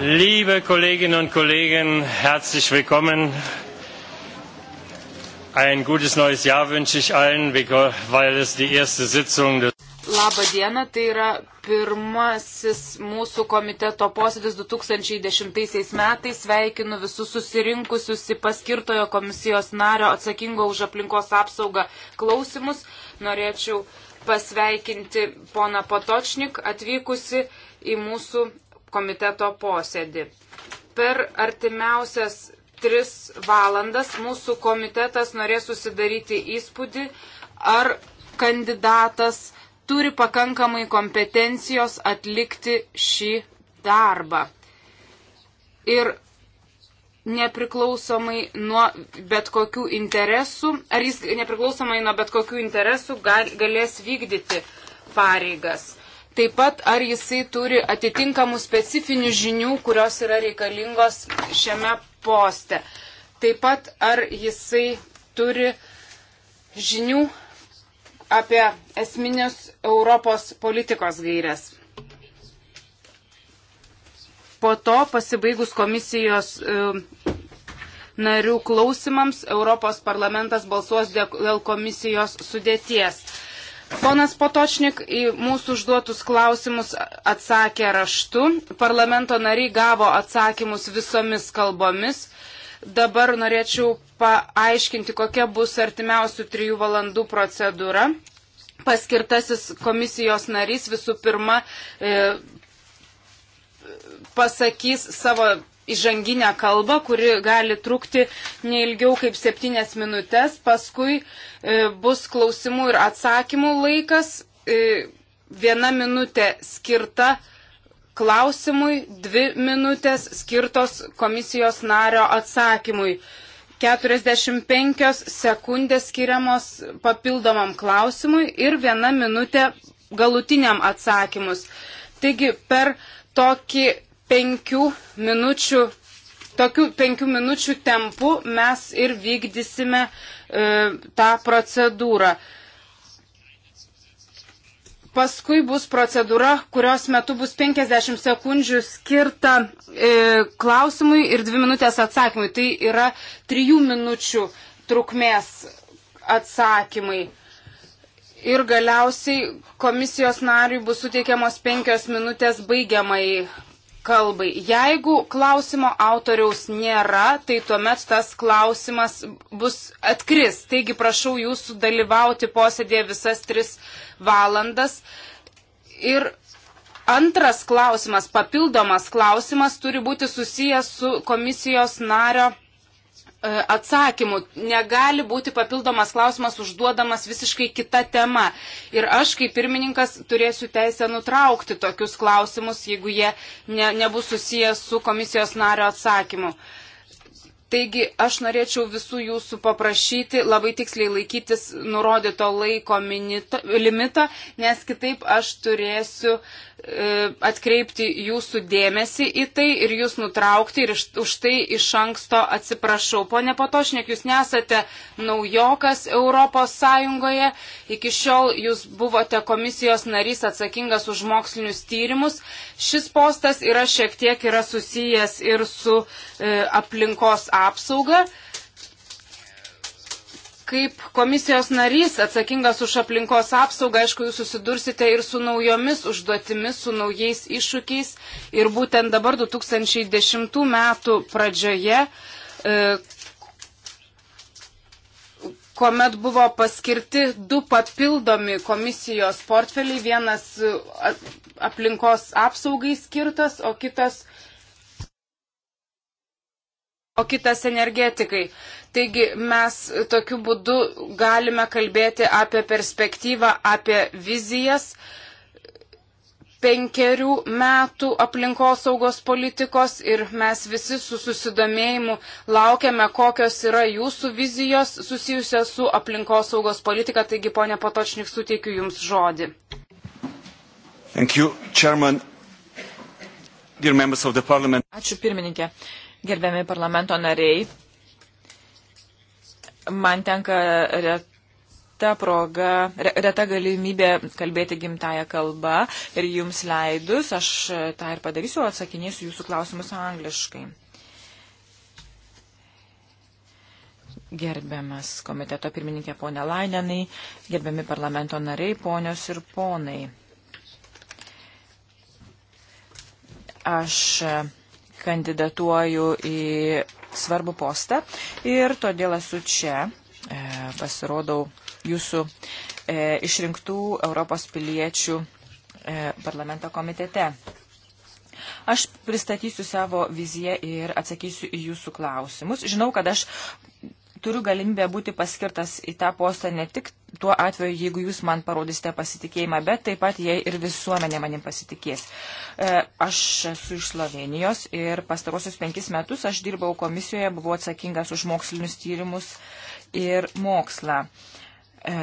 Liebe Kolleginnen und Kollegen, herzlich willkommen. Ein gutes neues Jahr wünsche ich allen, weil es die erste Sitzung des. Labą dieną, tai yra pirmasis mūsų komiteto posėdis 2010 metais. Sveikinu visus susirinkusius į paskirtojo komisijos nario atsakingo už aplinkos apsaugą klausimus. Norėčiau uh, pasveikinti poną Potočnik atvykusi į mūsų komiteto posėdį. Per artimiausias tris valandas mūsų komitetas norės susidaryti įspūdį, ar kandidatas turi pakankamai kompetencijos atlikti šį darbą. Ir nepriklausomai nuo bet kokių interesų, ar jis nepriklausomai nuo bet kokių interesų gal, galės vykdyti pareigas. Taip pat, ar jisai turi atitinkamų specifinių žinių, kurios yra reikalingos šiame poste. Taip pat, ar jisai turi žinių apie esminės Europos politikos gairias. Po to pasibaigus komisijos e, narių klausimams Europos parlamentas balsuos dėl komisijos sudėties. Ponas Potočnik į mūsų užduotus klausimus atsakė raštu. Parlamento nariai gavo atsakymus visomis kalbomis. Dabar norėčiau paaiškinti, kokia bus artimiausių trijų valandų procedūra paskirtasis komisijos narys visų pirma e, pasakys savo įžanginę kalbą, kuri gali trukti neilgiau kaip septynias minutės. Paskui e, bus klausimų ir atsakymų laikas. E, viena minutė skirta klausimui, dvi minutės skirtos komisijos nario atsakymui. 45 sekundės skiriamos papildomam klausimui ir viena minutė galutiniam atsakymus. Taigi per uh, tokį penkių minučių, tokių penkių minučių tempų mes ir vykdysime e, tą procedūrą. Paskui bus procedūra, kurios metu bus 50 sekundžių skirta e, klausimui ir 2 minutės atsakymui. Tai yra 3 minučių trukmės atsakymai. Ir galiausiai komisijos nariui bus suteikiamos penkios minutės baigiamai kalbai. Jeigu klausimo autoriaus nėra, tai tuomet tas klausimas bus atkris. Taigi prašau jūsų dalyvauti posėdėje visas tris valandas. Ir antras klausimas, papildomas klausimas, turi būti susijęs su komisijos nario E, atsakymų. Negali būti papildomas klausimas užduodamas visiškai kita tema. Ir aš kaip pirmininkas turėsiu teisę nutraukti tokius klausimus, jeigu jie ne, nebus susijęs su komisijos nario atsakymu. Taigi aš norėčiau visų jūsų paprašyti labai tiksliai laikytis nurodyto laiko minito, limito, nes kitaip aš turėsiu uh, E, atkreipti jūsų dėmesį į tai ir jūs nutraukti ir už tai iš anksto atsiprašau. Pone Patošnek, jūs nesate naujokas Europos Sąjungoje, iki šiol jūs buvote komisijos narys atsakingas už mokslinius tyrimus. Šis postas yra šiek tiek yra susijęs ir su e, aplinkos apsauga. E, kaip komisijos narys atsakingas už aplinkos apsaugą, aišku, jūs susidursite ir su naujomis užduotimis, su naujais iššūkiais. Ir būtent dabar 2010 metų pradžioje, e, kuomet buvo paskirti du papildomi komisijos portfeliai, vienas e, aplinkos apsaugai skirtas, o kitas o kitas energetikai. Taigi mes tokiu būdu galime kalbėti apie perspektyvą, apie vizijas penkerių metų aplinkosaugos politikos ir mes visi su susidomėjimu laukiame, kokios yra jūsų vizijos susijusios su aplinkosaugos politika. Taigi, ponė Patočnik, suteikiu Jums žodį. You, Ačiū pirmininkė. Gerbiami parlamento nariai, man tenka reta proga, reta galimybė kalbėti gimtają kalbą ir jums leidus, aš tą ir padarysiu, atsakinėsiu jūsų klausimus angliškai. Gerbiamas komiteto pirmininkė ponė Lainenai, gerbiami parlamento nariai, ponios ir ponai. Aš kandidatuoju į svarbu postą ir todėl esu čia, e, pasirodau jūsų e, išrinktų Europos piliečių e, parlamento komitete. Aš pristatysiu savo viziją ir atsakysiu į jūsų klausimus. Žinau, kad aš turiu galimybę būti paskirtas į tą postą ne tik tuo atveju, jeigu jūs man parodysite pasitikėjimą, bet taip pat jei ir visuomenė manim pasitikės. E, aš esu iš Slovenijos ir pastarosius penkis metus aš dirbau komisijoje, buvau atsakingas už mokslinius tyrimus ir mokslą. E,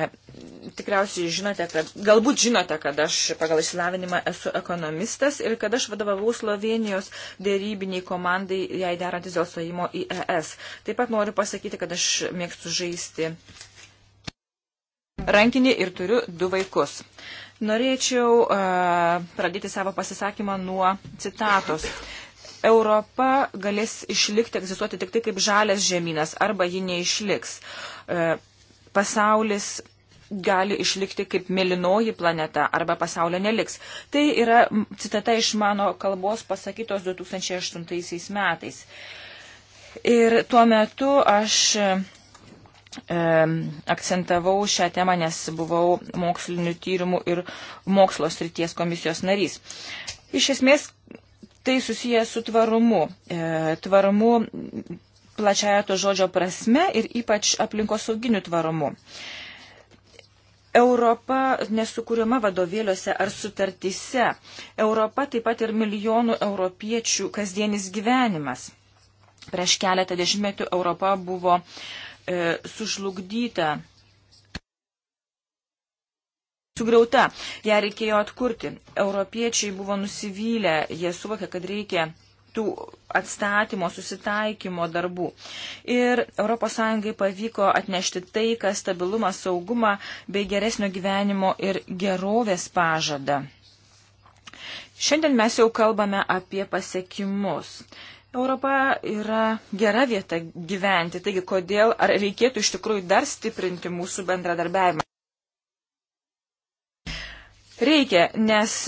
tikriausiai žinote, kad galbūt žinote, kad aš pagal išsilavinimą esu ekonomistas ir kad aš vadovavau Slovenijos dėrybiniai komandai, jai derantis dėl stojimo į ES. Taip pat noriu pasakyti, kad aš mėgstu žaisti rankinį ir turiu du vaikus. Norėčiau uh, pradėti savo pasisakymą nuo citatos. Europa galės išlikti, egzistuoti tik tai kaip žalias žemynas, arba ji neišliks. Uh, pasaulis gali išlikti kaip mėlynoji planeta arba pasaulio neliks. Tai yra citata iš mano kalbos pasakytos 2008 metais. Ir tuo metu aš e, akcentavau šią temą, nes buvau mokslinių tyrimų ir mokslo srities komisijos narys. Iš esmės, tai susijęs su tvarumu. E, tvarumu plačiaja to žodžio prasme ir ypač aplinkosauginiu tvarumu. Europa nesukūriama vadovėliuose ar sutartyse. Europa taip pat ir milijonų europiečių kasdienis gyvenimas. Prieš keletą dešimtmetų Europa buvo e, sužlugdyta, sugriauta, ją reikėjo atkurti. Europiečiai buvo nusivylę, jie suvokė, kad reikia tų atstatymo, susitaikymo darbų. Ir ES pavyko atnešti taiką, stabilumą, saugumą bei geresnio gyvenimo ir gerovės pažadą. Šiandien mes jau kalbame apie pasiekimus. Europa yra gera vieta gyventi, taigi kodėl ar reikėtų iš tikrųjų dar stiprinti mūsų bendradarbiavimą? Reikia, nes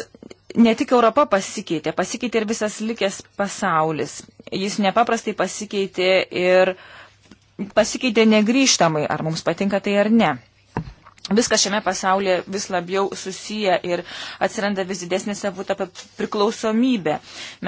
ne tik Europa pasikeitė, pasikeitė ir visas likęs pasaulis. Jis nepaprastai pasikeitė ir pasikeitė negryžtamai, ar mums patinka tai ar ne. Viskas šiame pasaulyje vis labiau susiję ir atsiranda vis didesnė savut apie priklausomybę.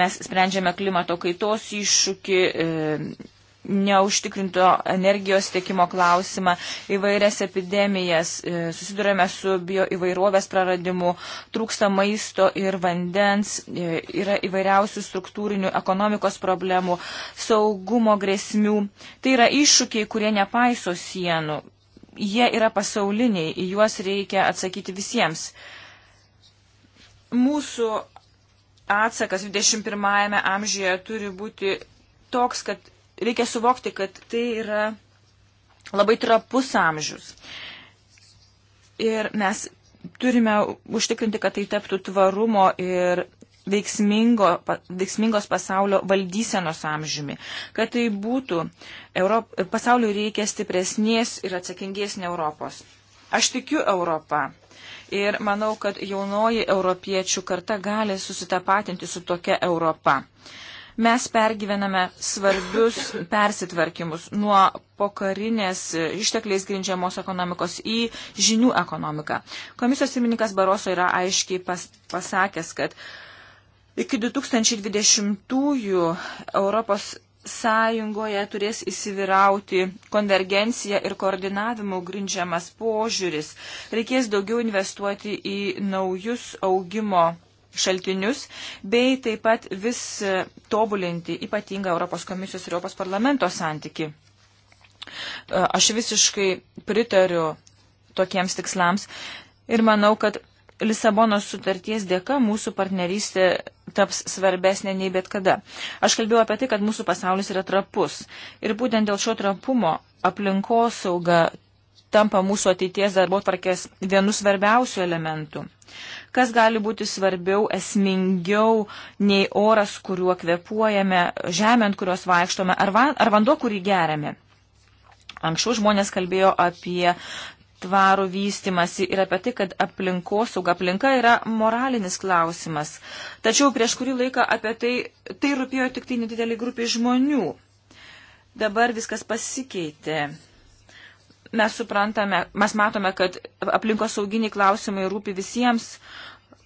Mes sprendžiame klimato kaitos iššūkį, e, neužtikrinto energijos tiekimo klausimą, įvairias epidemijas, e, susidurėme su bio įvairovės praradimu, trūksta maisto ir vandens, e, yra įvairiausių struktūrinių ekonomikos problemų, saugumo grėsmių. Tai yra iššūkiai, kurie nepaiso sienų. Jie yra pasauliniai, į juos reikia atsakyti visiems. Mūsų atsakas 21-ame amžiuje turi būti toks, kad reikia suvokti, kad tai yra labai trapus amžius. Ir mes turime užtikrinti, kad tai taptų tvarumo ir veiksmingo, veiksmingos pasaulio valdysenos amžiumi. Kad tai būtų, Europ, pasauliu reikia stipresnės ir atsakingesnė Europos. Aš tikiu Europą. Ir manau, kad jaunoji europiečių karta gali susitapatinti su tokia Europa. Uh, Mes pergyvename svarbius persitvarkymus nuo pokarinės ištekliais grindžiamos ekonomikos į žinių ekonomiką. Komisijos pirmininkas Baroso yra aiškiai pas, pasakęs, kad iki 2020-ųjų Europos sąjungoje turės įsivyrauti konvergencija ir koordinavimu grindžiamas požiūris. Reikės daugiau investuoti į naujus augimo šaltinius, bei taip pat vis tobulinti ypatingą Europos komisijos ir Europos parlamento santyki. E, aš visiškai pritariu tokiems tikslams ir manau, kad Lisabonos sutarties dėka mūsų partnerystė taps svarbesnė nei bet kada. Aš kalbėjau apie tai, kad mūsų pasaulis yra trapus. Ir būtent dėl šio trapumo aplinkosauga tampa mūsų ateities darbo tvarkės vienu svarbiausių elementų. Kas gali būti svarbiau, esmingiau nei oras, kuriuo kvepuojame, žemė, ant kurios vaikštome, ar, van, ar vanduo, kurį geriame. Anksčiau žmonės kalbėjo apie tvarų vystimasi ir apie tai, kad aplinkosauga aplinka yra moralinis klausimas. Tačiau prieš kurį laiką apie tai, tai rūpėjo tik tai nedidelį grupį žmonių. Dabar viskas pasikeitė mes suprantame, mes matome, kad aplinkosauginiai klausimai rūpi visiems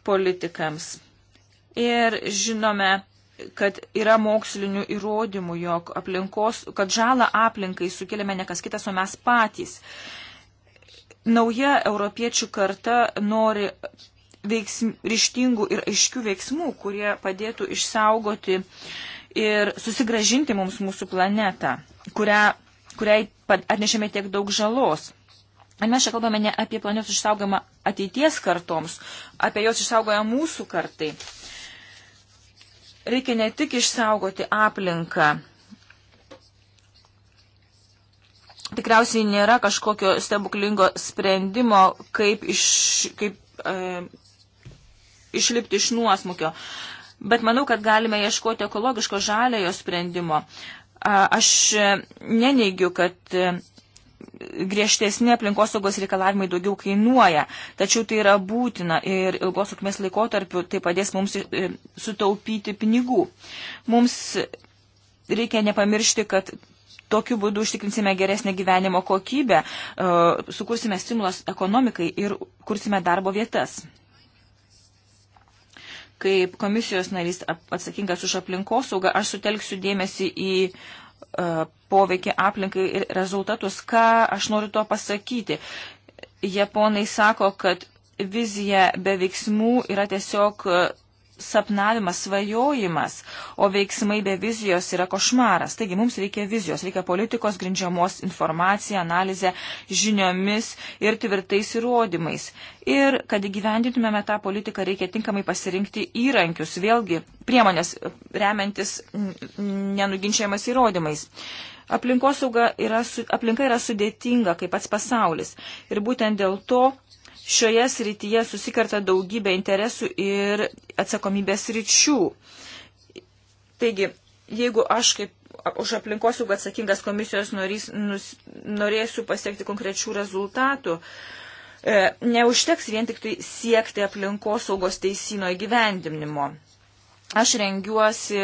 politikams. Ir žinome, kad yra mokslinių įrodymų, jog aplinkos, kad žalą aplinkai sukeliame ne kas kitas, o mes patys. Nauja europiečių karta nori veiksm, ryštingų ir aiškių veiksmų, kurie padėtų išsaugoti ir susigražinti mums mūsų planetą, kurią kuriai atnešėme tiek daug žalos. Ir mes čia kalbame ne apie planetos išsaugojimą ateities kartoms, apie jos išsaugojimą mūsų kartai. Reikia ne tik išsaugoti aplinką. Tikriausiai nėra kažkokio stebuklingo sprendimo, kaip, iš, kaip e, išlipti iš nuosmukio. Bet manau, kad galime ieškoti ekologiško žaliojo sprendimo. E, Aš e, neneigiu, kad e, griežtesni aplinkosaugos reikalavimai daugiau kainuoja, tačiau tai yra būtina ir ilgos sėkmės laikotarpiu tai padės mums e, sutaupyti pinigų. Mums reikia nepamiršti, kad tokiu būdu užtikrinsime geresnę gyvenimo kokybę, sukursime stimulus ekonomikai ir kursime darbo vietas. Kaip komisijos narys atsakingas už aplinkosaugą, aš sutelksiu dėmesį į uh, poveikį aplinkai ir rezultatus. Ką aš noriu tuo pasakyti? Japonai sako, kad vizija be veiksmų yra tiesiog uh, sapnavimas, svajojimas, o veiksmai be vizijos yra košmaras. Taigi mums reikia vizijos, reikia politikos grindžiamos informacija, analizė, žiniomis ir tvirtais įrodymais. Ir kad įgyvendintumėme tą politiką, reikia tinkamai pasirinkti įrankius, vėlgi priemonės remiantis nenuginčiamas įrodymais. Aplinkosauga yra, aplinka yra sudėtinga, kaip pats pasaulis. Ir būtent dėl to šioje srityje susikerta daugybė interesų ir atsakomybės ryčių. Taigi, jeigu aš kaip už aplinkosaugą atsakingas komisijos norys, nus, norėsiu pasiekti konkrečių rezultatų, e, neužteks vien tik tai siekti aplinkosaugos teisino įgyvendinimo. Aš rengiuosi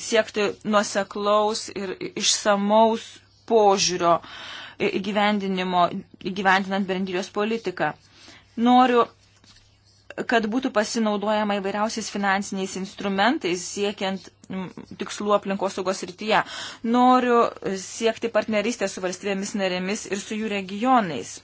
siekti nuoseklaus ir išsamaus požiūrio įgyvendinimo, įgyvendinant bendrijos politiką. Noriu kad būtų pasinaudojama įvairiausiais finansiniais instrumentais siekiant tikslų aplinkosaugos rytyje. Noriu siekti partnerystę su valstybėmis narėmis ir su jų regionais.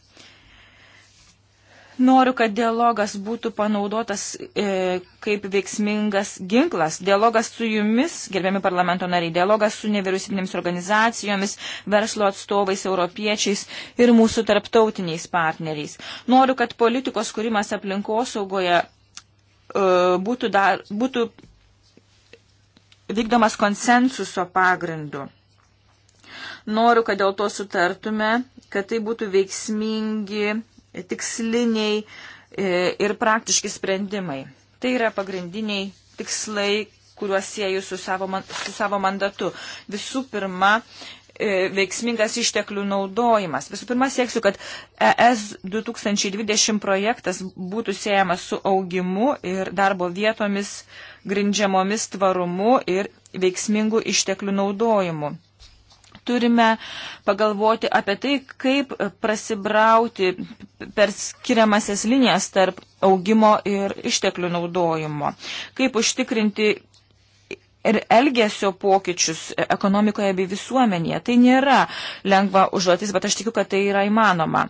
Noriu, kad dialogas būtų panaudotas e, kaip veiksmingas ginklas. Dialogas su jumis, gerbiami parlamento nariai, dialogas su nevyriausybinėmis organizacijomis, verslo atstovais, europiečiais ir mūsų tarptautiniais partneriais. Noriu, kad politikos kūrimas aplinkosaugoje e, būtų, dar, būtų vykdomas konsensuso pagrindu. Noriu, kad dėl to sutartume, kad tai būtų veiksmingi tiksliniai e, ir praktiški sprendimai. Tai yra pagrindiniai tikslai, kuriuos sieju su savo, man, su savo mandatu. Visų pirma, e, veiksmingas išteklių naudojimas. Visų pirma, sieksiu, kad ES 2020 projektas būtų siejamas su augimu ir darbo vietomis grindžiamomis tvarumu ir veiksmingų išteklių naudojimu turime pagalvoti apie tai, kaip prasibrauti per skiriamasias linijas tarp augimo ir išteklių naudojimo. Kaip užtikrinti ir elgesio pokyčius ekonomikoje bei visuomenėje. Tai nėra lengva užduotis, bet aš tikiu, kad tai yra įmanoma.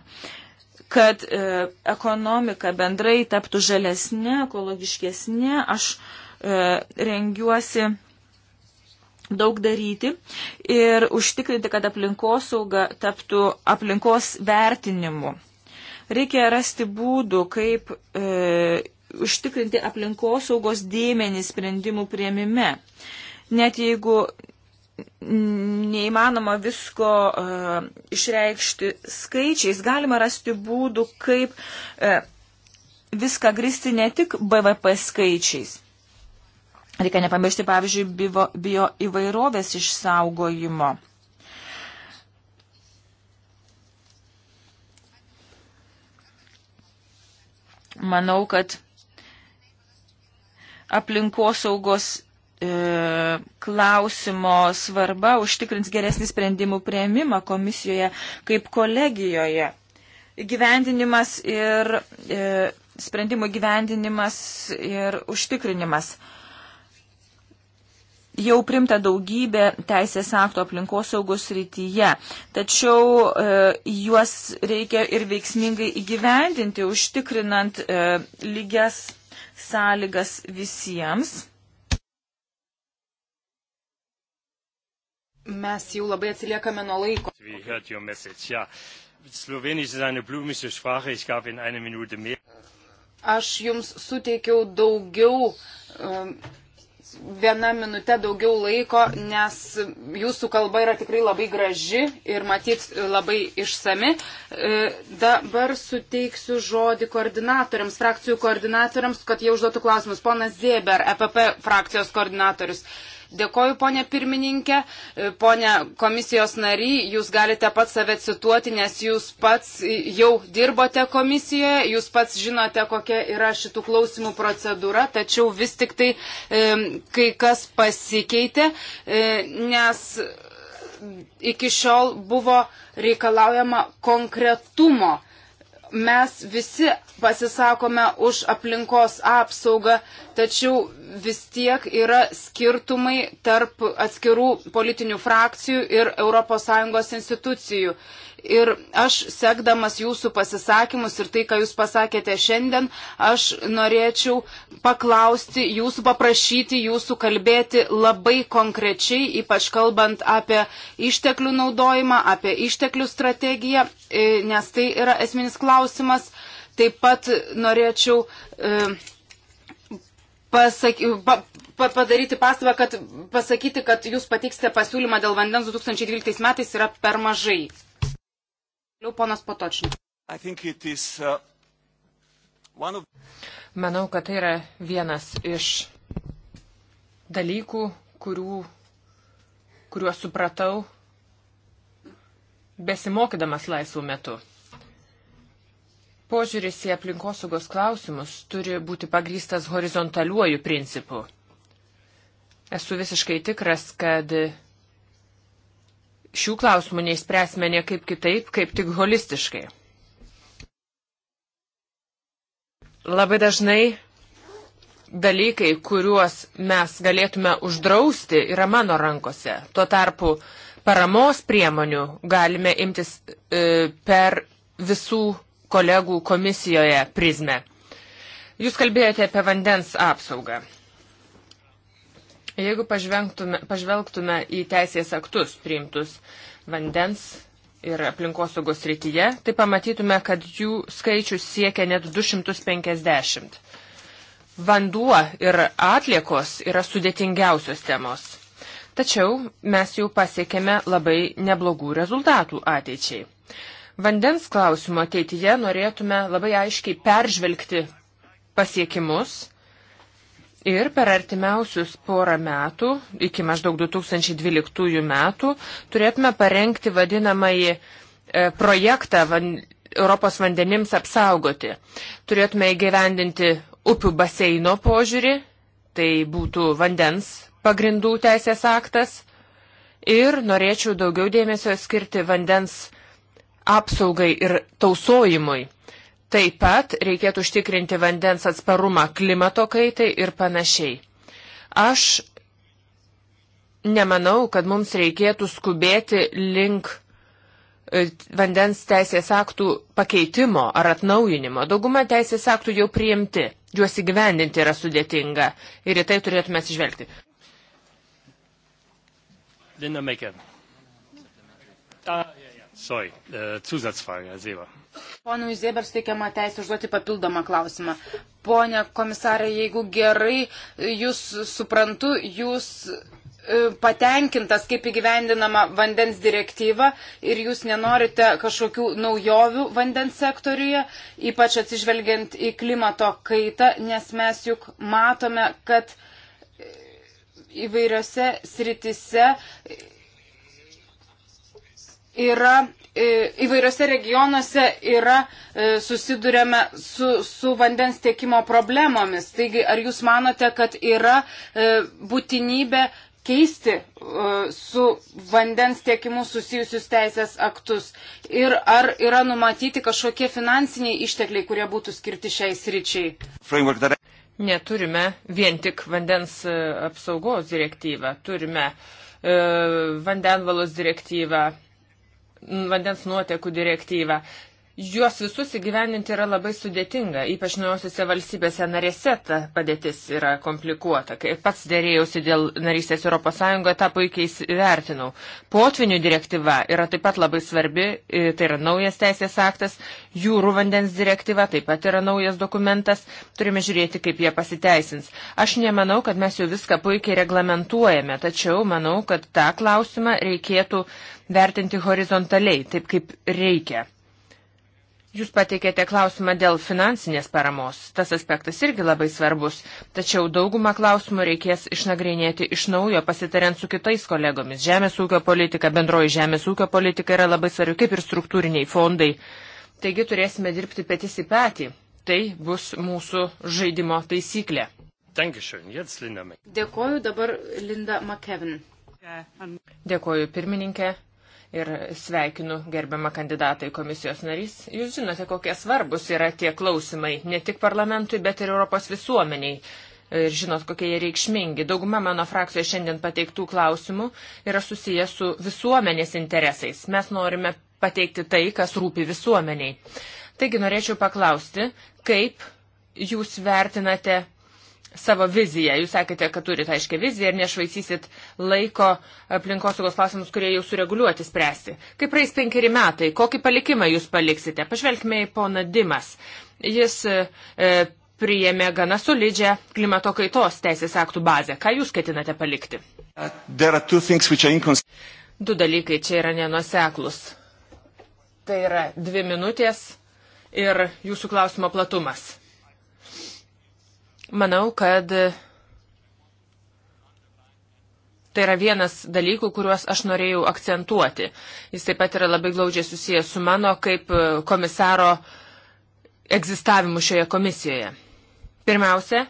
Kad e, ekonomika bendrai taptų žalesnė, ekologiškesnė, aš e, rengiuosi daug daryti ir užtikrinti, kad aplinkosauga taptų aplinkos vertinimu. Reikia rasti būdų, kaip e, užtikrinti aplinkosaugos dėmenį sprendimų prieimime. Net jeigu neįmanoma visko uh, išreikšti skaičiais, galima rasti būdų, kaip uh, viską gristi ne tik BVP skaičiais. Reikia nepamiršti, pavyzdžiui, bio, bio įvairovės išsaugojimo. Manau, kad aplinkosaugos e, klausimo svarba užtikrins geresnį sprendimų prieimimą komisijoje kaip kolegijoje. Gyvendinimas ir e, sprendimų gyvendinimas ir užtikrinimas. E, jau primta daugybė teisės aktų aplinkosaugos rytyje, tačiau e, juos reikia ir veiksmingai įgyvendinti, užtikrinant e, lygias sąlygas visiems. Mes jau labai atsiliekame nuo laiko. Aš jums suteikiau daugiau um, viena minute daugiau laiko, nes jūsų kalba yra tikrai labai graži ir matyt labai išsami. E, dabar suteiksiu žodį koordinatoriams, frakcijų koordinatoriams, kad jie užduotų klausimus. Ponas Zieber, EPP frakcijos koordinatorius. Dėkoju, ponė pirmininkė. E, ponė komisijos nary, jūs galite pats save cituoti, nes jūs pats jau dirbote komisijoje, jūs pats žinote, kokia yra šitų klausimų procedūra, tačiau vis tik tai e, kai kas pasikeitė, e, nes iki šiol buvo reikalaujama konkretumo mes visi pasisakome už aplinkos apsaugą, tačiau vis tiek yra skirtumai tarp atskirų politinių frakcijų ir ES institucijų. Ir aš, sekdamas jūsų pasisakymus ir tai, ką jūs pasakėte šiandien, aš norėčiau paklausti jūsų, paprašyti jūsų kalbėti labai konkrečiai, ypač kalbant apie išteklių naudojimą, apie išteklių strategiją, e, nes tai yra esminis klausimas. Taip pat norėčiau. E, pasaky, pa, pa, padaryti pastabą, kad pasakyti, kad jūs pateiksite pasiūlymą dėl vandens 2012 metais yra per mažai. Liau ponas Potočnik. Uh, Manau, kad tai yra vienas iš dalykų, kurių, kuriuos supratau besimokydamas laisvų metu. Požiūris į aplinkosaugos klausimus turi būti pagrystas horizontaliuoju principu. Esu visiškai tikras, kad šių klausimų neįspręsime niekaip kitaip, kaip tik holistiškai. Labai dažnai dalykai, kuriuos mes galėtume uždrausti, yra mano rankose. Tuo tarpu paramos priemonių galime imtis e, per visų kolegų komisijoje prizmę. Jūs kalbėjote apie vandens apsaugą. Jeigu pažvelgtume, pažvelgtume į teisės aktus priimtus vandens ir aplinkosaugos rytyje, tai pamatytume, kad jų skaičius siekia net 250. Vanduo ir atliekos yra sudėtingiausios temos. Tačiau mes jau pasiekėme labai neblogų rezultatų ateičiai. Vandens klausimo ateityje norėtume labai aiškiai peržvelgti pasiekimus Ir per artimiausius porą metų, iki maždaug 2012 metų, turėtume parengti vadinamąjį e, projektą van, Europos vandenims apsaugoti. Turėtume įgyvendinti upių baseino požiūrį, tai būtų vandens pagrindų teisės aktas. Ir norėčiau daugiau dėmesio skirti vandens apsaugai ir tausojimui. Taip pat reikėtų užtikrinti vandens atsparumą klimato kaitai ir panašiai. Aš nemanau, kad mums reikėtų skubėti link e, vandens teisės aktų pakeitimo ar atnaujinimo. Dauguma teisės aktų jau priimti, juos įgyvendinti yra sudėtinga ir į tai turėtume atsižvelgti. Linda Mecker. Ah, ja, ja. Sorry, äh, Zusatzfrage, Herr Seber. Ponui Zieber suteikiama teisė užduoti papildomą klausimą. Pone komisarė, jeigu gerai jūs suprantu, jūs e, patenkintas, kaip įgyvendinama vandens direktyva ir jūs nenorite kažkokių naujovių vandens sektoriuje, ypač atsižvelgiant į klimato kaitą, nes mes juk matome, kad įvairiose sritise yra E, įvairiose regionuose yra e, susidurėme su, su vandens tiekimo problemomis. Taigi, ar jūs manote, kad yra e, būtinybė keisti su vandens tiekimu susijusius teisės aktus? Ir ar yra numatyti kažkokie finansiniai ištekliai, kurie būtų skirti šiai sričiai? Neturime vien tik vandens apsaugos direktyvą, turime e, vandenvalos direktyvą, vandens nuotekų direktyvą. Juos visus įgyveninti yra labai sudėtinga, ypač naujosiuose valstybėse narėse ta padėtis yra komplikuota. Kai pats dėrėjausi dėl narystės ES, tą puikiai įvertinau. Potvinių direktyva yra taip pat labai svarbi, tai yra naujas teisės aktas, jūrų vandens direktyva taip pat yra naujas dokumentas, turime žiūrėti, kaip jie pasiteisins. Aš nemanau, kad mes jau viską puikiai reglamentuojame, tačiau manau, kad tą klausimą reikėtų vertinti horizontaliai, taip kaip reikia Jūs pateikėte klausimą dėl finansinės paramos. Tas aspektas irgi labai svarbus, tačiau daugumą klausimų reikės išnagrinėti iš naujo, pasitariant su kitais kolegomis. Žemės ūkio politika, bendroji žemės ūkio politika yra labai svarbi, kaip ir struktūriniai fondai. Taigi turėsime dirbti petys į petį. Tai bus mūsų žaidimo taisyklė. Dėkoju dabar Linda McKevin. Dėkoju pirmininkė ir sveikinu gerbiamą kandidatą į komisijos narys. Jūs žinote, kokie svarbus yra tie klausimai ne tik parlamentui, bet ir Europos visuomeniai ir žinot, kokie jie reikšmingi. Dauguma mano frakcijoje šiandien pateiktų klausimų yra susiję su visuomenės interesais. Mes norime pateikti tai, kas rūpi visuomeniai. Taigi norėčiau paklausti, kaip jūs vertinate savo viziją. Jūs sakėte, kad turite aiškę viziją ir nešvaisysit laiko aplinkosaugos klausimus, kurie jau sureguliuoti spręsti. Kaip praeis penkeri metai, kokį palikimą jūs paliksite? Pažvelkime į poną Dimas. Jis e, e priėmė gana solidžią klimato kaitos teisės aktų bazę. Ką jūs ketinate palikti? Uh, du dalykai čia yra nenuseklus. Tai yra dvi minutės ir jūsų klausimo platumas. Manau, kad tai yra vienas dalykų, kuriuos aš norėjau akcentuoti. Jis taip pat yra labai glaudžiai susijęs su mano kaip e, komisaro egzistavimu šioje komisijoje. Pirmiausia,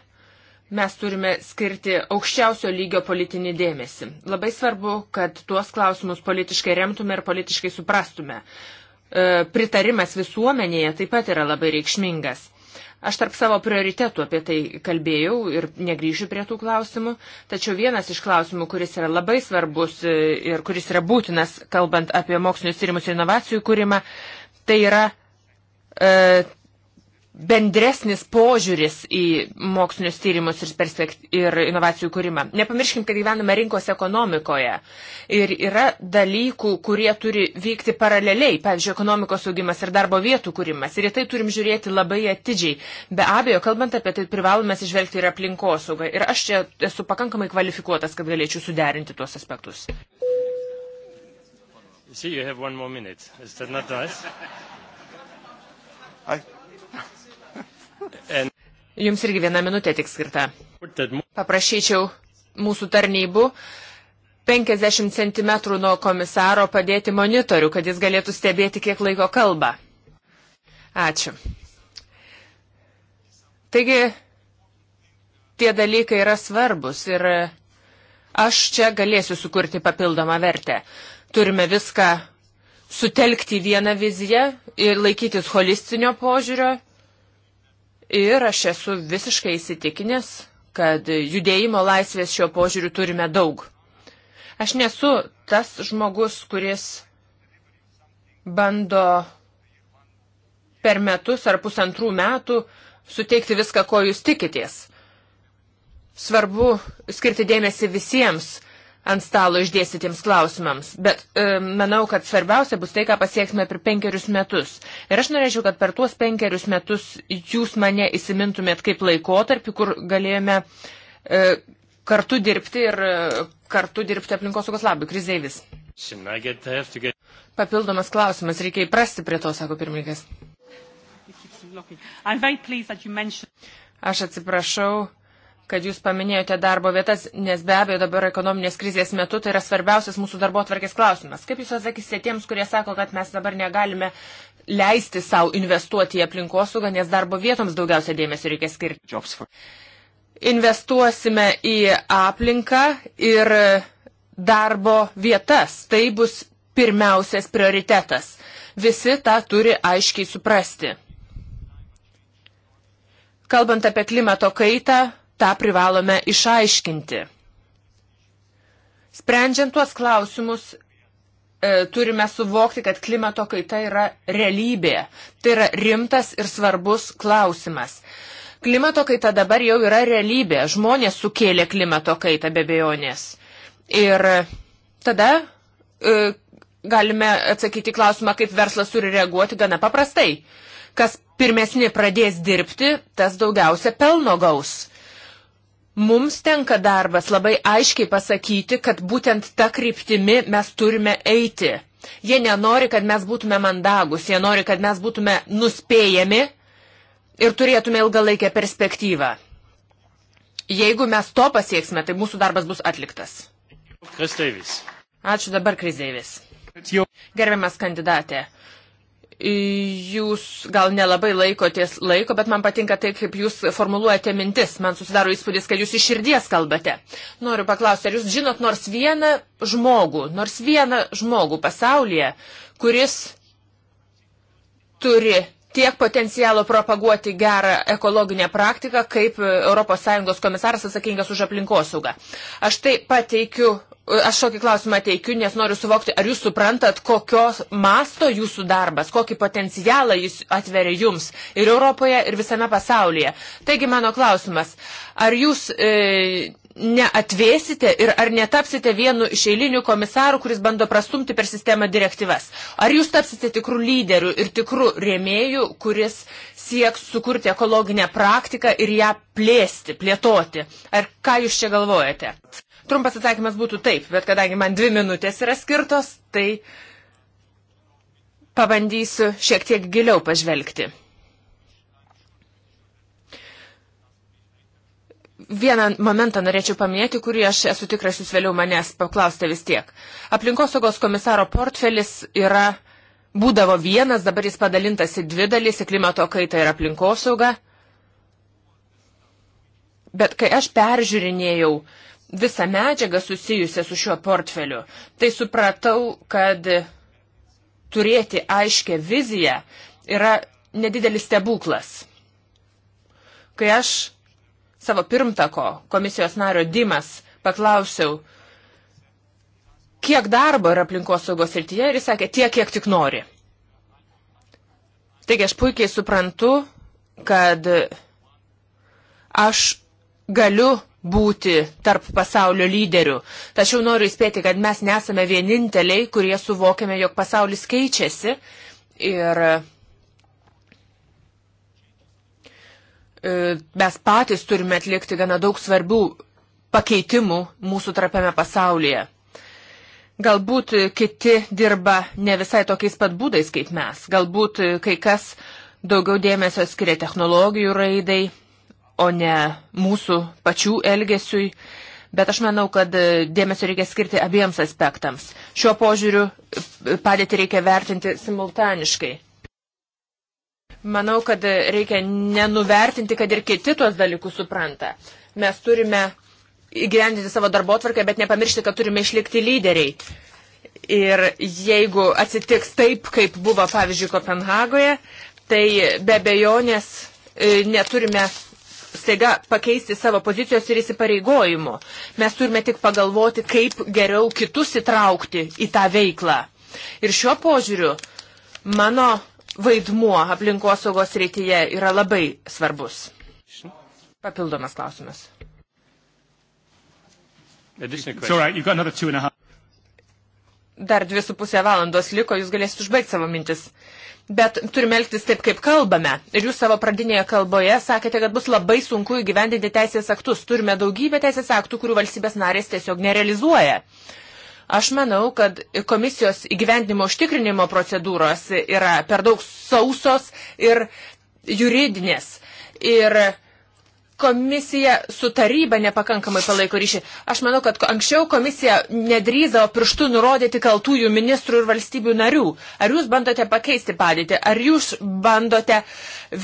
mes turime skirti aukščiausio lygio politinį dėmesį. Labai svarbu, kad tuos klausimus politiškai remtume ir politiškai suprastume. E, pritarimas visuomenėje taip pat yra labai reikšmingas. Aš tarp savo prioritetų apie tai kalbėjau ir negryšiu prie tų klausimų, tačiau vienas iš klausimų, kuris yra labai svarbus e, ir kuris yra būtinas, kalbant apie mokslinius tyrimus ir inovacijų kūrimą, tai yra e, bendresnis požiūris į mokslinius tyrimus ir, perspekt... ir inovacijų kūrimą. Nepamirškim, kad gyvename rinkos ekonomikoje ir yra dalykų, kurie turi vykti paraleliai, pavyzdžiui, ekonomikos augimas ir darbo vietų kūrimas. Ir į tai turim žiūrėti labai atidžiai. Be abejo, kalbant apie tai, privalome išvelgti ir aplinkosaugą. Ir aš čia esu pakankamai kvalifikuotas, kad galėčiau suderinti tuos aspektus. See, you have one more minute. Is that not nice? Jums irgi viena minutė tik skirta. Paprašyčiau mūsų tarnybų 50 cm nuo komisaro padėti monitorių, kad jis galėtų stebėti, kiek laiko kalba. Ačiū. Taigi, tie dalykai yra svarbus ir aš čia galėsiu sukurti papildomą vertę. Turime viską sutelkti į vieną viziją ir laikytis holistinio požiūrio Ir aš esu visiškai įsitikinęs, kad judėjimo laisvės šio požiūriu turime daug. Aš nesu tas žmogus, kuris bando per metus ar pusantrų metų suteikti viską, ko jūs tikitės. Svarbu skirti dėmesį visiems ant stalo išdėstytiems klausimams. Bet e, manau, kad svarbiausia bus tai, ką pasieksime per penkerius metus. Ir aš norėčiau, kad per tuos penkerius metus jūs mane įsimintumėt kaip laikotarpį, kur galėjome e, kartu dirbti ir e, kartu dirbti aplinkosaugos labui. Krizėvis. Papildomas klausimas, reikia įprasti prie to, sako pirmininkas. Aš atsiprašau kad jūs paminėjote darbo vietas, nes be abejo dabar ekonominės krizės metu tai yra svarbiausias mūsų darbo atvarkės klausimas. Kaip jūs atsakysite tiems, kurie sako, kad mes dabar negalime leisti savo investuoti į aplinkosaugą, nes darbo vietoms daugiausia dėmesio reikia skirti? Investuosime į aplinką ir darbo vietas. Tai bus pirmiausias prioritetas. Visi tą turi aiškiai suprasti. Kalbant apie klimato kaitą, tą privalome išaiškinti. Sprendžiant tuos klausimus, e, turime suvokti, kad klimato kaita yra realybė. Tai yra rimtas ir svarbus klausimas. Klimato kaita dabar jau yra realybė. Žmonės sukėlė klimato kaitą be bejonės. Ir tada e, galime atsakyti klausimą, kaip verslas turi reaguoti gana paprastai. Kas pirmesni pradės dirbti, tas daugiausia pelno gaus. Mums tenka darbas labai aiškiai pasakyti, kad būtent tą kryptimi mes turime eiti. Jie nenori, kad mes būtume mandagus, jie nori, kad mes būtume nuspėjami ir turėtume ilgalaikę perspektyvą. Jeigu mes to pasieksime, tai mūsų darbas bus atliktas. Chris Davis. Ačiū dabar, Kris Deivis. Gerbiamas kandidatė, jūs gal nelabai laikotės laiko, bet man patinka tai, kaip jūs formuluojate mintis. Man susidaro įspūdis, kad jūs iš širdies kalbate. Noriu paklausti, ar jūs žinot nors vieną žmogų, nors vieną žmogų pasaulyje, kuris turi tiek potencialo propaguoti gerą ekologinę praktiką, kaip ES komisaras atsakingas už aplinkosaugą. Aš tai pateikiu Aš tokį klausimą teikiu, nes noriu suvokti, ar jūs suprantat, kokios masto jūsų darbas, kokį potencialą jis atveria jums ir Europoje, ir visame pasaulyje. Taigi mano klausimas, ar jūs e, neatvėsite ir ar netapsite vienu iš eilinių komisarų, kuris bando prastumti per sistemą direktyvas? Ar jūs tapsite tikrų lyderių ir tikrų rėmėjų, kuris sieks sukurti ekologinę praktiką ir ją plėsti, plėtoti? Ar ką jūs čia galvojate? Trumpas atsakymas būtų taip, bet kadangi man dvi minutės yra skirtos, tai pabandysiu šiek tiek giliau pažvelgti. Vieną momentą norėčiau paminėti, kurį aš esu tikras, jūs vėliau manęs paklausite vis tiek. Aplinkosaugos komisaro portfelis yra, būdavo vienas, dabar jis padalintas į dvi dalys, į klimato kaitą ir aplinkosaugą. Bet kai aš peržiūrinėjau uh, visą medžiagą susijusią su šiuo portfeliu, tai supratau, kad turėti aiškę viziją yra nedidelis stebuklas. Kai aš savo pirmtako komisijos nario Dimas paklausiau, kiek darbo yra aplinkos saugos srityje ir jis sakė, tiek, kiek tik nori. Taigi aš puikiai suprantu, kad aš galiu būti tarp pasaulio lyderių. Tačiau noriu įspėti, kad mes nesame vieninteliai, kurie suvokiame, jog pasaulis keičiasi ir e, mes patys turime atlikti gana daug svarbių pakeitimų mūsų trapiame pasaulyje. Galbūt kiti dirba ne visai tokiais pat būdais kaip mes. Galbūt kai kas daugiau dėmesio skiria technologijų raidai, o ne mūsų pačių elgesiui. Bet aš manau, kad e, dėmesio reikia skirti abiems aspektams. Šiuo požiūriu e, padėti reikia vertinti simultaniškai. Manau, kad e, reikia nenuvertinti, kad ir kiti tuos dalykus supranta. Mes turime įgyvendinti savo darbo tvarkę, bet nepamiršti, kad turime išlikti lyderiai. Ir jeigu atsitiks taip, kaip buvo, pavyzdžiui, Kopenhagoje, tai be bejonės neturime staiga pakeisti savo pozicijos ir įsipareigojimo. Mes turime tik pagalvoti, kaip geriau kitus įtraukti į tą veiklą. Ir šiuo požiūriu mano vaidmuo aplinkosaugos reityje yra labai svarbus. Papildomas klausimas. Dar dvi su pusė valandos liko, jūs galėsite užbaigti savo mintis. Uh, bet turime elgtis taip, kaip kalbame. Ir jūs savo pradinėje kalboje sakėte, kad bus labai sunku įgyvendinti teisės aktus. Turime daugybę teisės aktų, kurių valstybės narės tiesiog nerealizuoja. Aš manau, kad komisijos įgyvendinimo užtikrinimo procedūros yra per daug sausos ir juridinės. Ir komisija su taryba nepakankamai palaiko ryšį. Aš manau, kad anksčiau komisija nedrįzavo pirštų nurodyti kaltųjų ministrų ir valstybių narių. Ar jūs bandote pakeisti padėtį? Ar jūs bandote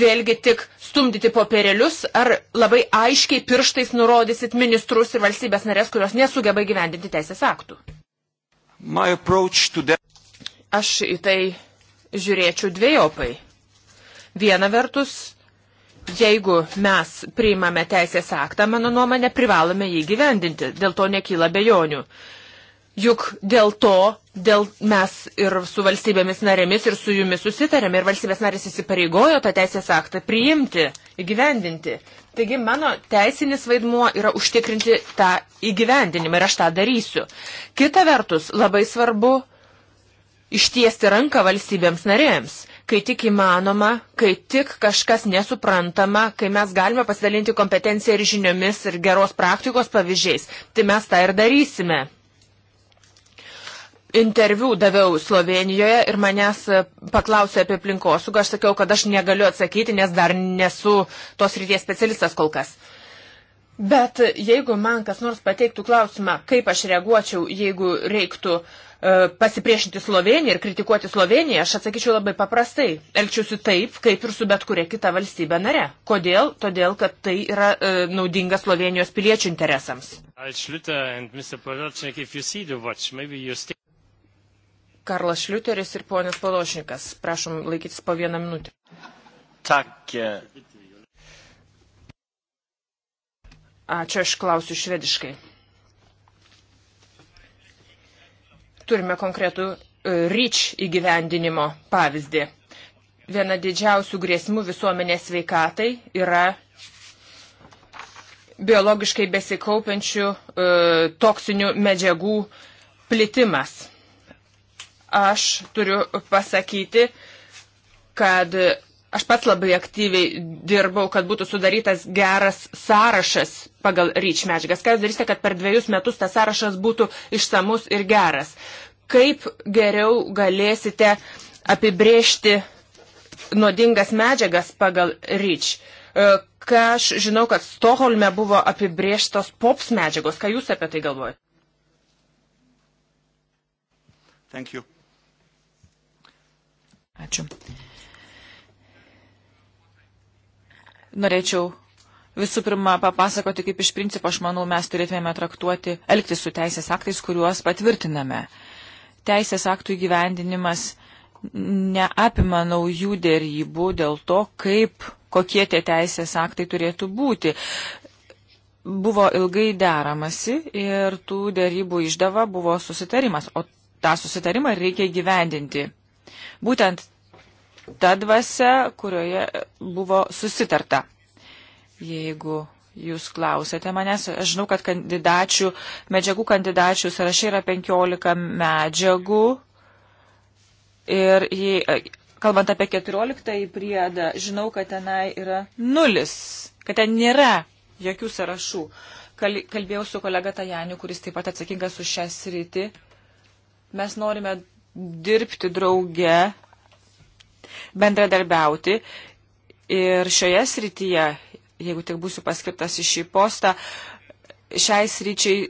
vėlgi tik stumdyti popierėlius? Ar labai aiškiai pirštais nurodysit ministrus ir valstybės narės, kurios nesugeba gyvendinti teisės aktų? Aš į tai žiūrėčiau dviejopai. Viena vertus, jeigu mes priimame teisės aktą, mano nuomonė, privalome jį gyvendinti, dėl to nekyla bejonių. Juk dėl to dėl mes ir su valstybėmis narėmis ir su jumis susitarėm ir valstybės narės įsipareigojo tą teisės aktą priimti, įgyvendinti. Taigi mano teisinis vaidmuo yra užtikrinti tą įgyvendinimą ir aš tą darysiu. Kita vertus, labai svarbu ištiesti ranką valstybėms narėms kai tik įmanoma, kai tik kažkas nesuprantama, kai mes galime pasidalinti kompetenciją ir žiniomis ir geros praktikos pavyzdžiais, tai mes tą ir darysime. Interviu daviau Slovenijoje ir manęs paklausė apie aplinkosaugą. Aš sakiau, kad aš negaliu atsakyti, nes dar nesu tos ryties specialistas kol kas. Bet jeigu man kas nors pateiktų klausimą, kaip aš reaguočiau, jeigu reiktų uh, E, pasipriešinti Sloveniją ir kritikuoti Sloveniją, aš atsakyčiau labai paprastai. Elčiausi taip, kaip ir su bet kuria kita valstybė nare. Kodėl? Todėl, kad tai yra e, naudinga Slovenijos piliečių interesams. Karlas Šliuteris ir ponas Palošnikas. Prašom laikytis po vieną minutę. Tak. E. Ačiū, aš klausiu švediškai. turime konkretų e, REACH įgyvendinimo pavyzdį. Viena didžiausių grėsmų visuomenės sveikatai yra biologiškai besikaupiančių e, toksinių medžiagų plitimas. Aš turiu pasakyti, kad Aš pats labai aktyviai dirbau, kad būtų sudarytas geras sąrašas pagal ryč medžiagas. Ką jūs darysite, kad per dviejus metus tas sąrašas būtų išsamus ir geras? Kaip geriau galėsite apibriežti nuodingas medžiagas pagal ryč? E, ką aš žinau, kad Stoholme buvo apibriežtos pops medžiagos. Ką jūs apie tai galvojate? Ačiū. norėčiau visų pirma papasakoti, kaip iš principo, aš manau, mes turėtume traktuoti, elgtis su teisės aktais, kuriuos patvirtiname. Teisės aktų įgyvendinimas neapima naujų dėrybų dėl to, kaip, kokie tie teisės aktai turėtų būti. Buvo ilgai deramasi ir tų dėrybų išdava buvo susitarimas, o tą susitarimą reikia gyvendinti. Būtent ta dvasia, kurioje buvo susitarta. Jeigu jūs klausėte manęs, aš žinau, kad kandidačių, medžiagų kandidačių sąrašai yra 15 medžiagų. Ir jei, kalbant apie 14 priedą, žinau, kad tenai yra nulis, kad ten nėra jokių sąrašų. Kalbėjau su kolega Tajaniu, kuris taip pat atsakingas už šią sritį. Mes norime dirbti drauge bendradarbiauti. Ir šioje srityje, jeigu tik būsiu paskirtas į šį postą, šiai sryčiai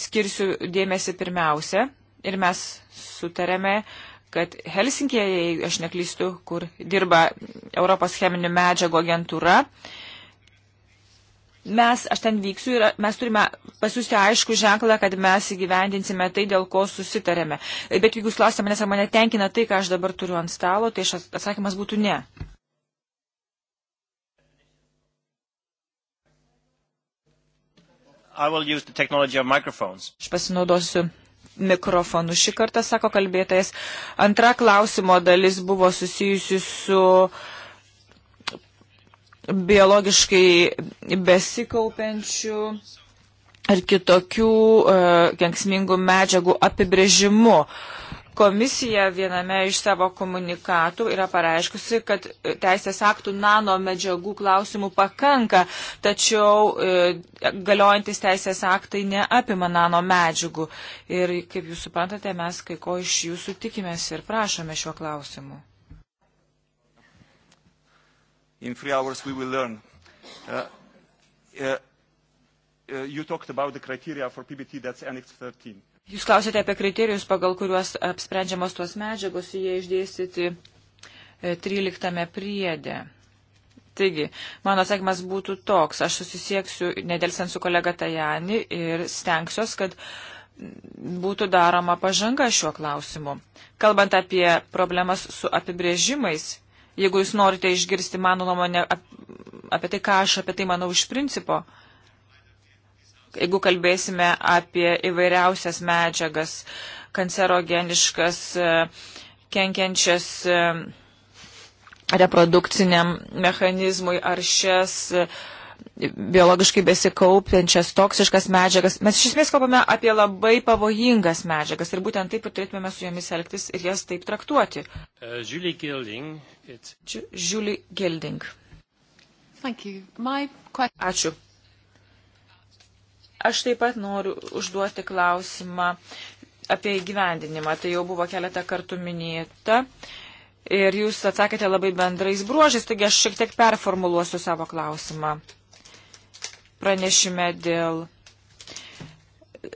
skirsiu dėmesį pirmiausia. Ir mes sutarėme, kad Helsinkėje, jei aš neklystu, kur dirba Europos cheminių medžiagų agentūra, uh, mes, aš ten vyksiu ir mes turime pasiūsti aišku ženklą, kad mes įgyvendinsime tai, dėl ko susitarėme. Bet jeigu jūs klausite manęs, ar mane tenkina tai, ką aš dabar turiu ant stalo, tai atsakymas būtų ne. Aš pasinaudosiu mikrofonu. Šį kartą, sako kalbėtojas, antra klausimo dalis buvo susijusi su uh, biologiškai besikaupiančių ar kitokių e, kenksmingų medžiagų apibrėžimu. Komisija viename iš savo komunikatų yra pareiškusi, kad teisės aktų nano medžiagų klausimų pakanka, tačiau e, galiojantis teisės aktai neapima nano medžiagų. Ir kaip jūs suprantate, mes kai ko iš jūsų tikimės ir prašome šiuo klausimu in three hours we will learn. Uh, uh, uh, you talked about the criteria for PBT, that's Annex 13. Jūs klausėte apie kriterijus, pagal kuriuos apsprendžiamos tuos medžiagos, jie išdėstyti 13 e, priedė. Taigi, mano atsakymas būtų toks, aš susisieksiu nedelsiant su kolega Tajani ir stengsiuos, kad būtų daroma pažanga šiuo klausimu. Kalbant apie problemas su apibrėžimais, jeigu jūs norite išgirsti mano nuomonę apie tai, ką aš apie tai manau iš principo, jeigu kalbėsime apie įvairiausias medžiagas, kancerogeniškas, e, kenkiančias e, reprodukciniam mechanizmui ar šias biologiškai besikaupiančias toksiškas medžiagas. Mes iš esmės kalbame apie labai pavojingas medžiagas ir būtent taip ir turėtume su jomis elgtis ir jas taip traktuoti. Uh, Julie Gilding. Ju, Julie Gilding. My... Ačiū. Aš taip pat noriu užduoti klausimą apie įgyvendinimą. Tai jau buvo keletą kartų minėta. Ir jūs atsakėte labai bendrais bruožais, taigi aš šiek tiek performuluosiu savo klausimą pranešime dėl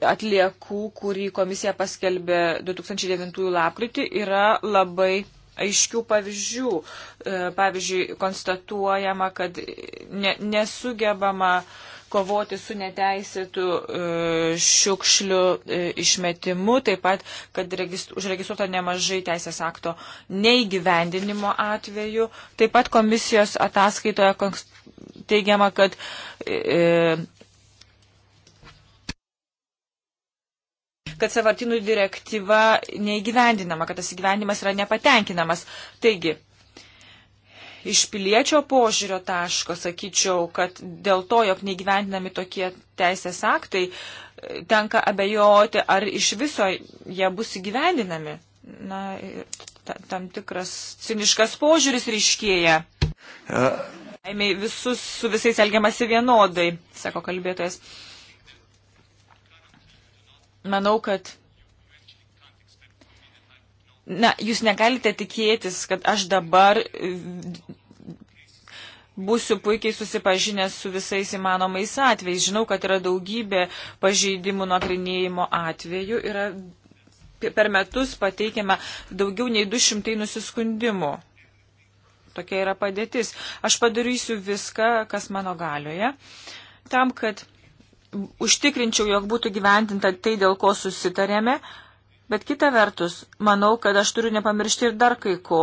atliekų, kurį komisija paskelbė 2009 lapkritį, yra labai aiškių pavyzdžių. E, pavyzdžiui, konstatuojama, kad ne, nesugebama kovoti su neteisėtų e, šiukšlių e, išmetimu, taip pat, kad užregistruota nemažai teisės akto neįgyvendinimo atveju. Taip pat komisijos ataskaitoje teigiama, kad e, kad savartinų direktyva neįgyvendinama, kad tas įgyvendimas yra nepatenkinamas. Taigi, iš piliečio požiūrio taško sakyčiau, kad dėl to, jog neįgyvendinami tokie teisės aktai, tenka abejoti, ar iš viso jie bus įgyvendinami. Na, tam tikras ciniškas požiūris ryškėja. Uh. Laimiai visus su visais elgiamasi vienodai, sako kalbėtojas. Manau, kad. Na, jūs negalite tikėtis, kad aš dabar būsiu puikiai susipažinęs su visais įmanomais atvejais. Žinau, kad yra daugybė pažeidimų nagrinėjimo atvejų. Yra per metus pateikiama daugiau nei 200 nusiskundimų. Tokia yra padėtis. Aš padarysiu viską, kas mano galioje, tam, kad užtikrinčiau, jog būtų gyventinta tai, dėl ko susitarėme. Bet kita vertus, manau, kad aš turiu nepamiršti ir dar kai ko.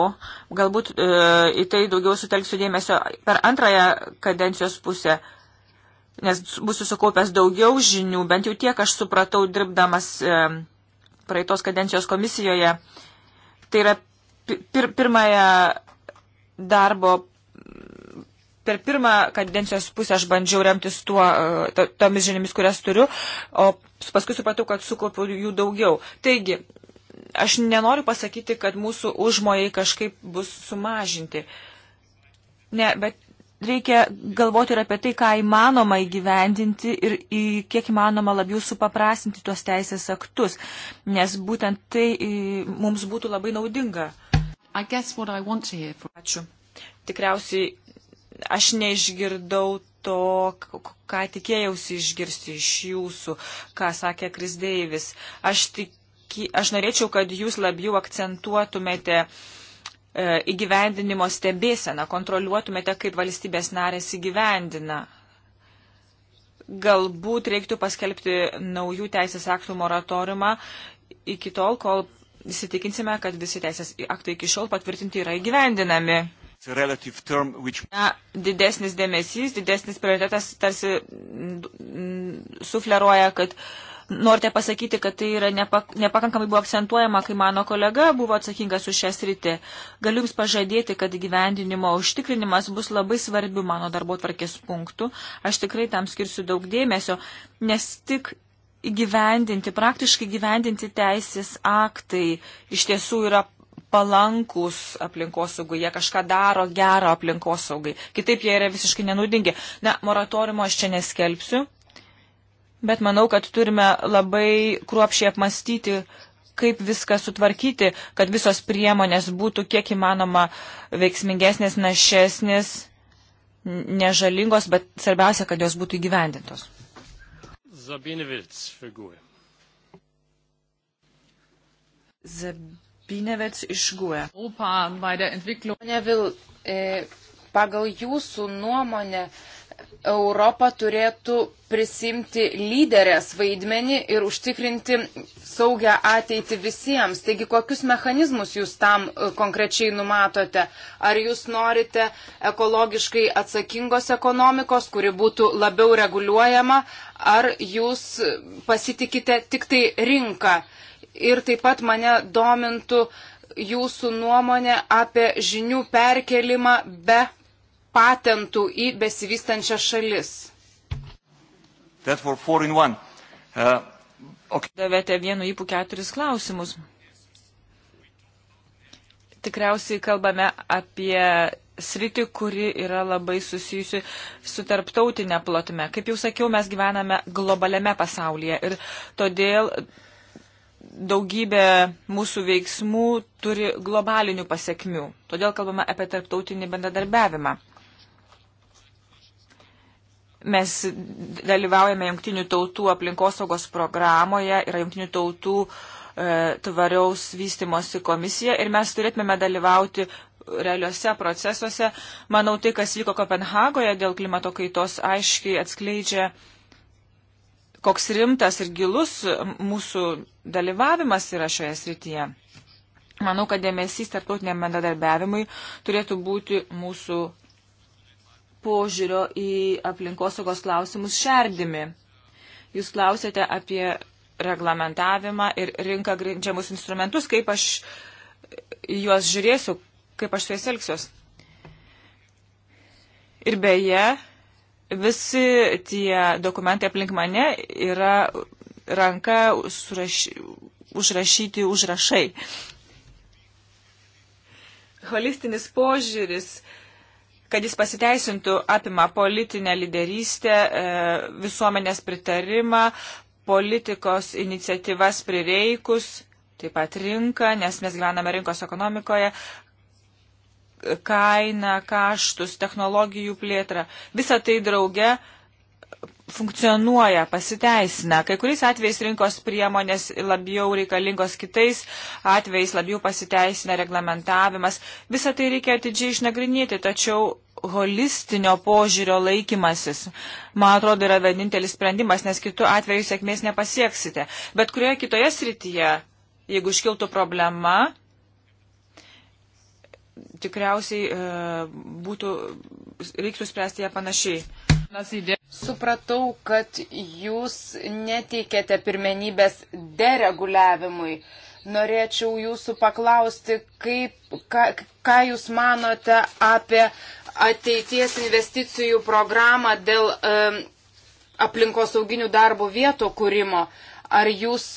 Galbūt e, į tai daugiau sutelksiu dėmesio per antrąją kadencijos pusę, nes būsiu sukaupęs daugiau žinių, bent jau tiek aš supratau dirbdamas e, praeitos kadencijos komisijoje. Tai yra pir pirmąją darbo per pirmą kadencijos pusę aš bandžiau remtis tuo, to, tomis žiniomis, kurias turiu, o paskui supratau, kad sukaupiau jų daugiau. Taigi, aš nenoriu pasakyti, kad mūsų užmojai kažkaip bus sumažinti. Ne, bet reikia galvoti ir apie tai, ką įmanoma įgyvendinti ir į kiek įmanoma labiau supaprastinti tuos teisės aktus, nes būtent tai e, mums būtų labai naudinga. Ačiū. Tikriausiai aš neišgirdau to, ką tikėjausi išgirsti iš jūsų, ką sakė Kris Deivis. Aš, tiki, aš norėčiau, kad jūs labiau akcentuotumėte e, įgyvendinimo stebėseną, kontroliuotumėte, kaip valstybės narės įgyvendina. Galbūt reiktų paskelbti naujų teisės aktų moratoriumą iki tol, kol įsitikinsime, kad visi teisės aktai iki šiol patvirtinti yra įgyvendinami. Term, which... Na, didesnis dėmesys, didesnis prioritetas tarsi sufleruoja, kad norite pasakyti, kad tai yra nepak nepakankamai buvo akcentuojama, kai mano kolega buvo atsakingas už šią sritį. Galiu Jums pažadėti, kad gyvendinimo užtikrinimas bus labai svarbių mano darbo tvarkės punktų. Aš tikrai tam skirsiu daug dėmesio, nes tik įgyvendinti, praktiškai įgyvendinti teisės aktai iš tiesų yra palankus aplinkosaugai, jie kažką daro gero aplinkosaugai, kitaip jie yra visiškai nenudingi. Na, moratoriumo aš čia neskelbsiu, bet manau, kad turime labai kruopšiai apmastyti, kaip viską sutvarkyti, kad visos priemonės būtų kiek įmanoma veiksmingesnės, našesnės, nežalingos, bet svarbiausia, kad jos būtų įgyvendintos. Sabine Wilz für GUE. Zabinevec iš GUE. Pane Vil, e, pagal jūsų nuomonę Europa turėtų prisimti lyderės vaidmenį ir užtikrinti saugią ateitį visiems. Taigi, kokius mechanizmus jūs tam e, konkrečiai numatote? Ar jūs norite ekologiškai atsakingos ekonomikos, kuri būtų labiau reguliuojama, ar jūs pasitikite tik tai rinką. Ir taip pat mane domintų jūsų nuomonė apie žinių perkelimą be patentų į besivystančias šalis. Uh, okay. Davėte vienu įpū keturis klausimus tikriausiai kalbame apie sritį, kuri yra labai susijusi su tarptautinė plotme. Kaip jau sakiau, mes gyvename globaliame pasaulyje ir todėl daugybė mūsų veiksmų turi globalinių pasiekmių. Todėl kalbame apie tarptautinį bendradarbiavimą. Mes dalyvaujame jungtinių tautų aplinkosaugos programoje, yra jungtinių tautų e, tvariaus vystimosi komisija ir mes turėtume dalyvauti realiuose procesuose. Manau, tai, kas vyko Kopenhagoje dėl klimato kaitos, aiškiai atskleidžia, koks rimtas ir gilus mūsų dalyvavimas yra šioje srityje. Manau, kad dėmesys tarptautiniam bendradarbiavimui turėtų būti mūsų požiūrio į aplinkosaugos klausimus šerdimi. Jūs klausėte apie reglamentavimą ir rinką grindžiamus instrumentus, kaip aš juos žiūrėsiu, kaip aš su jais elgsiuos. Ir beje, visi tie dokumentai aplink mane yra ranka suraš, užrašyti užrašai. Holistinis požiūris, kad jis pasiteisintų, apima politinę lyderystę, e, visuomenės pritarimą, politikos iniciatyvas prireikus, taip pat rinką, nes mes gyvename rinkos ekonomikoje, kainą, kaštus, technologijų plėtrą. Visa tai drauge funkcionuoja, pasiteisina. Kai kuriais atvejais rinkos priemonės labiau reikalingos, kitais atvejais labiau pasiteisina reglamentavimas. Visą tai reikia atidžiai išnagrinėti, tačiau holistinio požiūrio laikymasis, man atrodo, yra vienintelis sprendimas, nes kitų atveju sėkmės nepasieksite. Bet kurioje kitoje srityje, jeigu iškiltų problema, tikriausiai e, būtų, reiktų spręsti ją panašiai. Supratau, kad jūs neteikėte pirmenybės dereguliavimui. Norėčiau jūsų paklausti, kaip, ką, ką jūs manote apie ateities investicijų programą dėl e, aplinkosauginių darbo vietų kūrimo. Ar jūs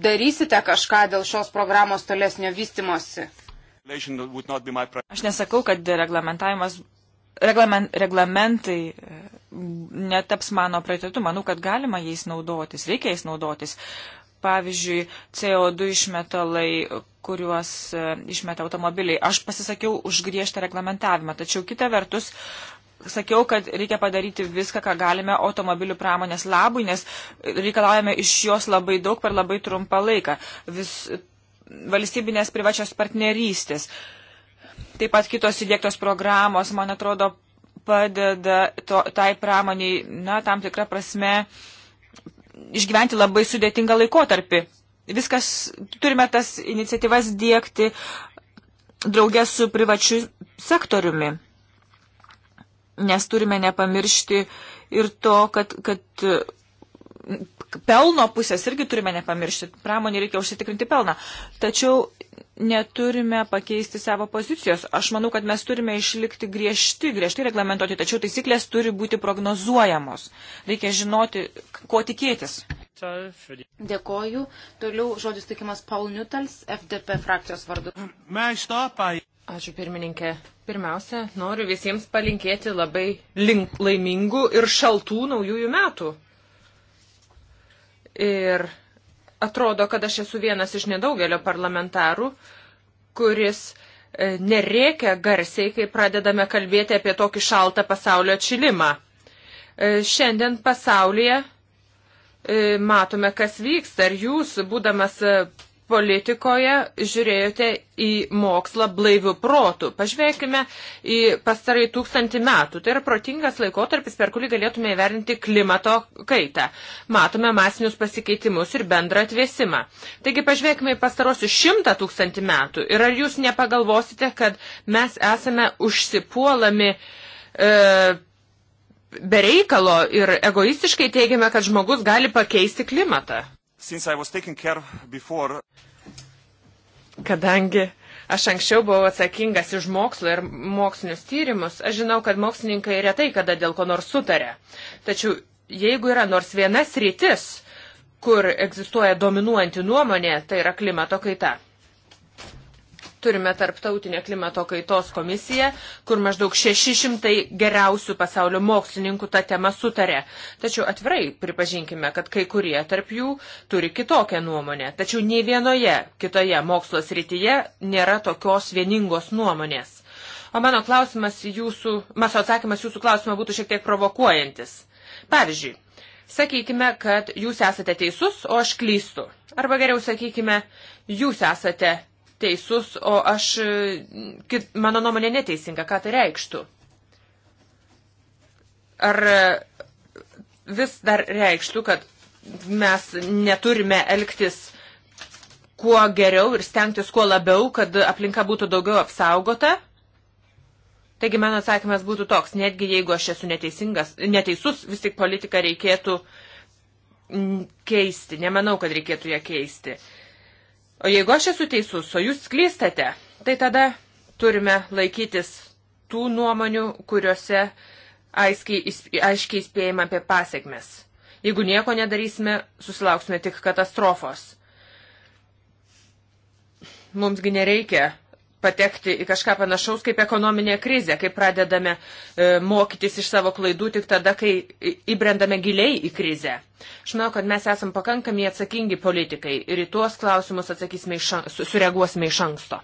darysite kažką dėl šios programos tolesnio vystimosi? Aš nesakau, kad reglamentavimas, reglament, reglamentai e, netaps mano prioritetu. Manau, kad galima jais naudotis, reikia jais naudotis. Pavyzdžiui, CO2 išmetalai, kuriuos e, išmeta automobiliai. Aš pasisakiau už griežtą reglamentavimą, tačiau kita vertus sakiau, kad reikia padaryti viską, ką galime automobilių pramonės labui, nes reikalaujame iš jos labai daug per labai trumpą laiką. Vis, valstybinės privačios partnerystės. Taip pat kitos įdėktos programos, man atrodo, padeda to, tai pramoniai, na, tam tikrą prasme, išgyventi labai sudėtingą laikotarpį. Viskas, turime tas iniciatyvas dėkti draugė su privačiu sektoriumi, nes turime nepamiršti ir to, kad, kad pelno pusės irgi turime nepamiršti. Pramonį reikia užsitikrinti pelną. Tačiau neturime pakeisti savo pozicijos. Aš manau, kad mes turime išlikti griežti, griežtai reglamentuoti, tačiau taisyklės turi būti prognozuojamos. Reikia žinoti, ko tikėtis. Dėkoju. Toliau žodis tikimas Paul Newtals, FDP frakcijos vardu. Ačiū pirmininkė. Pirmiausia, noriu visiems palinkėti labai link, laimingų ir šaltų naujųjų metų. Ir atrodo, kad aš esu vienas iš nedaugelio parlamentarų, kuris e, nerėkia garsiai, kai pradedame kalbėti apie tokį šaltą pasaulio atšilimą. E, šiandien pasaulyje e, matome, kas vyksta. Ar jūs, būdamas politikoje žiūrėjote į mokslą blaivių protų. Pažvelkime į pastarai tūkstantį metų. Tai yra protingas laikotarpis, per kurį galėtume įvertinti klimato kaitą. Matome masinius pasikeitimus ir bendrą atvėsimą. Taigi pažvelkime į pastarosius šimtą tūkstantį metų. Ir ar jūs nepagalvosite, kad mes esame užsipuolami. E, Bereikalo ir egoistiškai teigiame, kad žmogus gali pakeisti klimatą. Before... Kadangi aš anksčiau buvau atsakingas už mokslo ir mokslinius tyrimus, aš žinau, kad mokslininkai retai kada dėl ko nors sutarė. Tačiau jeigu yra nors vienas rytis, kur egzistuoja dominuojanti nuomonė, tai yra klimato kaita. Turime tarptautinę klimato kaitos komisiją, kur maždaug 600 geriausių pasaulio mokslininkų tą temą sutarė. Tačiau atvirai pripažinkime, kad kai kurie tarp jų turi kitokią nuomonę. Tačiau nei vienoje kitoje mokslo srityje nėra tokios vieningos nuomonės. O mano klausimas jūsų, mano atsakymas jūsų klausimą būtų šiek tiek provokuojantis. Pavyzdžiui, sakykime, kad jūs esate teisus, o aš klystu. Arba geriau sakykime, jūs esate teisus, o aš, e, kit, mano nuomonė, neteisinga. Ką tai reikštų? Ar e, vis dar reikštų, kad mes neturime elgtis kuo geriau ir stengtis kuo labiau, kad aplinka būtų daugiau apsaugota? Taigi mano atsakymas būtų toks, netgi jeigu aš esu neteisingas, neteisus, vis tik politiką reikėtų keisti. Nemanau, kad reikėtų ją keisti. O jeigu aš esu teisus, o jūs klystate, tai tada turime laikytis tų nuomonių, kuriuose aiškiai, aiškiai įspėjama apie pasiekmes. Jeigu nieko nedarysime, susilauksime tik katastrofos. Mumsgi nereikia patekti į kažką panašaus kaip ekonominė krizė, kai pradedame e, mokytis iš savo klaidų tik tada, kai įbrendame giliai į krizę. Aš manau, kad mes esame pakankami atsakingi politikai ir į tuos klausimus atsakysime iš anksto, sureaguosime iš anksto.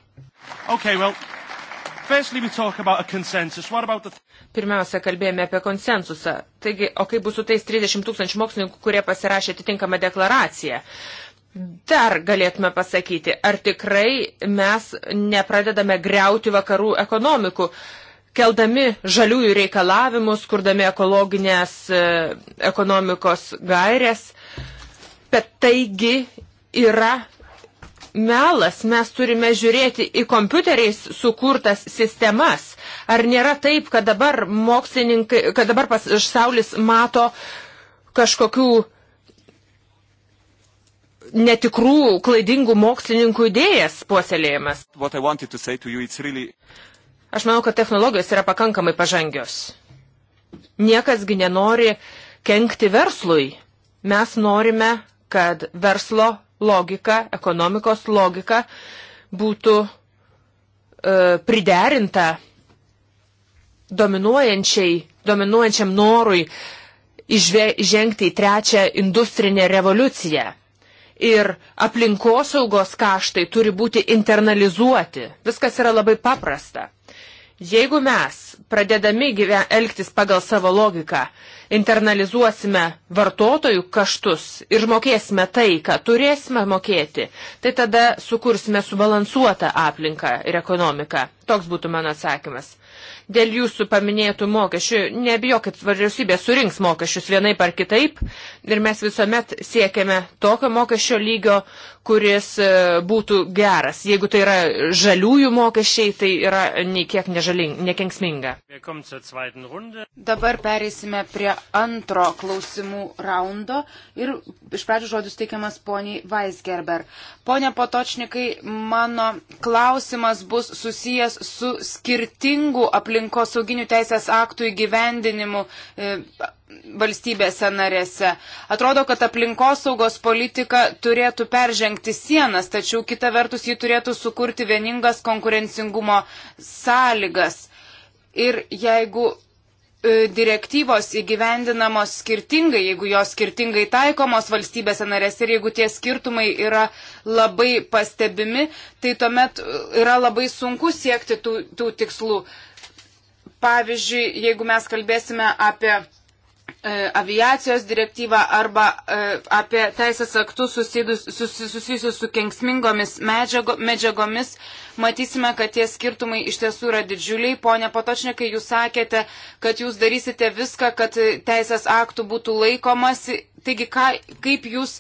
Okay, well... The... Pirmiausia, kalbėjome apie konsensusą. Taigi, o kaip bus su tais 30 tūkstančių mokslininkų, kurie pasirašė atitinkamą deklaraciją? Uh, Dar galėtume pasakyti, ar tikrai mes nepradedame greuti vakarų ekonomikų, keldami žaliųjų reikalavimus, kurdami ekologinės e, ekonomikos gairės. Bet taigi yra melas, mes turime žiūrėti į kompiuteriais sukurtas sistemas. Ar nėra taip, kad dabar mokslininkai, kad dabar pasaulis mato kažkokių netikrų, klaidingų mokslininkų idėjas puoselėjimas. To to you, really... Aš manau, kad technologijos yra pakankamai pažangios. Niekasgi nenori kenkti verslui. Mes norime, kad verslo logika, ekonomikos logika būtų e, priderinta dominuojančiam norui žengti į trečią industrinę revoliuciją ir aplinkosaugos kaštai turi būti internalizuoti. Viskas yra labai paprasta. Jeigu mes, pradedami gyven, elgtis pagal savo logiką, internalizuosime vartotojų kaštus ir mokėsime tai, ką turėsime mokėti, tai tada sukursime subalansuotą aplinką ir ekonomiką. Toks būtų mano atsakymas dėl jūsų paminėtų mokesčių, nebijokit, vyriausybė surinks mokesčius vienaip ar kitaip ir mes visuomet siekiame tokio mokesčio lygio, kuris e, būtų geras. Jeigu tai yra žaliųjų mokesčiai, tai yra niekiek nekenksminga. Dabar pereisime prie antro klausimų raundo ir iš pradžių žodis teikiamas poniai Weisgerber. Pone Potočnikai, mano klausimas bus susijęs su skirtingų aplinkų aplinkosauginių teisės aktų įgyvendinimu e, valstybėse narėse. Atrodo, kad aplinkosaugos politika turėtų peržengti sienas, tačiau kita vertus ji turėtų sukurti vieningas konkurencingumo sąlygas. Ir jeigu e, direktyvos įgyvendinamos skirtingai, jeigu jos skirtingai taikomos valstybėse narės ir jeigu tie skirtumai yra labai pastebimi, tai tuomet e, yra labai sunku siekti tų, tų tikslų. Pavyzdžiui, jeigu mes kalbėsime apie e, aviacijos direktyvą arba e, apie teisės aktus susijusius su kenksmingomis medžiago, medžiagomis, matysime, kad tie skirtumai iš tiesų yra didžiuliai. Pone Patočnekai, jūs sakėte, kad jūs darysite viską, kad teisės aktų būtų laikomasi. Taigi, ką, kaip jūs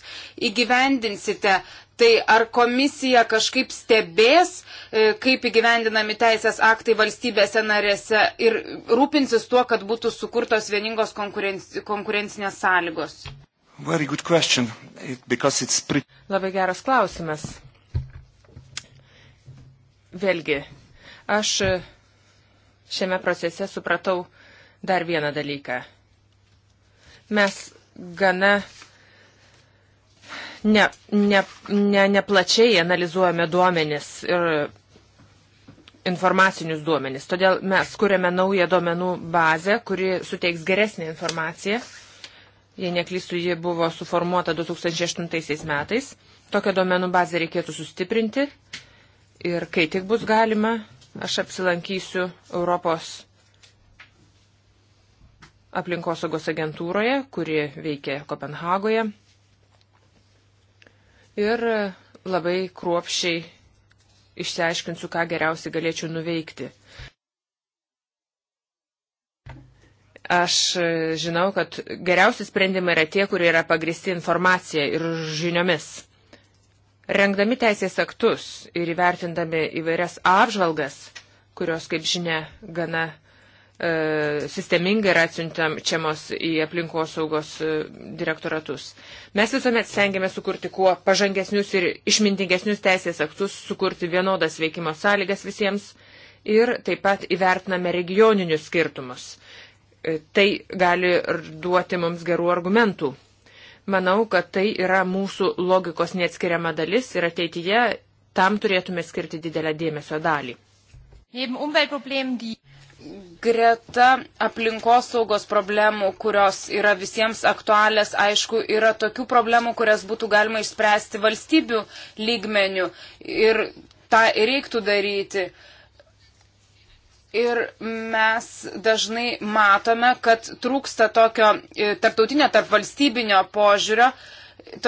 įgyvendinsite Tai ar komisija kažkaip stebės, e, kaip įgyvendinami teisės aktai valstybėse narėse ir rūpinsis tuo, kad būtų sukurtos vieningos konkurenci konkurencinės sąlygos? It, Labai geras klausimas. Vėlgi, aš šiame procese supratau dar vieną dalyką. Mes gana uh, neplačiai ne, ne, ne analizuojame duomenis ir informacinius duomenis. Todėl mes kuriame naują duomenų bazę, kuri suteiks geresnį informaciją. Jei neklystu, ji buvo suformuota 2008 metais. Tokią duomenų bazę reikėtų sustiprinti ir kai tik bus galima, aš apsilankysiu Europos aplinkosaugos agentūroje, kuri veikia Kopenhagoje ir labai kruopšiai išsiaiškinsiu, ką geriausiai galėčiau nuveikti. Aš žinau, kad geriausi sprendimai yra tie, kurie yra pagristi informacija ir žiniomis. Rengdami teisės aktus ir įvertindami įvairias apžvalgas, kurios, kaip žinia, gana uh, E, sistemingai yra atsiunčiamos į aplinkos saugos e, direktoratus. Mes visuomet stengiamės sukurti kuo pažangesnius ir išmintingesnius teisės aktus, sukurti vienodas veikimo sąlygas visiems ir taip pat įvertiname regioninius skirtumus. E, tai gali duoti mums gerų argumentų. Manau, kad tai yra mūsų logikos neatskiriama dalis ir ateityje tam turėtume skirti didelę dėmesio dalį. Greta aplinkosaugos problemų, kurios yra visiems aktualias, aišku, yra tokių problemų, kurias būtų galima išspręsti valstybių lygmenių ir tą reiktų daryti. Ir mes dažnai matome, kad trūksta tokio e, tarptautinio, tarpvalstybinio požiūrio.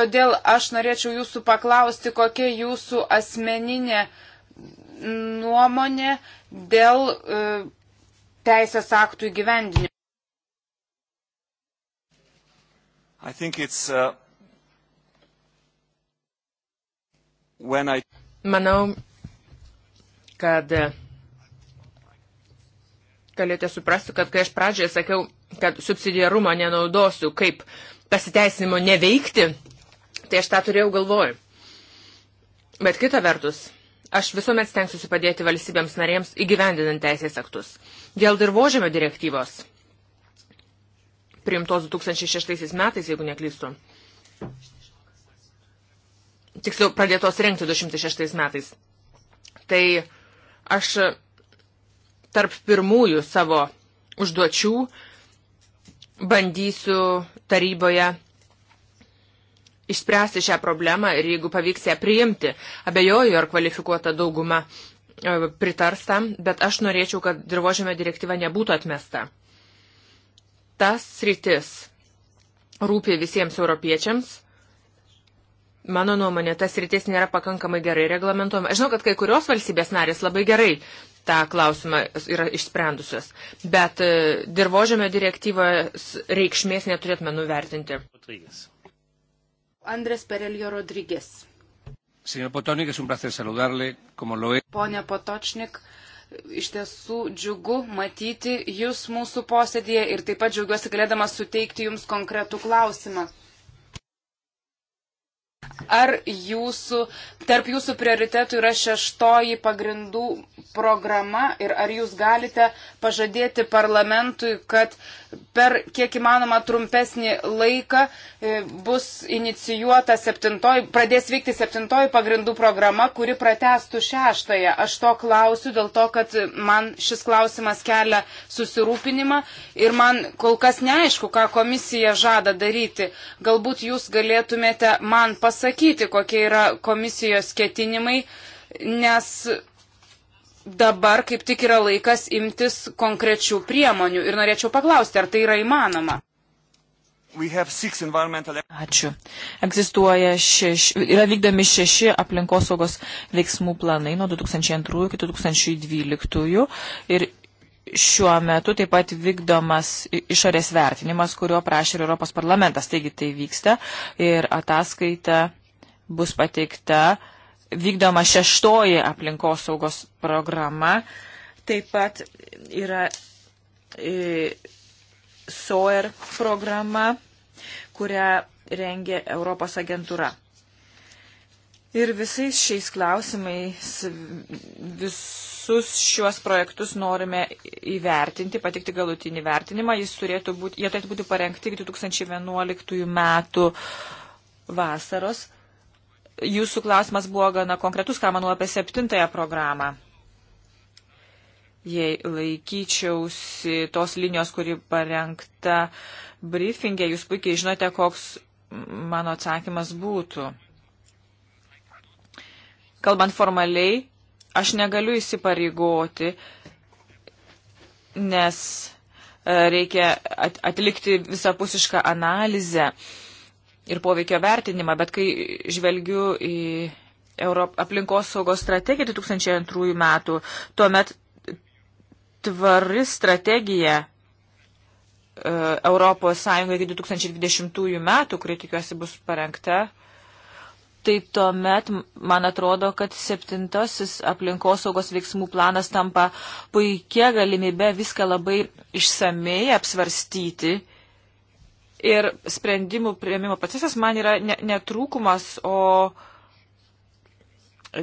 Todėl aš norėčiau jūsų paklausti, kokia jūsų asmeninė uh, nuomonė dėl e, teisės aktų įgyvendinimo. Uh, I... Manau, kad galite suprasti, kad kai aš pradžioje sakiau, kad subsidiarumo nenaudosiu kaip pasiteisinimo neveikti, tai aš tą turėjau galvoj. Bet kita vertus, Aš visuomet stengsiuosi padėti valstybėms narėms įgyvendinant teisės aktus. Dėl dirbožėmio direktyvos, priimtos 2006 metais, jeigu neklystu, tiksliau pradėtos renkti 206 metais, tai aš tarp pirmųjų savo užduočių bandysiu taryboje išspręsti šią problemą ir jeigu pavyks ją priimti. Abejoju, ar kvalifikuota dauguma e, pritars tam, bet aš norėčiau, kad dirbožėmio direktyva nebūtų atmesta. Tas sritis rūpi visiems europiečiams. Mano nuomonė, tas rytis nėra pakankamai gerai reglamentuojama. Aš žinau, kad kai kurios valstybės narės labai gerai tą klausimą yra išsprendusios, bet e, dirbožėmio direktyvos reikšmės neturėtume nuvertinti. Rodrygas. Andrės Perelio Rodrygės. Pone Potočnik, iš tiesų džiugu matyti Jūs mūsų posėdėje ir taip pat džiaugiuosi galėdamas suteikti Jums konkretų klausimą. Ar jūsų, tarp jūsų prioritetų yra šeštoji pagrindų programa ir ar jūs galite pažadėti parlamentui, kad per kiek įmanoma trumpesnį laiką e, bus inicijuota septintoji, pradės veikti septintoji pagrindų programa, kuri pratestų šeštąją. Aš to klausiu dėl to, kad man šis klausimas kelia susirūpinimą ir man kol kas neaišku, ką komisija žada daryti. Galbūt jūs galėtumėte man pasakyti pasakyti, kokie yra komisijos ketinimai, nes dabar kaip tik yra laikas imtis konkrečių priemonių. Ir norėčiau paklausti, ar tai yra įmanoma. Environmental... Ačiū. Egzistuoja šeš, yra vykdomi šeši aplinkosaugos veiksmų planai nuo 2002 iki 2012 ir šiuo metu taip pat vykdomas išorės vertinimas, kurio prašė ir Europos parlamentas. Taigi tai vyksta ir ataskaita bus pateikta vykdoma šeštoji aplinkos saugos programa. Taip pat yra e, SOER programa, kurią rengia Europos agentūra. Ir visais šiais klausimais visus šiuos projektus norime įvertinti, patikti galutinį vertinimą. Jis turėtų būti, jie turėtų būti parengti iki 2011 metų vasaros. Jūsų klausimas buvo gana konkretus, ką manau apie septintąją programą. Jei laikyčiausi tos linijos, kuri parengta briefingė, jūs puikiai žinote, koks mano atsakymas būtų kalbant formaliai, aš negaliu įsipareigoti, nes e, reikia atlikti visapusišką analizę ir poveikio vertinimą, bet kai žvelgiu į Europ, aplinkos saugos strategiją 2002 metų, tuomet tvari strategija e, Europos Sąjungai iki 2020 metų, kuri tikiuosi bus parengta, tai tuomet, man atrodo, kad septintasis aplinkosaugos veiksmų planas tampa puikia galimybė viską labai išsamei apsvarstyti. Ir sprendimų prieimimo procesas man yra netrūkumas, ne o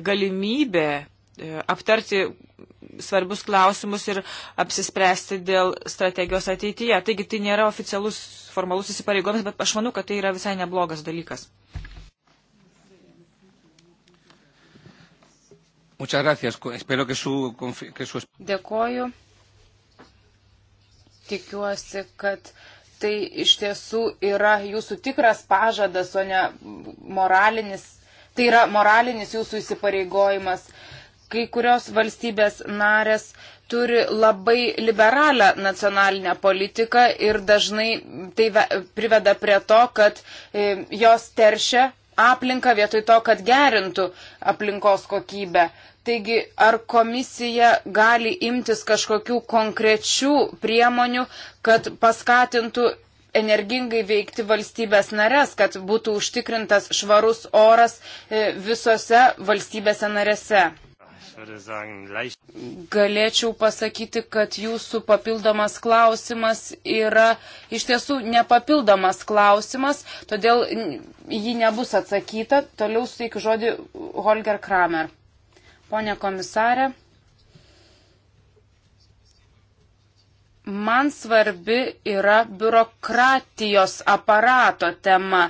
galimybė e, aptarti svarbus klausimus ir apsispręsti dėl strategijos ateityje. Taigi tai nėra oficialus formalus įsipareigojimas, bet aš manau, kad tai yra visai neblogas dalykas. Muchas gracias. Espero que su, que su... Dėkoju. Tikiuosi, kad tai iš tiesų yra jūsų tikras pažadas, o ne moralinis. Tai yra moralinis jūsų įsipareigojimas. Kai kurios valstybės narės turi labai liberalią nacionalinę politiką ir dažnai tai priveda prie to, kad e, jos teršia aplinką vietoj to, kad gerintų aplinkos kokybę. Taigi, ar komisija gali imtis kažkokių konkrečių priemonių, kad paskatintų energingai veikti valstybės narės, kad būtų užtikrintas švarus oras e, visose valstybėse narėse? Galėčiau pasakyti, kad jūsų papildomas klausimas yra iš tiesų nepapildomas klausimas, todėl jį nebus atsakyta. Toliau suteikiu žodį Holger Kramer. Pone komisarė, man svarbi yra biurokratijos aparato tema.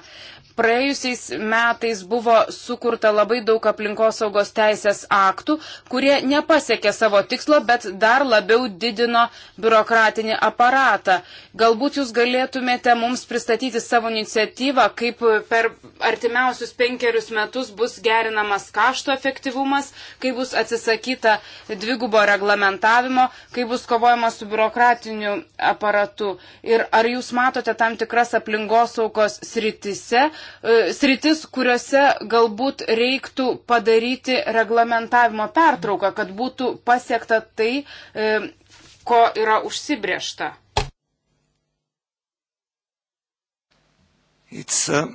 Praėjusiais metais buvo sukurta labai daug aplinkosaugos teisės aktų, kurie nepasiekė savo tikslo, bet dar labiau didino biurokratinį aparatą. Galbūt jūs galėtumėte mums pristatyti savo iniciatyvą, kaip per artimiausius penkerius metus bus gerinamas kašto efektyvumas, kaip bus atsisakyta dvigubo reglamentavimo, kaip bus kovojama su biurokratiniu aparatu. Ir ar jūs matote tam tikras aplinkosaugos sritise, E, sritis, kuriuose galbūt reiktų padaryti reglamentavimo pertrauką, kad būtų pasiekta tai, e, ko yra užsibriešta. It's uh,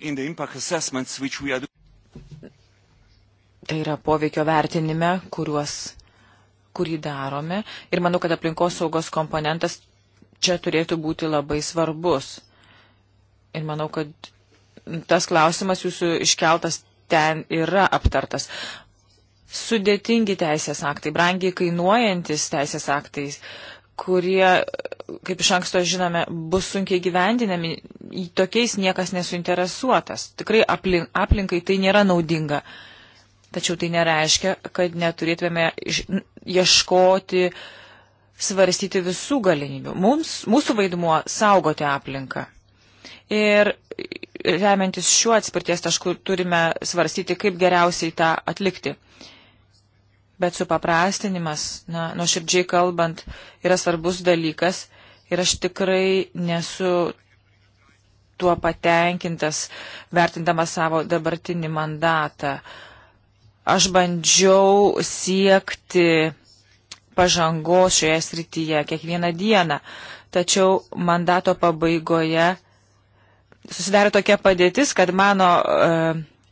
in the impact assessments which we are doing. Tai yra poveikio vertinime, kuriuos, kurį darome. Ir manau, kad aplinkosaugos komponentas čia turėtų būti labai svarbus. Ir manau, kad tas klausimas jūsų iškeltas ten yra aptartas. Sudėtingi teisės aktai, brangiai kainuojantis teisės aktais, kurie, kaip iš anksto žinome, bus sunkiai gyvendinami, tokiais niekas nesuinteresuotas. Tikrai aplink, aplinkai tai nėra naudinga. Tačiau tai nereiškia, kad neturėtume ieškoti, svarstyti visų galimybių. Mums, mūsų vaidmuo saugoti aplinką. Ir remiantis šiuo atspirties tašku turime svarstyti, kaip geriausiai tą atlikti. Bet supaprastinimas, na, nuoširdžiai kalbant, yra svarbus dalykas ir aš tikrai nesu tuo patenkintas, vertindamas savo dabartinį mandatą. Aš bandžiau siekti pažangos šioje srityje kiekvieną dieną, tačiau mandato pabaigoje susidarė tokia padėtis, kad mano uh,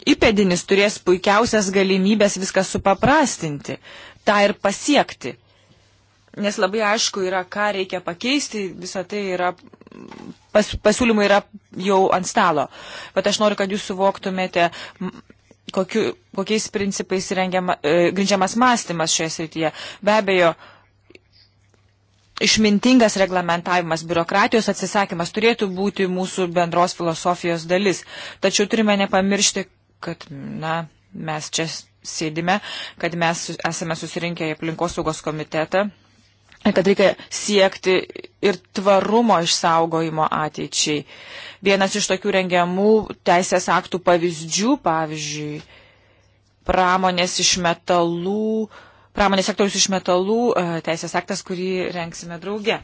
įpėdinis turės puikiausias galimybės viską supaprastinti, tą ir pasiekti. Nes labai aišku yra, ką reikia pakeisti, visą tai yra, pas, pasiūlymai yra jau ant stalo. Bet aš noriu, kad jūs suvoktumėte, kokiu, kokiais principais rengiama, e, grindžiamas mąstymas šioje srityje. Be abejo, e, išmintingas reglamentavimas, biurokratijos atsisakymas turėtų būti mūsų bendros filosofijos dalis. Tačiau turime nepamiršti, kad na, mes čia sėdime, kad mes esame susirinkę į aplinkosaugos komitetą, kad reikia siekti ir tvarumo išsaugojimo ateičiai. Vienas iš tokių rengiamų teisės aktų pavyzdžių, pavyzdžiui, pramonės iš metalų, uh, pramonės sektorius iš metalų e, teisės aktas, kurį renksime drauge.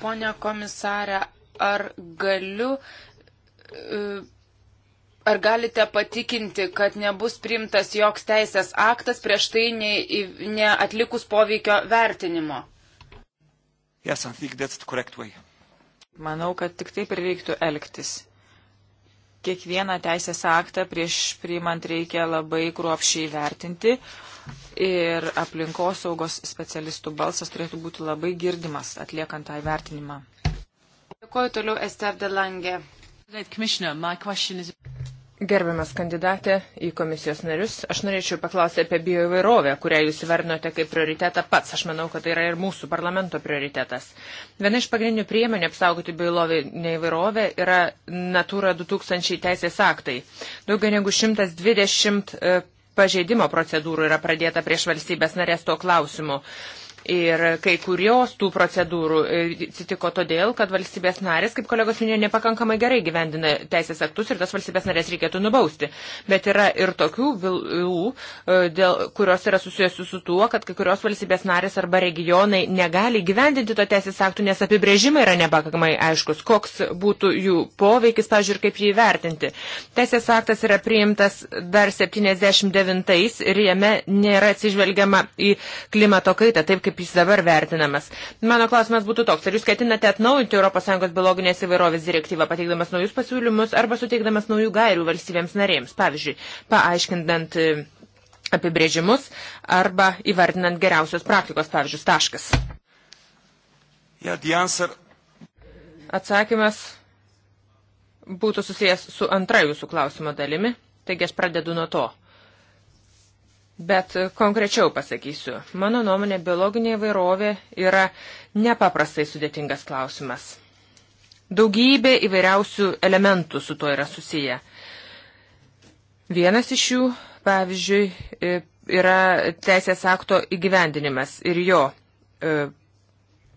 Pone komisarė, ar galiu. E, ar galite patikinti, kad nebus priimtas joks teisės aktas prieš tai neatlikus ne poveikio vertinimo? Yes, Manau, kad tik taip ir reiktų elgtis kiekvieną teisės aktą prieš priimant reikia labai kruopšiai vertinti ir aplinkosaugos specialistų balsas turėtų būti labai girdimas atliekant tą įvertinimą. Dėkuoju toliau Ester Delange. Gerbiamas kandidatė į komisijos narius, aš norėčiau paklausyti apie bioįvairovę, kurią jūs įvardinote kaip prioritetą pats. Aš manau, kad tai yra ir mūsų parlamento prioritetas. Viena iš pagrindinių priemonių apsaugoti bioįvairovę įvairovę yra Natura 2000 teisės aktai. Daugiau negu 120 e, pažeidimo procedūrų yra pradėta prieš valstybės narės tuo klausimu. Uh, Ir kai kurios tų procedūrų e, atsitiko todėl, kad valstybės narės, kaip kolegos minėjo, nepakankamai gerai gyvendina teisės aktus ir tas valstybės narės reikėtų nubausti. Bet yra ir tokių vilų, e, dėl, kurios yra susijusių su tuo, kad kai kurios valstybės narės arba regionai negali gyvendinti to teisės aktų, nes apibrėžimai yra nepakankamai aiškus, koks būtų jų poveikis, pažiūrėjau, kaip jį įvertinti. Teisės aktas yra priimtas dar 79 ir jame nėra atsižvelgiama į klimato kaitą, taip kaip kaip jis dabar vertinamas. Mano klausimas būtų toks, ar jūs ketinate atnaujinti ES biologinės įvairovės direktyvą, pateikdamas naujus pasiūlymus arba suteikdamas naujų gairių valstybėms narėms, pavyzdžiui, paaiškindant e, apibrėžimus arba įvardinant geriausios praktikos pavyzdžius taškas. Yeah, Atsakymas būtų susijęs su antra jūsų klausimo dalimi, taigi aš pradedu nuo to. Bet konkrečiau pasakysiu, mano nuomonė, biologinė įvairovė yra nepaprastai sudėtingas klausimas. Daugybė įvairiausių elementų su to yra susiję. Vienas iš jų, pavyzdžiui, e, yra teisės akto įgyvendinimas ir jo e,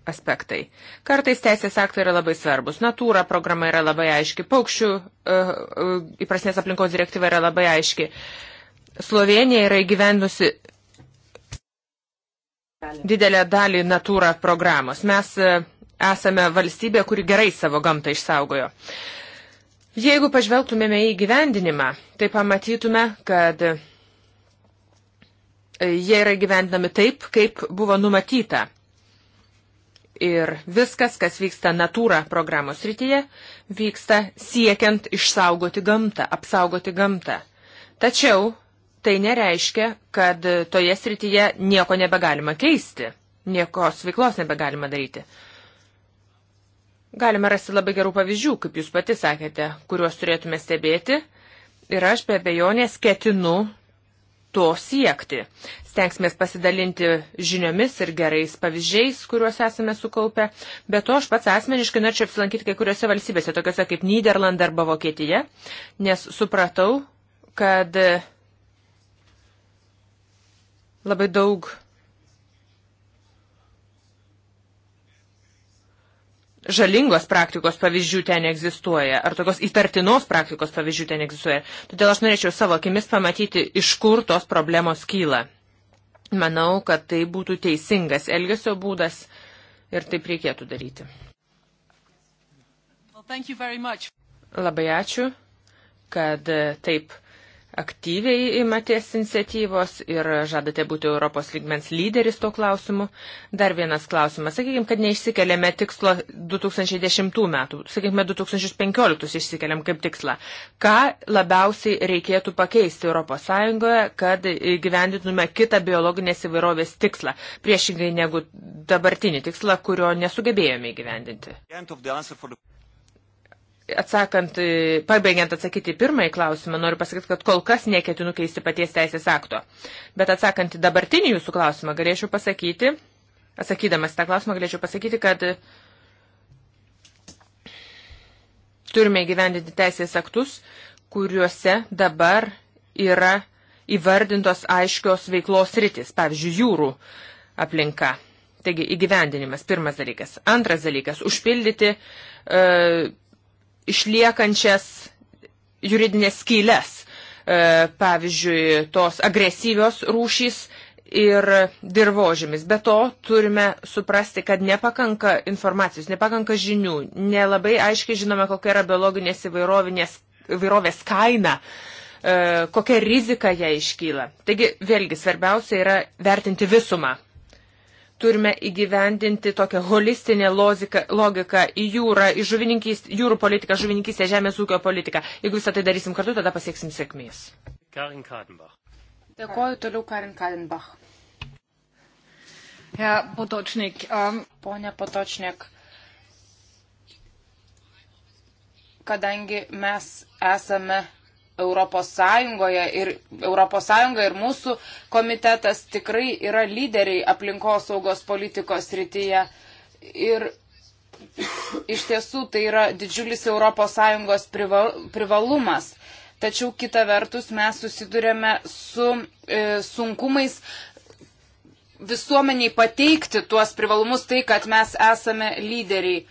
aspektai. Kartais teisės aktai yra labai svarbus. Natūra programa yra labai aiški, paukščių e, įprasnės aplinkos direktyva yra labai aiški. E, Slovenija yra įgyvendusi didelę dalį natūrą programos. Mes e, esame valstybė, kuri gerai savo gamtą išsaugojo. Jeigu pažvelgtumėme į gyvendinimą, tai pamatytume, kad e, jie yra gyvendinami taip, kaip buvo numatyta. Ir viskas, kas vyksta natūra programos rytyje, vyksta siekiant išsaugoti gamtą, apsaugoti gamtą. Tačiau tai nereiškia, kad toje srityje nieko nebegalima keisti, niekos veiklos nebegalima daryti. Galime rasti labai gerų pavyzdžių, kaip jūs pati sakėte, kuriuos turėtume stebėti ir aš be abejonės ketinu to siekti. Stengsimės pasidalinti žiniomis ir gerais pavyzdžiais, kuriuos esame sukaupę, bet to aš pats asmeniškai norėčiau apsilankyti kai kuriuose valstybėse, tokiuose kaip Niderland arba Vokietija, nes supratau, kad labai daug žalingos praktikos pavyzdžių ten egzistuoja, ar tokios įtartinos praktikos pavyzdžių ten egzistuoja. Todėl aš norėčiau savo akimis pamatyti, iš kur tos problemos kyla. Manau, kad tai būtų teisingas elgesio būdas ir taip reikėtų daryti. Well, Labai ačiū, kad taip aktyviai imatės iniciatyvos ir žadate būti Europos lygmens lyderis tuo klausimu. Dar vienas klausimas. Sakykime, kad neišsikeliame tikslo 2010 metų, sakykime, 2015 išsikeliam kaip tikslą. Ką labiausiai reikėtų pakeisti ES, kad gyvendintume kitą biologinės įvairovės tikslą, priešingai negu dabartinį tikslą, kurio nesugebėjome įgyvendinti? atsakant, e, pabaigiant atsakyti pirmąjį klausimą, noriu pasakyti, kad kol kas neketinu keisti paties teisės akto. Bet atsakant į dabartinį jūsų klausimą, galėčiau pasakyti, atsakydamas tą klausimą, galėčiau pasakyti, kad turime gyvendinti teisės aktus, kuriuose dabar yra įvardintos aiškios veiklos rytis, pavyzdžiui, jūrų aplinka. Taigi įgyvendinimas, pirmas dalykas. Antras dalykas - užpildyti uh, e, išliekančias juridinės skylės, e, pavyzdžiui, tos agresyvios rūšys ir dirbožymis. Be to turime suprasti, kad nepakanka informacijos, nepakanka žinių, nelabai aiškiai žinome, kokia yra biologinės įvairovės kaina, e, kokia rizika ją iškyla. Taigi, vėlgi, svarbiausia yra vertinti visumą turime įgyvendinti tokią holistinę logiką, logiką į jūrą, į jūrų politiką, žuvininkystę, žemės ūkio politiką. Jeigu visą tai darysim kartu, tada pasieksim sėkmės. Karin Kadenbach. Dėkoju toliau Karin Kadenbach. Ja, Potočnik, um... Pone Potočnik, kadangi mes esame Europos Sąjungoje ir Europos Sąjunga ir mūsų komitetas tikrai yra lyderiai aplinkosaugos politikos rytyje. Ir iš tiesų tai yra didžiulis Europos Sąjungos privalumas. Tačiau kita vertus mes susidurėme su e, sunkumais visuomeniai pateikti tuos privalumus tai, kad mes esame lyderiai.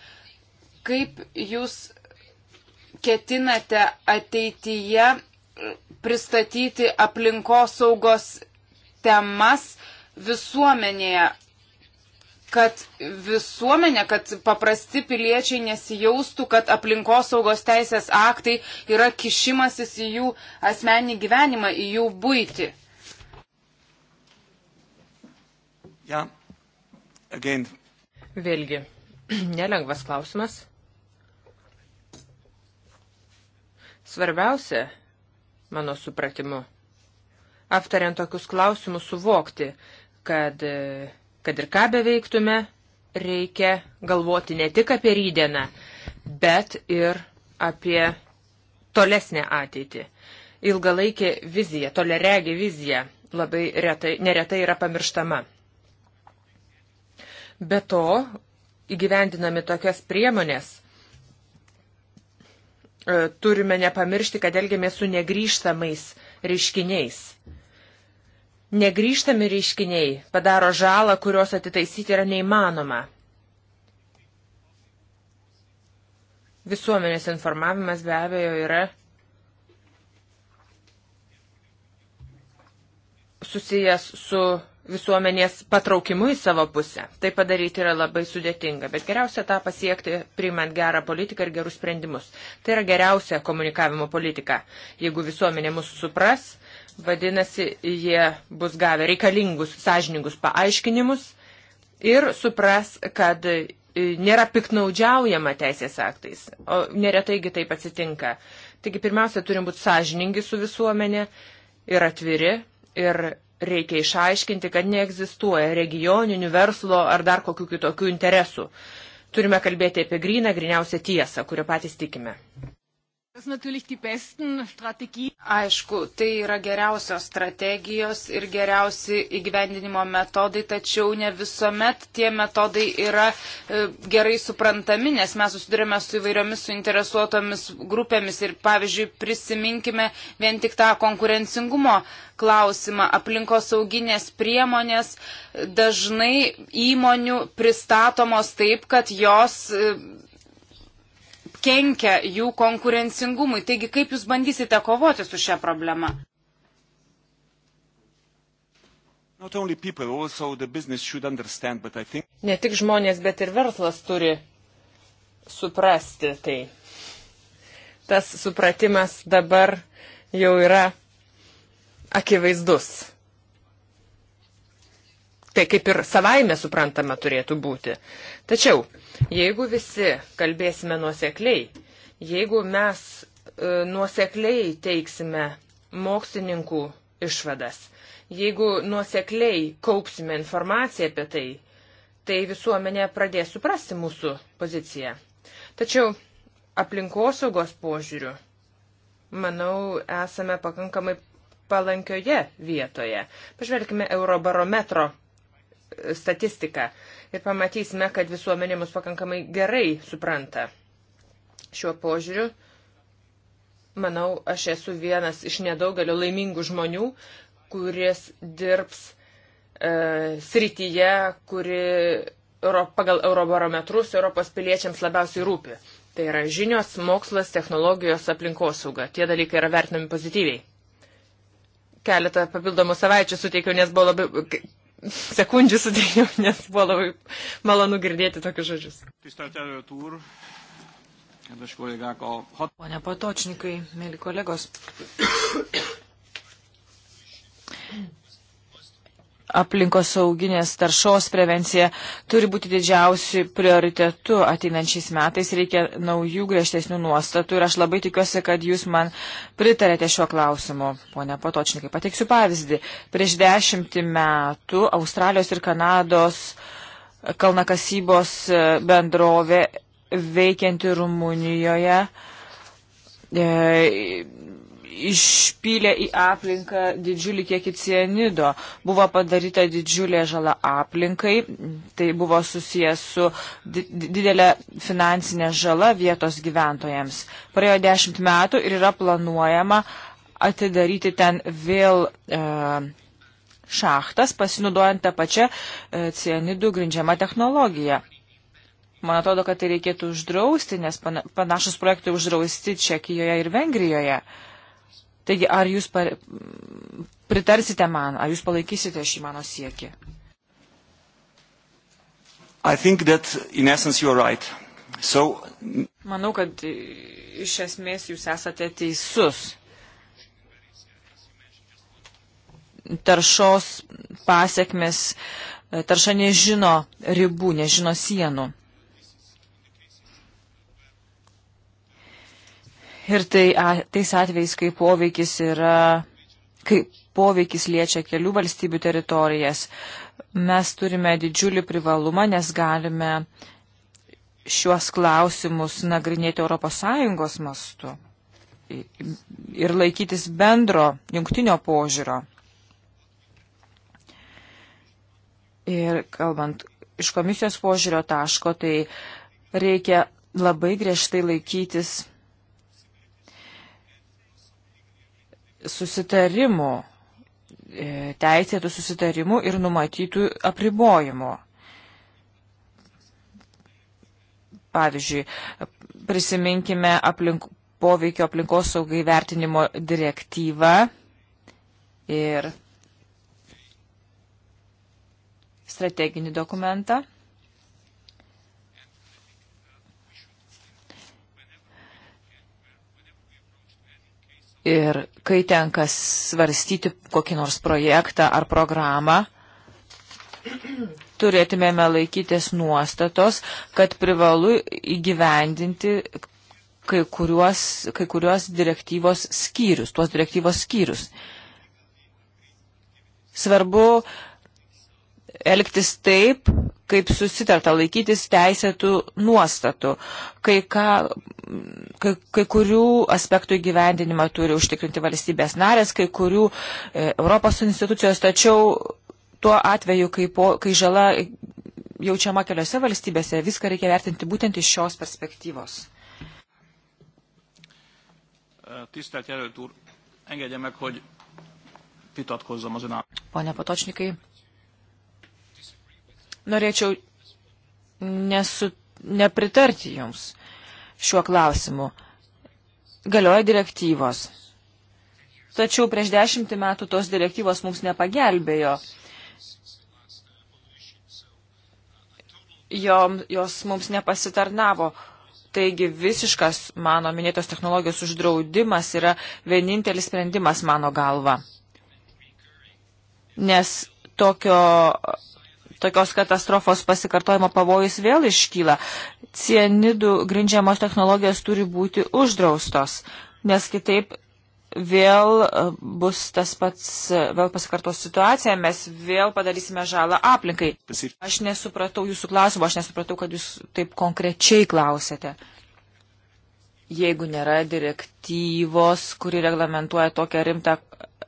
Kaip jūs ketinate ateityje pristatyti aplinkosaugos temas visuomenėje, kad visuomenė, kad paprasti piliečiai nesijaustų, kad aplinkosaugos teisės aktai yra kišimasis į jų asmenį gyvenimą, į jų būti. Ja. Again. Vėlgi, nelengvas klausimas. Svarbiausia, mano supratimu, aptariant tokius klausimus suvokti, kad, kad ir ką beveiktume, reikia galvoti ne tik apie rydieną, bet ir apie tolesnę ateitį. Ilgalaikė vizija, toleregė vizija labai retai, neretai yra pamirštama. Be to, įgyvendinami tokias priemonės, E, turime nepamiršti, kad elgiamės su negryžtamais reiškiniais. Negryžtami reiškiniai padaro žalą, kurios atitaisyti yra neįmanoma. Visuomenės informavimas be abejo yra susijęs su visuomenės patraukimu į savo pusę. Tai padaryti yra labai sudėtinga, bet geriausia tą pasiekti, priimant gerą politiką ir gerus sprendimus. Tai yra geriausia komunikavimo politika. Jeigu visuomenė mūsų supras, vadinasi, jie bus gavę reikalingus, sąžiningus paaiškinimus ir supras, kad e, nėra piknaudžiaujama teisės aktais, o neretaigi taip atsitinka. Taigi pirmiausia, turim būti sąžiningi su visuomenė ir atviri ir reikia išaiškinti, kad neegzistuoja regioninių verslo ar dar kokių kitokių interesų. Turime kalbėti apie gryną, griniausią tiesą, kurią patys tikime. Aišku, tai yra geriausios strategijos ir geriausi įgyvendinimo metodai, tačiau ne visuomet tie metodai yra e, gerai suprantami, nes mes susidurėme su įvairiomis suinteresuotomis grupėmis ir, pavyzdžiui, prisiminkime vien tik tą konkurencingumo klausimą. Aplinkosauginės priemonės dažnai įmonių pristatomos taip, kad jos e, kenkia jų konkurencingumui. Taigi, kaip jūs bandysite kovoti su šia problema? Ne tik žmonės, bet ir verslas turi suprasti tai. Tas supratimas dabar jau yra akivaizdus. Tai kaip ir savaime suprantama turėtų būti. Tačiau Jeigu visi kalbėsime nuosekliai, jeigu mes e, nuosekliai teiksime mokslininkų išvadas, jeigu nuosekliai kaupsime informaciją apie tai, tai visuomenė pradės suprasti mūsų poziciją. Tačiau aplinkosaugos požiūriu, manau, esame pakankamai palankioje vietoje. Pažvelkime Eurobarometro statistiką ir pamatysime, kad visuomenė mus pakankamai gerai supranta. Šiuo požiūriu, manau, aš esu vienas iš nedaugelio laimingų žmonių, kuris dirbs e, srityje, kuri Euro, pagal eurobarometrus Europos piliečiams labiausiai rūpi. Tai yra žinios, mokslas, technologijos, aplinkosauga. Tie dalykai yra vertinami pozityviai keletą papildomų savaičių suteikiau, nes buvo labai sekundžių sudėjau, nes buvo labai malonu girdėti tokius žodžius. Pone Patočnikai, mėly kolegos aplinkos sauginės taršos prevencija turi būti didžiausių prioritetų ateinančiais metais. Reikia naujų griežtesnių nuostatų ir aš labai tikiuosi, kad jūs man pritarėte šiuo klausimu. Pone Patočnikai, pateiksiu pavyzdį. Prieš dešimtį metų Australijos ir Kanados kalnakasybos e, bendrovė veikianti Rumunijoje. E, išpylė į aplinką didžiulį kiekį cianido. Buvo padaryta didžiulė žala aplinkai, tai buvo susijęs su didelė finansinė žala vietos gyventojams. Praėjo dešimt metų ir yra planuojama atidaryti ten vėl e, šachtas, pasinaudojant tą pačią e, cianidų grindžiamą technologiją. Man atrodo, kad tai reikėtų uždrausti, nes panašus projektai uždrausti Čekijoje ir Vengrijoje. E, Taigi, ar jūs par... pritarsite man, ar jūs palaikysite šį mano siekį? Right. So... Manau, kad iš esmės jūs esate teisus. Taršos pasiekmes, tarša nežino ribų, nežino sienų. Ir tai, a, tais atvejais, kai poveikis yra, kai poveikis liečia kelių valstybių teritorijas, mes turime didžiulį privalumą, nes galime šiuos klausimus nagrinėti ES mastu ir laikytis bendro jungtinio požiūrio. Ir kalbant iš komisijos požiūrio taško, tai reikia labai griežtai laikytis susitarimų, e, teisėtų susitarimų ir numatytų apribojimų. Pavyzdžiui, prisiminkime aplink, poveikio aplinkos saugai vertinimo direktyvą ir strateginį dokumentą. Ir kai tenka svarstyti kokį nors projektą ar programą, turėtumėme laikytis nuostatos, kad privalu įgyvendinti kai kuriuos, kai kuriuos direktyvos skyrius, tuos direktyvos skyrius. Svarbu elgtis taip, kaip susitarta, laikytis teisėtų nuostatų. Kai ką kai, kai kurių aspektų įgyvendinimą turi užtikrinti valstybės narės, kai kurių e, Europos institucijos, tačiau tuo atveju, kai, po, kai žala jaučiama keliose valstybėse, viską reikia vertinti būtent iš šios perspektyvos. E, tisztelt jelölt úr, engedje meg, hogy vitatkozzam az önálló. Pane Patočnikai, norėčiau nesu, nepritarti jums šiuo klausimu. Galioja direktyvos. Tačiau prieš dešimtį metų tos direktyvos mums nepagelbėjo. Jo, jos mums nepasitarnavo. Taigi visiškas mano minėtos technologijos uždraudimas yra vienintelis sprendimas mano galva. Nes tokio tokios katastrofos pasikartojimo pavojus vėl iškyla. Cienidų grindžiamos technologijos turi būti uždraustos, nes kitaip vėl e, bus tas pats, e, vėl pasikartos situacija, mes vėl padarysime žalą aplinkai. Aš nesupratau jūsų klausimo, aš nesupratau, kad jūs taip konkrečiai klausėte. Jeigu nėra direktyvos, kuri reglamentuoja tokią rimtą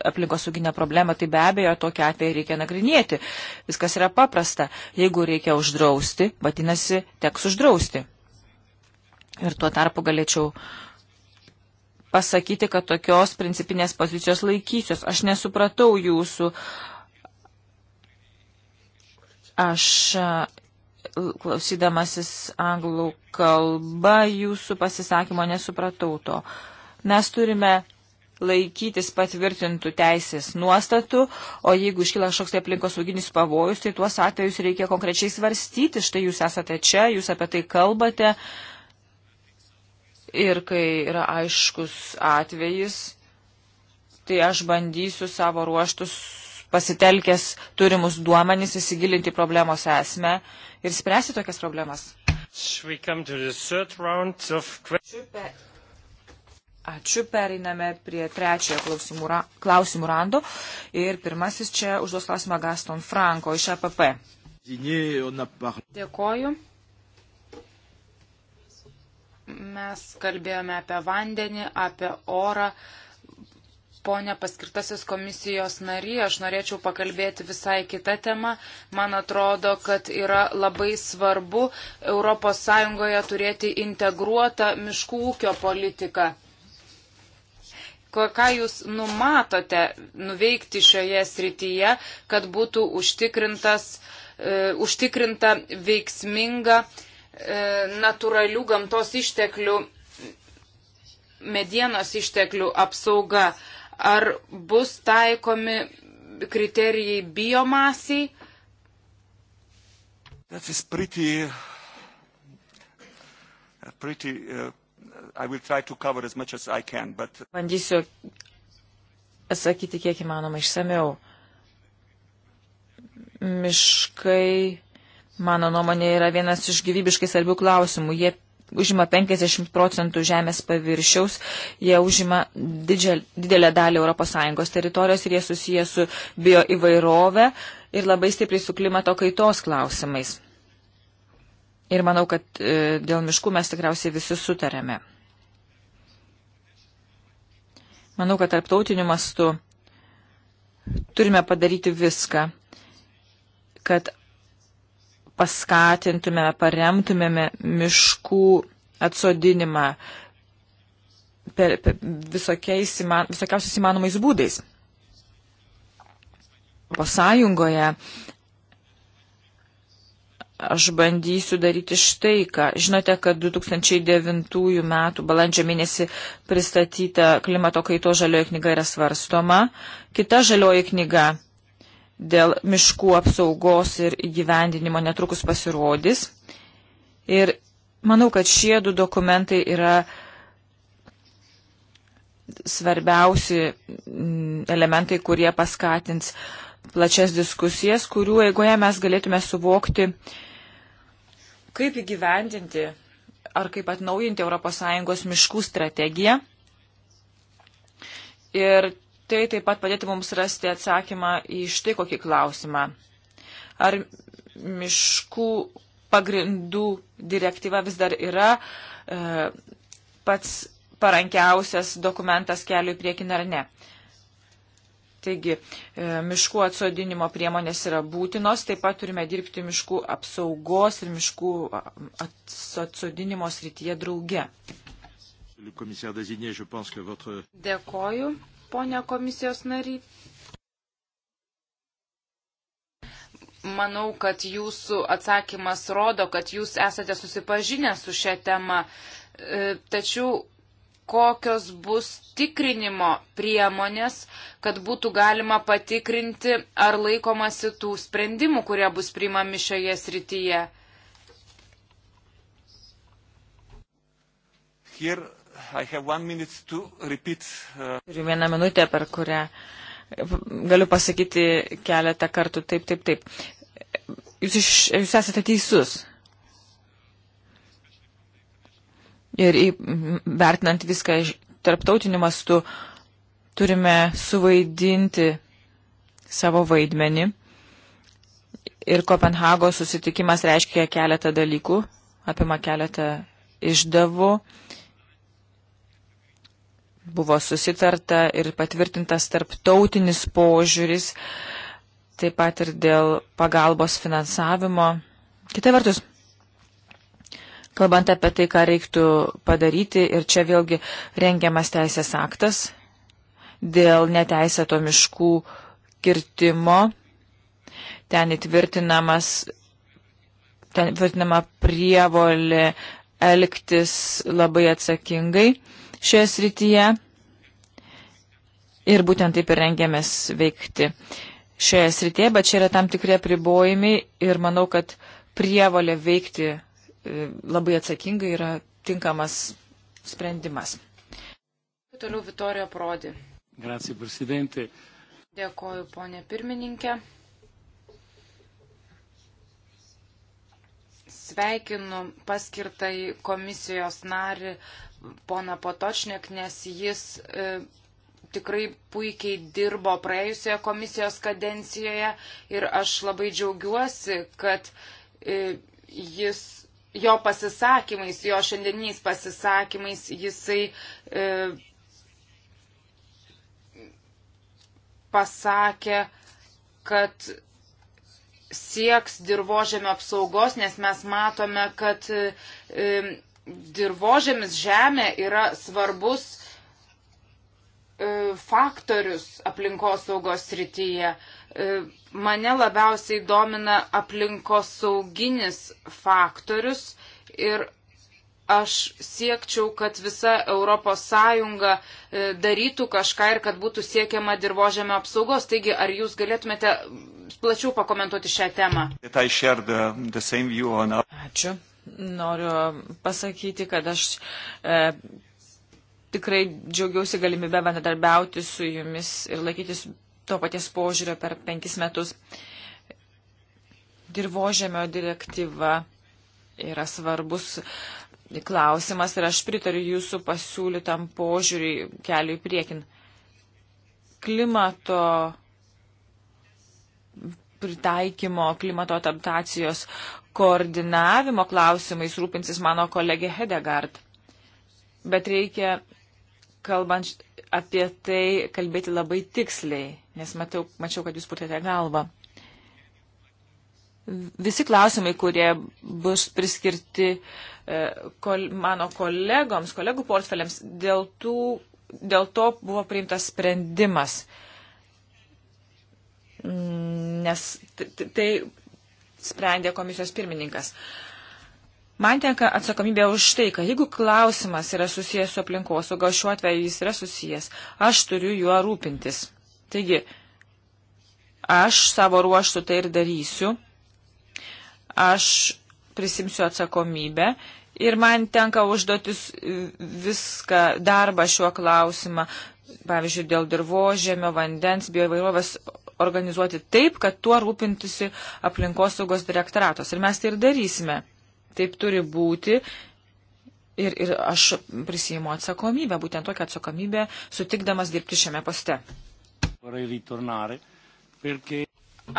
aplinkosauginę problemą, tai be abejo tokia atveju reikia nagrinėti. Viskas yra paprasta. Jeigu reikia uždrausti, vadinasi, teks uždrausti. Ir tuo tarpu galėčiau pasakyti, kad tokios principinės pozicijos laikysios. Aš nesupratau jūsų. Aš klausydamasis anglų kalba jūsų pasisakymo nesupratau to. Mes turime laikytis patvirtintų teisės nuostatų, o jeigu iškyla kažkoks tai aplinkos sauginis pavojus, tai tuos atvejus reikia konkrečiai svarstyti. Štai jūs esate čia, jūs apie tai kalbate. Ir kai yra aiškus atvejis, tai aš bandysiu savo ruoštus pasitelkęs turimus duomenys įsigilinti problemos esmę ir spręsti tokias problemas. Of... Ačiū, pereiname prie trečiojo klausimų, ra, klausimų rando. Ir pirmasis čia užduos klausimą Gaston Franko iš APP. Dėkoju. Mes kalbėjome apie vandenį, apie orą. Pone paskirtasis komisijos nary, aš norėčiau pakalbėti visai kitą temą. Man atrodo, kad yra labai svarbu ES turėti integruotą miškų ūkio politiką ką jūs numatote nuveikti šioje srityje, kad būtų užtikrintas, e, užtikrinta veiksminga e, natūralių gamtos išteklių, medienos išteklių apsauga. Ar bus taikomi kriterijai biomasiai? That is pretty, pretty uh, I will try to cover as much as I can, but... Uh, Bandysiu atsakyti kiek įmanoma išsameu. Miškai, mano nuomonė, yra vienas iš gyvybiškai svarbių klausimų. Jie užima 50 procentų žemės paviršiaus, jie užima didžią, didelę dalį ES teritorijos ir jie susiję su bioįvairove ir labai stipriai su klimato kaitos klausimais. Ir manau, kad e, dėl miškų mes tikriausiai visi sutarėme. Manau, kad tarptautiniu mastu turime padaryti viską, kad paskatintumėme, paremtumėme miškų atsodinimą per, per įman, visokiausiais įmanomais būdais. Po sąjungoje aš bandysiu daryti štai ką. Žinote, kad 2009 m. balandžio mėnesį pristatyta klimato kaito žalioji knyga yra svarstoma. Kita žalioji knyga dėl miškų apsaugos ir įgyvendinimo netrukus pasirodys. Ir manau, kad šie du dokumentai yra svarbiausi mm, elementai, kurie paskatins plačias diskusijas, kurių eigoje mes galėtume suvokti, uh, kaip įgyvendinti ar kaip atnaujinti ES miškų strategiją. Ir tai taip pat padėti mums rasti atsakymą į štai kokį klausimą. Ar miškų pagrindų direktyva vis dar yra e, pats parankiausias dokumentas keliui priekin ar ne. Taigi, e, miškų atsodinimo priemonės yra būtinos, taip pat turime dirbti miškų apsaugos ir miškų atsodinimo srityje drauge. Dėkoju, ponia komisijos nary. Manau, kad jūsų atsakymas rodo, kad jūs esate susipažinę su šią temą. E, tačiau kokios bus tikrinimo priemonės, kad būtų galima patikrinti, ar laikomasi tų sprendimų, kurie bus priimami šioje srityje. Here to repeat, uh... Turiu vieną minutę, per kurią galiu pasakyti keletą kartų taip, taip, taip. Jūs, iš, jūs esate teisus. ir vertinant viską tarptautiniu mastu, turime suvaidinti savo vaidmenį. Ir Kopenhagos susitikimas reiškia keletą dalykų, apima keletą išdavų. Buvo susitarta ir patvirtintas tarptautinis požiūris, taip pat ir dėl pagalbos finansavimo. Kita vertus, kalbant apie tai, ką reiktų padaryti, ir čia vėlgi rengiamas teisės aktas dėl neteisėto miškų kirtimo, ten įtvirtinamas, ten įtvirtinama prievolė elgtis labai atsakingai šioje srityje. Ir būtent taip ir rengiamės veikti šioje srityje, bet čia yra tam tikrie pribojimai ir manau, kad prievalė veikti E, labai atsakingai yra tinkamas sprendimas. Toliau Vitorija Prodi. Grazie, prezidentė. Dėkoju, ponė pirmininkė. Sveikinu paskirtai komisijos nari pona Potočnik, nes jis e, tikrai puikiai dirbo praėjusioje komisijos kadencijoje ir aš labai džiaugiuosi, kad e, jis jo pasisakymais, jo šiandieniais pasisakymais jisai e, pasakė, kad sieks dirbožėmio apsaugos, nes mes matome, kad e, e dirbožėmis žemė yra svarbus E, faktorius aplinkosaugos srityje. E, mane labiausiai domina aplinkosauginis faktorius ir aš siekčiau, kad visa ES e, darytų kažką ir kad būtų siekiama dirbožėmio apsaugos. Taigi, ar jūs galėtumėte plačiau pakomentuoti šią temą? Ačiū. Noriu pasakyti, kad aš e, tikrai džiaugiausi galimybę bendradarbiauti su jumis ir laikytis to paties požiūrio per penkis metus. Dirbožėmio direktyva yra svarbus klausimas ir aš pritariu jūsų pasiūlytam požiūriui keliui priekin. Klimato pritaikymo, klimato adaptacijos koordinavimo klausimais rūpinsis mano kolegė Hedegard. Bet reikia kalbant apie tai, kalbėti labai tiksliai, nes matau, mačiau, kad jūs putėte galvą. Visi klausimai, kurie bus priskirti e, kol, mano kolegoms, kolegų portfeliams, dėl, tų, dėl to buvo priimtas sprendimas. Nes tai sprendė komisijos pirmininkas. Uh, Man tenka atsakomybė už tai, kad jeigu klausimas yra susijęs su aplinkosauga, šiuo atveju jis yra susijęs, aš turiu juo rūpintis. Taigi, aš savo ruoštų tai ir darysiu, aš prisimsiu atsakomybę ir man tenka užduotis viską, darbą šiuo klausimą, pavyzdžiui, dėl dirbožėmio, vandens, bioįvairovės organizuoti taip, kad tuo rūpintųsi aplinkosaugos direktoratos. Ir mes tai ir darysime. Taip turi būti. Ir, ir aš prisijimu atsakomybę, būtent tokią atsakomybę, sutikdamas dirbti šiame poste.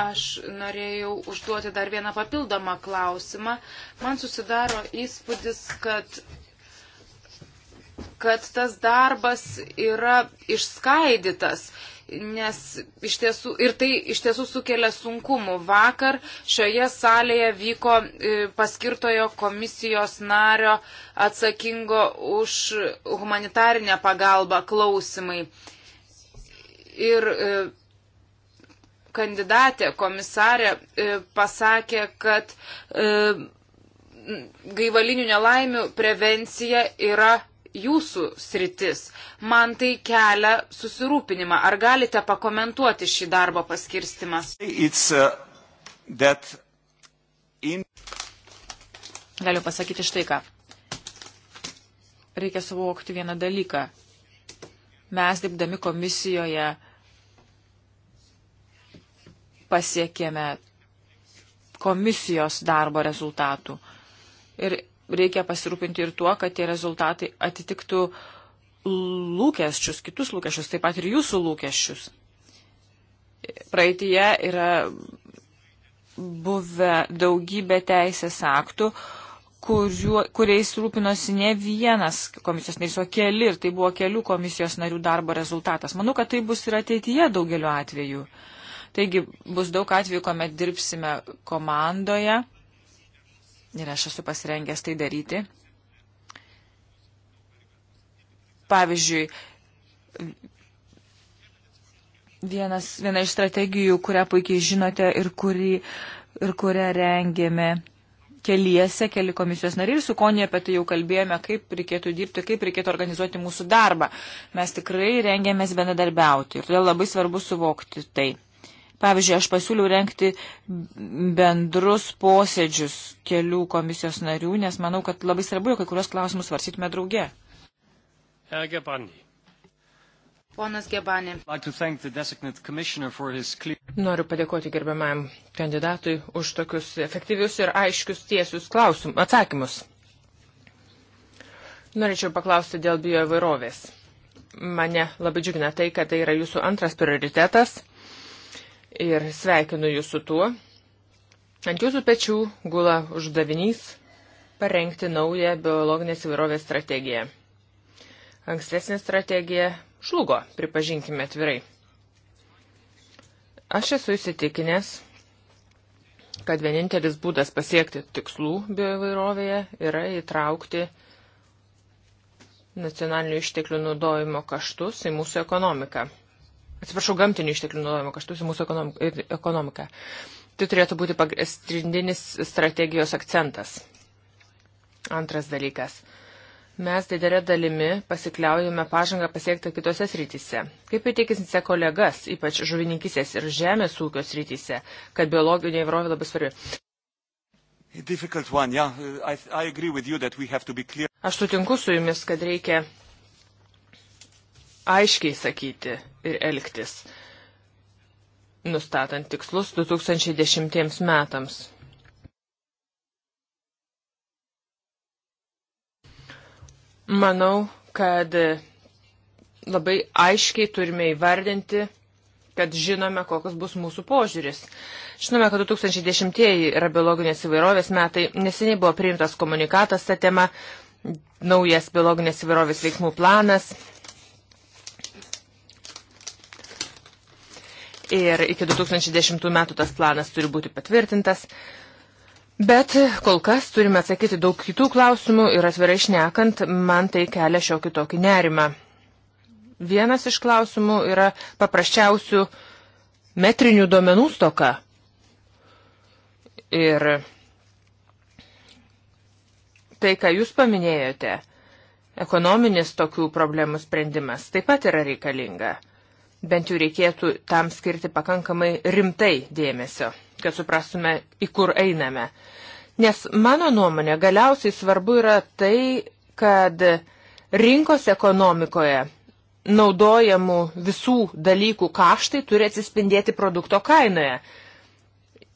Aš norėjau užduoti dar vieną papildomą klausimą. Man susidaro įspūdis, kad kad tas darbas yra išskaidytas nes iš tiesų, ir tai iš tiesų sukelia sunkumų. Vakar šioje salėje vyko e, paskirtojo komisijos nario atsakingo už humanitarinę pagalbą klausimai. Ir e, kandidatė, komisarė e, pasakė, kad gaivalinių nelaimių prevencija yra jūsų sritis. Man tai kelia susirūpinimą. Ar galite pakomentuoti šį darbo paskirstimą? Uh, in... Galiu pasakyti štai ką. Reikia suvokti vieną dalyką. Mes, dirbdami komisijoje, pasiekėme komisijos darbo rezultatų. Ir reikia pasirūpinti ir tuo, kad tie rezultatai atitiktų lūkesčius, kitus lūkesčius, taip pat ir jūsų lūkesčius. Praeitie yra buvę daugybė teisės aktų, kuriuo, kuriais rūpinosi ne vienas komisijos narys, o keli ir tai buvo kelių komisijos narių darbo rezultatas. Manau, kad tai bus ir ateityje daugeliu atveju. Taigi bus daug atvejų, kuomet dirbsime komandoje ir aš esu pasirengęs tai daryti. Pavyzdžiui, vienas, viena iš strategijų, kurią puikiai žinote ir, kurį, ir kurią rengėme keliese, keli komisijos nariai ir su Konija apie tai jau kalbėjome, kaip reikėtų dirbti, kaip reikėtų organizuoti mūsų darbą. Mes tikrai rengėmės bendradarbiauti ir todėl labai svarbu suvokti tai. Pavyzdžiui, aš pasiūliau renkti bendrus posėdžius kelių komisijos narių, nes manau, kad labai svarbu, kai kurios klausimus varsytume drauge. Ponas Gebanė. Noriu padėkoti gerbiamajam kandidatui už tokius efektyvius ir aiškius tiesius klausimus, atsakymus. Norėčiau paklausti dėl bioįvairovės. Mane labai džiugina tai, kad tai yra jūsų antras prioritetas ir sveikinu jūs su tuo. Ant jūsų pečių gula uždavinys parengti naują biologinės įvairovės strategiją. Ankstesnė strategija žlugo, pripažinkime atvirai. Aš esu įsitikinęs, kad vienintelis būdas pasiekti tikslų bioįvairovėje yra įtraukti nacionalinių išteklių naudojimo kaštus į mūsų ekonomiką atsiprašau, gamtinių išteklių naudojimo kaštus į mūsų ekonomiką. Tai turėtų būti pagrindinis strategijos akcentas. Antras dalykas. Mes didelė dalimi pasikliaujame pažangą pasiektą kitose srityse. Kaip įtikinsite kolegas, ypač žuvininkisės ir žemės ūkio srityse, kad biologinė įvrovė labai svarbi. Yeah. I, I Aš sutinku su jumis, kad reikia aiškiai sakyti ir elgtis, nustatant tikslus 2010 metams. Manau, kad labai aiškiai turime įvardinti, kad žinome, kokius bus mūsų požiūris. Žinome, kad 2010-ieji yra biologinės įvairovės metai. Neseniai buvo priimtas komunikatas tą temą, naujas biologinės įvairovės veiksmų planas, ir iki 2010 metų tas planas turi būti patvirtintas. Bet kol kas turime atsakyti daug kitų klausimų ir atvirai šnekant, man tai kelia šiokį tokį nerimą. Vienas iš klausimų yra paprasčiausių metrinių duomenų stoka. Ir tai, ką jūs paminėjote, ekonominis tokių problemų sprendimas taip pat yra reikalinga bent jau reikėtų tam skirti pakankamai rimtai dėmesio, kad suprastume, į kur einame. Nes mano nuomonė galiausiai svarbu yra tai, kad rinkos ekonomikoje naudojamų visų dalykų kaštai turi atsispindėti produkto kainoje.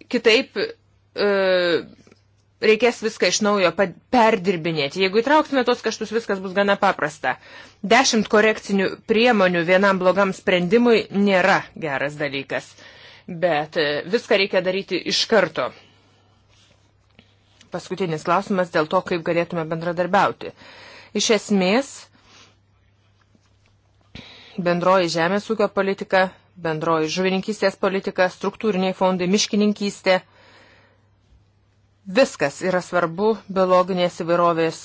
Kitaip e, reikės viską iš naujo perdirbinėti. Jeigu įtrauksime tos kaštus, viskas bus gana paprasta. Dešimt korekcinių priemonių vienam blogam sprendimui nėra geras dalykas, bet e, viską reikia daryti iš karto. Paskutinis klausimas dėl to, kaip galėtume bendradarbiauti. Iš esmės, bendroji žemės ūkio politika, bendroji žuvininkystės politika, struktūriniai fondai, miškininkystė – Viskas yra svarbu biologinės įvairovės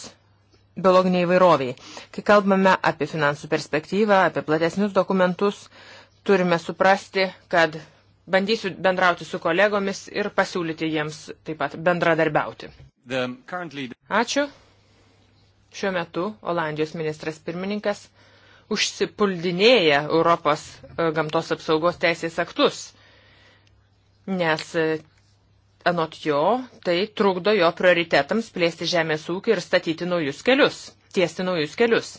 biologiniai įvairoviai. Kai kalbame apie finansų perspektyvą, apie platesnius dokumentus, turime suprasti, kad bandysiu bendrauti su kolegomis ir pasiūlyti jiems taip pat bendradarbiauti. Ačiū. Šiuo metu Olandijos ministras pirmininkas užsipuldinėja Europos e, gamtos apsaugos teisės aktus, nes e, anot jo, tai trukdo jo prioritetams plėsti žemės ūkį ir statyti naujus kelius, tiesti naujus kelius.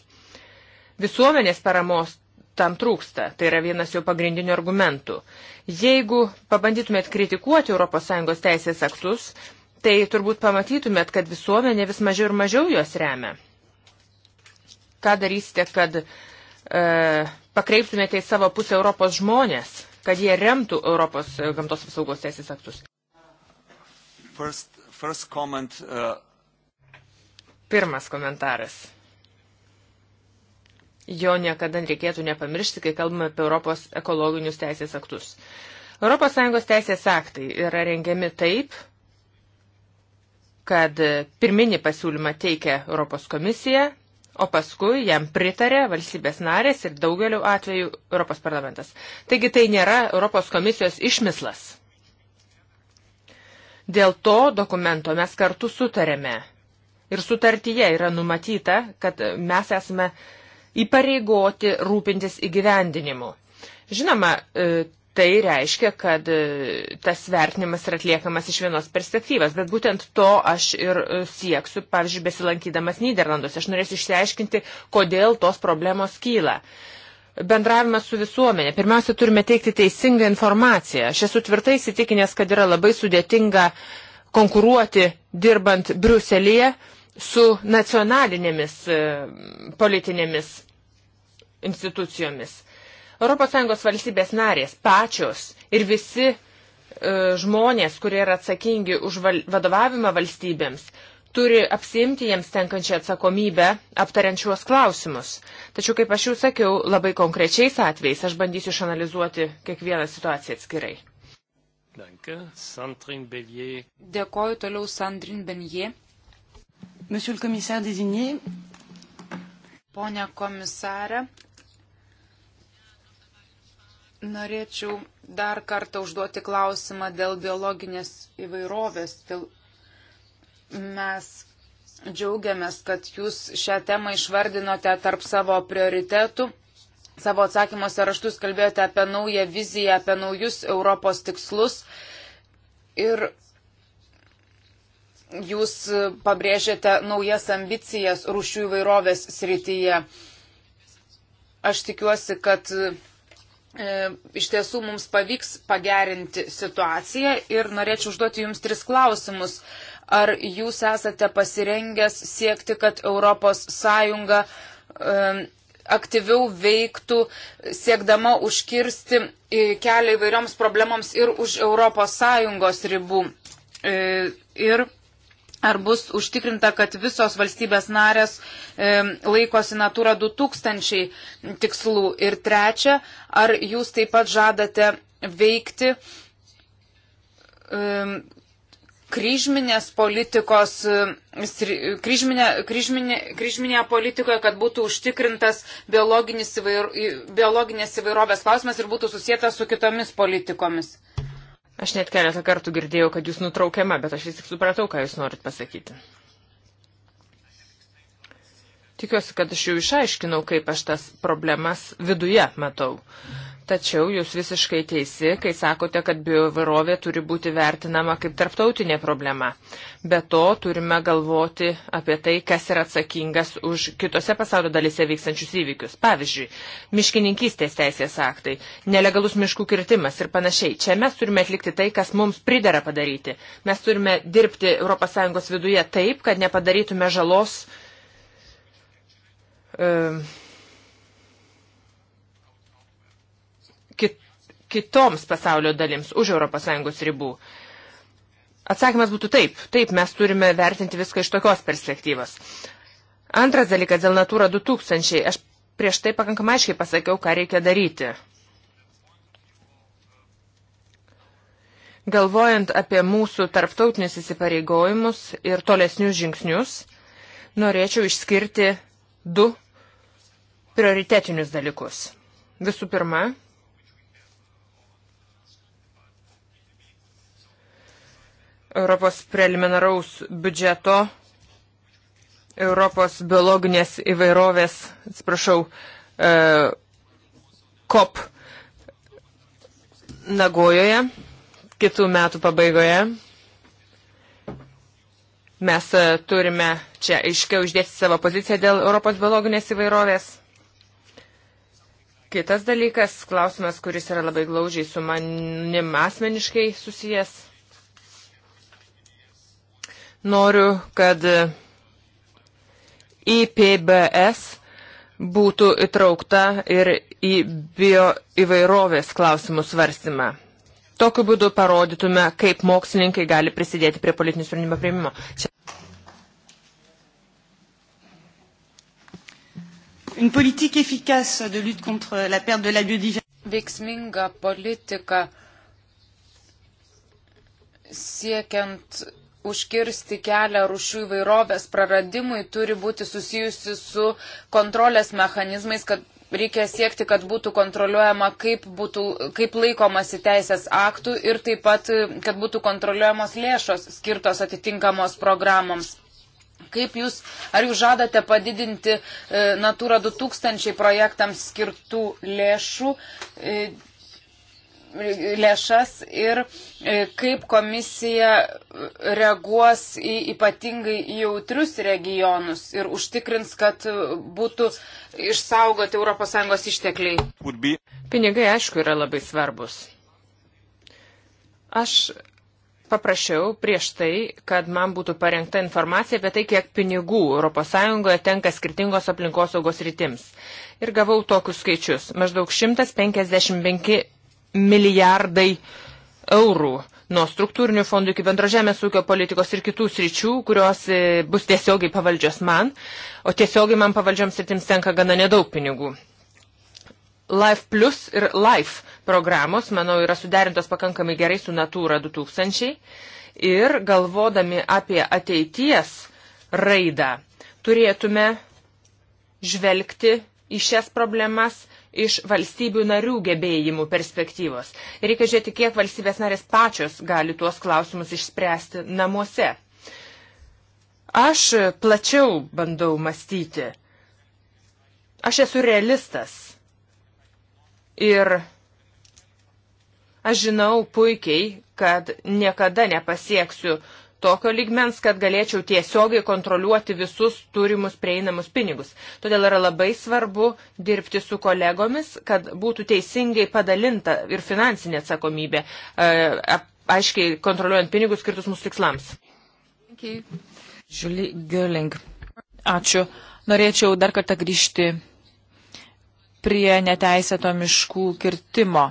Visuomenės paramos tam trūksta, tai yra vienas jo pagrindinių argumentų. Jeigu pabandytumėt kritikuoti ES teisės aktus, tai turbūt pamatytumėt, kad visuomenė vis mažiau ir mažiau juos remia. Ką darysite, kad e, pakreiptumėte į savo pusę Europos žmonės, kad jie remtų Europos e, gamtos apsaugos teisės aktus? First, first comment, uh... Pirmas komentaras. Jo niekada reikėtų nepamiršti, kai kalbame apie Europos ekologinius teisės aktus. ES teisės aktai yra rengiami taip, kad pirminį pasiūlymą teikia Europos komisija, o paskui jam pritarė valstybės narės ir daugeliu atveju Europos parlamentas. Taigi tai nėra Europos komisijos išmislas. Dėl to dokumento mes kartu sutarėme. Ir sutartyje yra numatyta, kad mes esame įpareigoti rūpintis įgyvendinimu. Žinoma, e, tai reiškia, kad e, tas vertinimas yra atliekamas iš vienos perspektyvas, bet būtent to aš ir e, sieksiu, pavyzdžiui, besilankydamas Niderlanduose. Aš norėsiu išsiaiškinti, kodėl tos problemos kyla bendravimas su visuomenė. Pirmiausia, turime teikti teisingą informaciją. Aš esu tvirtai įsitikinęs, kad yra labai sudėtinga konkuruoti dirbant Briuselėje su nacionalinėmis e, politinėmis institucijomis. ES valstybės narės pačios ir visi e, žmonės, kurie yra atsakingi už vadovavimą valstybėms, turi apsimti jiems tenkančią atsakomybę aptariančios klausimus. Tačiau, kaip aš jau sakiau, labai konkrečiais atvejais aš bandysiu išanalizuoti kiekvieną situaciją atskirai. Dėkoju toliau Sandrin Benjie. Monsieur le commissaire désigné. Pone komisarė, norėčiau dar kartą užduoti klausimą dėl biologinės įvairovės, dėl Mes džiaugiamės, kad jūs šią temą išvardinote tarp savo prioritetų. Savo atsakymuose raštus kalbėjote apie naują viziją, apie naujus Europos tikslus. Ir jūs pabrėžėte naujas ambicijas rūšių įvairovės srityje. Aš tikiuosi, kad e, iš tiesų mums pavyks pagerinti situaciją ir norėčiau užduoti Jums tris klausimus ar jūs esate pasirengęs siekti, kad ES um, aktyviau veiktų, siekdama užkirsti e, kelią įvairioms problemoms ir už ES ribų. E, ir ar bus užtikrinta, kad visos valstybės narės e, laikosi Natura 2000 tikslų. Ir trečia, ar jūs taip pat žadate veikti, e, kryžminės politikos, e, kryžminė, kryžminė, kryžminėje politikoje, kad būtų užtikrintas įvair, biologinės įvairovės klausimas ir būtų susijęta su kitomis politikomis. Aš net keletą kartų girdėjau, kad jūs nutraukiama, bet aš vis tik supratau, ką jūs norit pasakyti. Tikiuosi, kad aš jau išaiškinau, kaip aš tas problemas viduje matau. Uh, Tačiau jūs visiškai teisi, kai sakote, kad biovarovė turi būti vertinama kaip tarptautinė problema. Be to turime galvoti apie tai, kas yra atsakingas už kitose pasaulio dalise vykstančius įvykius. Pavyzdžiui, miškininkystės teisės aktai, nelegalus miškų kirtimas ir panašiai. Čia mes turime atlikti tai, kas mums pridera padaryti. Mes turime dirbti ES viduje taip, kad nepadarytume žalos. Um, e, kitoms pasaulio dalims už ES ribų? Atsakymas būtų taip. Taip, mes turime vertinti viską iš tokios perspektyvos. Antras dalykas dėl Natūra 2000. Aš prieš tai pakankamai aiškiai pasakiau, ką reikia daryti. Galvojant apie mūsų tarptautinius įsipareigojimus ir tolesnius žingsnius, norėčiau išskirti du prioritetinius dalykus. Visų pirma, Europos preliminaraus biudžeto, Europos biologinės įvairovės, atsiprašau, COP e, Nagojoje kitų metų pabaigoje. Mes e, turime čia aiškiau uždėti savo poziciją dėl Europos biologinės įvairovės. Kitas dalykas, klausimas, kuris yra labai glaužiai su manim asmeniškai susijęs Noriu, kad IPBS būtų įtraukta ir į bio įvairovės klausimų svarstymą. Tokiu būdu parodytume, kaip mokslininkai gali prisidėti prie politinių sprendimų prieimimo. Čia... Une politique efficace de lutte contre la perte de la biodiversité. Veiksminga politika siekiant užkirsti kelią rušių įvairovės praradimui turi būti susijusi su kontrolės mechanizmais, kad reikia siekti, kad būtų kontroliuojama, kaip, būtų, kaip laikomasi teisės aktų ir taip pat, kad būtų kontroliuojamos lėšos skirtos atitinkamos programoms. Kaip jūs, ar jūs žadate padidinti e, Natura 2000 projektams skirtų lėšų? E, lėšas ir e, kaip komisija reaguos į ypatingai jautrius regionus ir užtikrins, kad būtų išsaugoti ES ištekliai. Pinigai, aišku, yra labai svarbus. Aš paprašiau prieš tai, kad man būtų parengta informacija apie tai, kiek pinigų ES tenka skirtingos aplinkosaugos rytims. Ir gavau tokius skaičius. Maždaug 155 milijardai eurų nuo struktūrinių fondų iki bendražėmės ūkio politikos ir kitų sričių, kurios e, bus tiesiogiai pavaldžios man, o tiesiogiai man pavaldžioms sritims tenka gana nedaug pinigų. Life Plus ir Life programos, manau, yra suderintos pakankamai gerai su Natūra 2000 ir galvodami apie ateities raidą turėtume žvelgti į šias problemas iš valstybių narių gebėjimų perspektyvos. Reikia žiūrėti, kiek valstybės narės pačios gali tuos klausimus išspręsti namuose. Aš plačiau bandau mąstyti. Aš esu realistas. Ir aš žinau puikiai, kad niekada nepasieksiu tokio lygmens, kad galėčiau tiesiogiai kontroliuoti visus turimus prieinamus pinigus. Todėl yra labai svarbu dirbti su kolegomis, kad būtų teisingai padalinta ir finansinė atsakomybė, e, aiškiai kontroliuojant pinigus skirtus mūsų tikslams. Žiuli Göling. Ačiū. Norėčiau dar kartą grįžti prie neteisėto miškų kirtimo.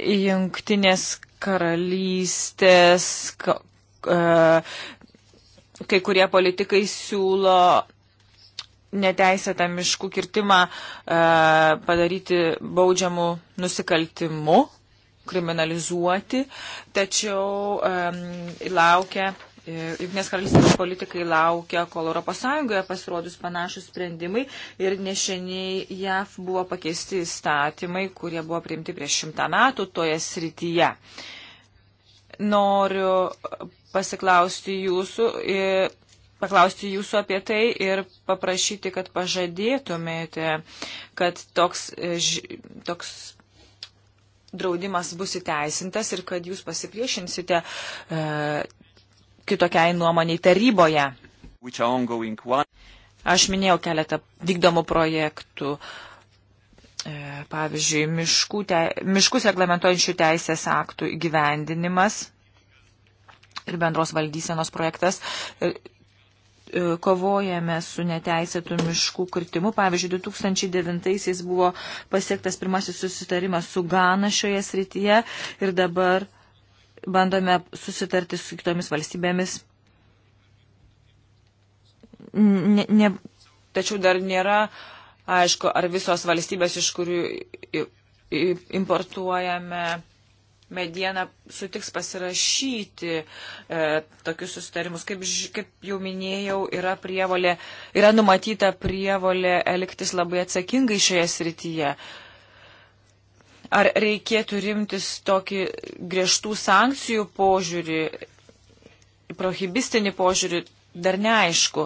Jungtinės karalystės, ka, kai kurie politikai siūlo neteisėtą miškų kirtimą e, padaryti baudžiamų nusikaltimu, kriminalizuoti, tačiau um, laukia E, Junknės karalystės politikai laukia, kol ES pasirodys panašus sprendimai ir nešeniai JAF buvo pakeisti įstatymai, kurie buvo priimti prieš šimtą metų toje srityje. Noriu pasiklausti jūsų, paklausti jūsų apie tai ir paprašyti, kad pažadėtumėte, kad toks, e, toks draudimas bus įteisintas ir kad jūs pasipriešinsite e, kitokiai nuomoniai taryboje. Aš minėjau keletą vykdomų projektų, e, pavyzdžiui, miškų te, miškus reglamentuojančių teisės aktų įgyvendinimas ir bendros valdysenos projektas. E, e, kovojame su neteisėtų miškų kirtimu. Pavyzdžiui, 2009-aisiais buvo pasiektas pirmasis susitarimas su Gana šioje srityje ir dabar bandome susitarti su kitomis valstybėmis. Ne, ne, tačiau dar nėra aišku, ar visos valstybės, iš kurių importuojame medieną, sutiks pasirašyti e, tokius sustarimus. Kaip, kaip jau minėjau, yra, prievolė, yra numatyta prievolė elgtis labai atsakingai šioje srityje. E, Ar reikėtų rimtis tokį griežtų sankcijų požiūrį, prohibistinį požiūrį, dar neaišku.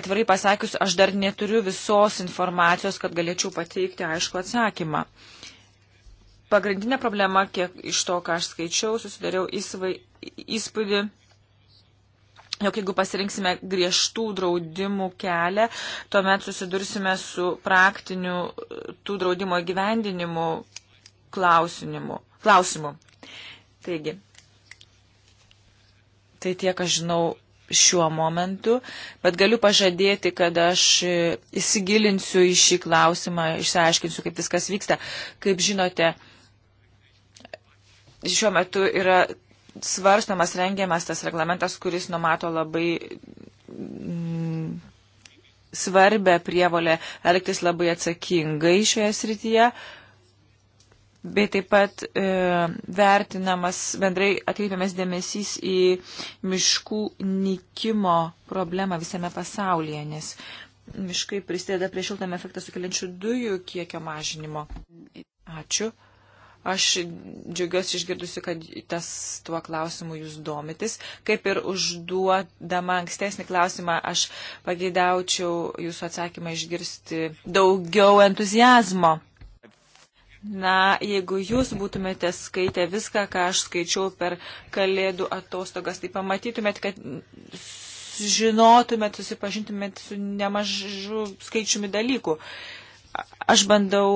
Atvarai pasakius, aš dar neturiu visos informacijos, kad galėčiau pateikti aišku atsakymą. Pagrindinė problema, kiek iš to, ką aš skaičiau, susidariau įspūdį, jog jeigu pasirinksime griežtų draudimų kelią, tuomet susidursime su praktiniu e, tų draudimo įgyvendinimu klausimu. klausimu. Taigi, tai tiek aš žinau šiuo momentu, bet galiu pažadėti, kad aš e, įsigilinsiu į šį klausimą, išsiaiškinsiu, kaip viskas vyksta. Kaip žinote, šiuo metu yra svarstamas, rengiamas tas reglamentas, kuris numato labai mm, svarbę prievolę elgtis labai atsakingai šioje srityje, bei taip pat e, vertinamas bendrai atkreipiamas dėmesys į miškų nikimo problemą visame pasaulyje, nes miškai prisideda prie šiltame efektą sukeliančių dujų kiekio mažinimo. Ačiū. Aš džiugiuosi išgirdusi, kad tas tuo klausimu jūs domitis. Kaip ir užduodama ankstesnį klausimą, aš pageidaučiau jūsų atsakymą išgirsti daugiau entuzijazmo. Na, jeigu jūs būtumėte skaitę viską, ką aš skaičiau per kalėdų atostogas, tai pamatytumėt, kad žinotumėt, susipažintumėt su nemažu skaičiumi dalykų. Aš bandau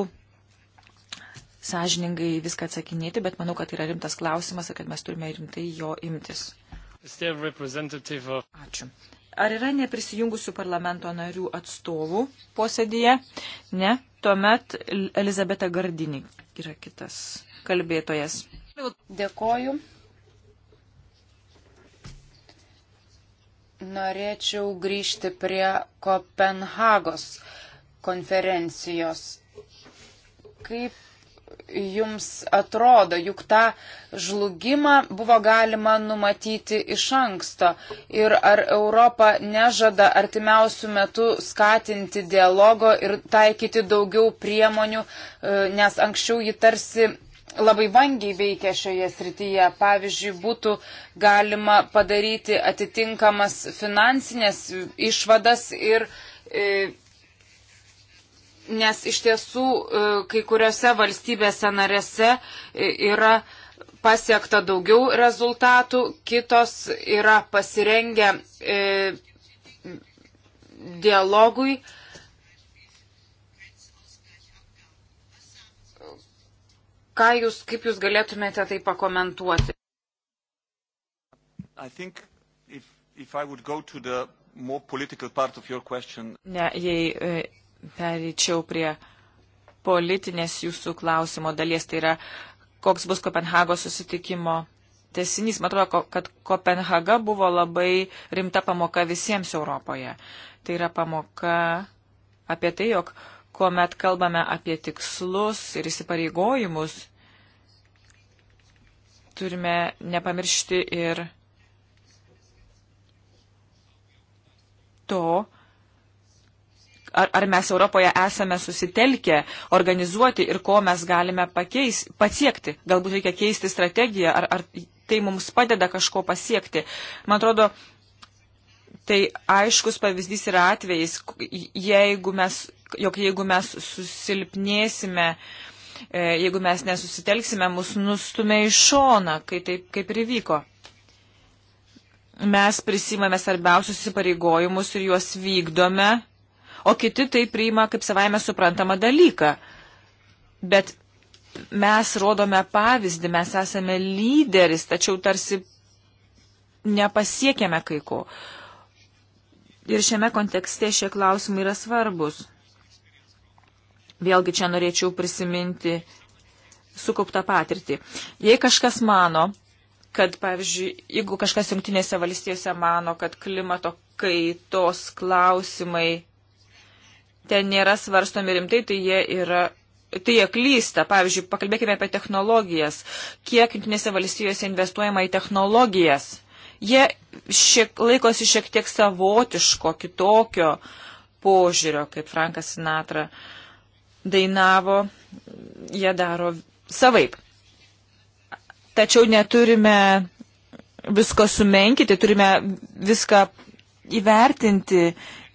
sąžiningai viską atsakinėti, bet manau, kad tai yra rimtas klausimas ir kad mes turime rimtai jo imtis. Ačiū. Ar yra neprisijungusių parlamento narių atstovų posėdėje? Ne. Tuomet Elizabeta Gardinį yra kitas kalbėtojas. Dėkoju. Norėčiau grįžti prie Kopenhagos konferencijos. Kaip jums atrodo, juk tą žlugimą buvo galima numatyti iš anksto. Ir ar Europa nežada artimiausių metų skatinti dialogo ir taikyti daugiau priemonių, e, nes anksčiau ji tarsi labai vangiai veikia šioje srityje. Pavyzdžiui, būtų galima padaryti atitinkamas finansinės išvadas ir e, nes iš tiesų e, kai kuriuose valstybėse narėse e, yra pasiekta daugiau rezultatų, kitos yra pasirengę e, dialogui. Ką jūs, kaip jūs galėtumėte tai pakomentuoti? Think, if, if ne, jei pereičiau prie politinės jūsų klausimo dalies, tai yra, koks bus Kopenhagos susitikimo tesinys. Man atrodo, kad Kopenhaga buvo labai rimta pamoka visiems Europoje. Tai yra pamoka apie tai, jog kuomet kalbame apie tikslus ir įsipareigojimus, turime nepamiršti ir to, ar, ar mes Europoje esame susitelkę, organizuoti ir ko mes galime pakeis, pasiekti. Galbūt reikia keisti strategiją, ar, ar tai mums padeda kažko pasiekti. Man atrodo, tai aiškus pavyzdys yra atvejais, jeigu mes, jog jeigu mes susilpnėsime, e, jeigu mes nesusitelksime, mus nustumė į šoną, kai taip kaip ir vyko mes prisimame svarbiausius įsipareigojimus ir juos vykdome, o kiti tai priima kaip savaime suprantamą dalyką. Bet mes rodome pavyzdį, mes esame lyderis, tačiau tarsi nepasiekėme kai ko. Ir šiame kontekste šie klausimai yra svarbus. Vėlgi čia norėčiau prisiminti sukauptą patirtį. Jei kažkas mano, kad, pavyzdžiui, jeigu kažkas jungtinėse valstijose mano, kad klimato kaitos klausimai ten nėra svarstomi rimtai, tai jie yra. Tai jie klysta. Pavyzdžiui, pakalbėkime apie technologijas. Kiek jungtinėse valstijose investuojama į technologijas? Jie šiek, laikosi šiek tiek savotiško, kitokio požiūrio, kaip Frankas Sinatra dainavo. Jie daro savaip. Tačiau neturime visko sumenkyti, turime viską įvertinti,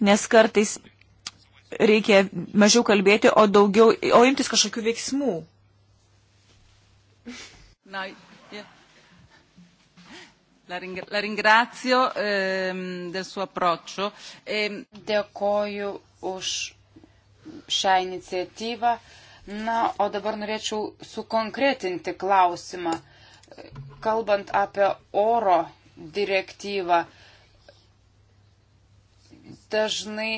nes kartais reikia mažiau kalbėti, o, daugiau, o imtis kažkokių veiksmų. No, yeah. La, ring, la ringrazio ehm, del suo approccio. Ehm. Dėkoju už šią iniciatyvą. Na, o dabar norėčiau sukonkretinti klausimą. Kalbant apie oro direktyvą, dažnai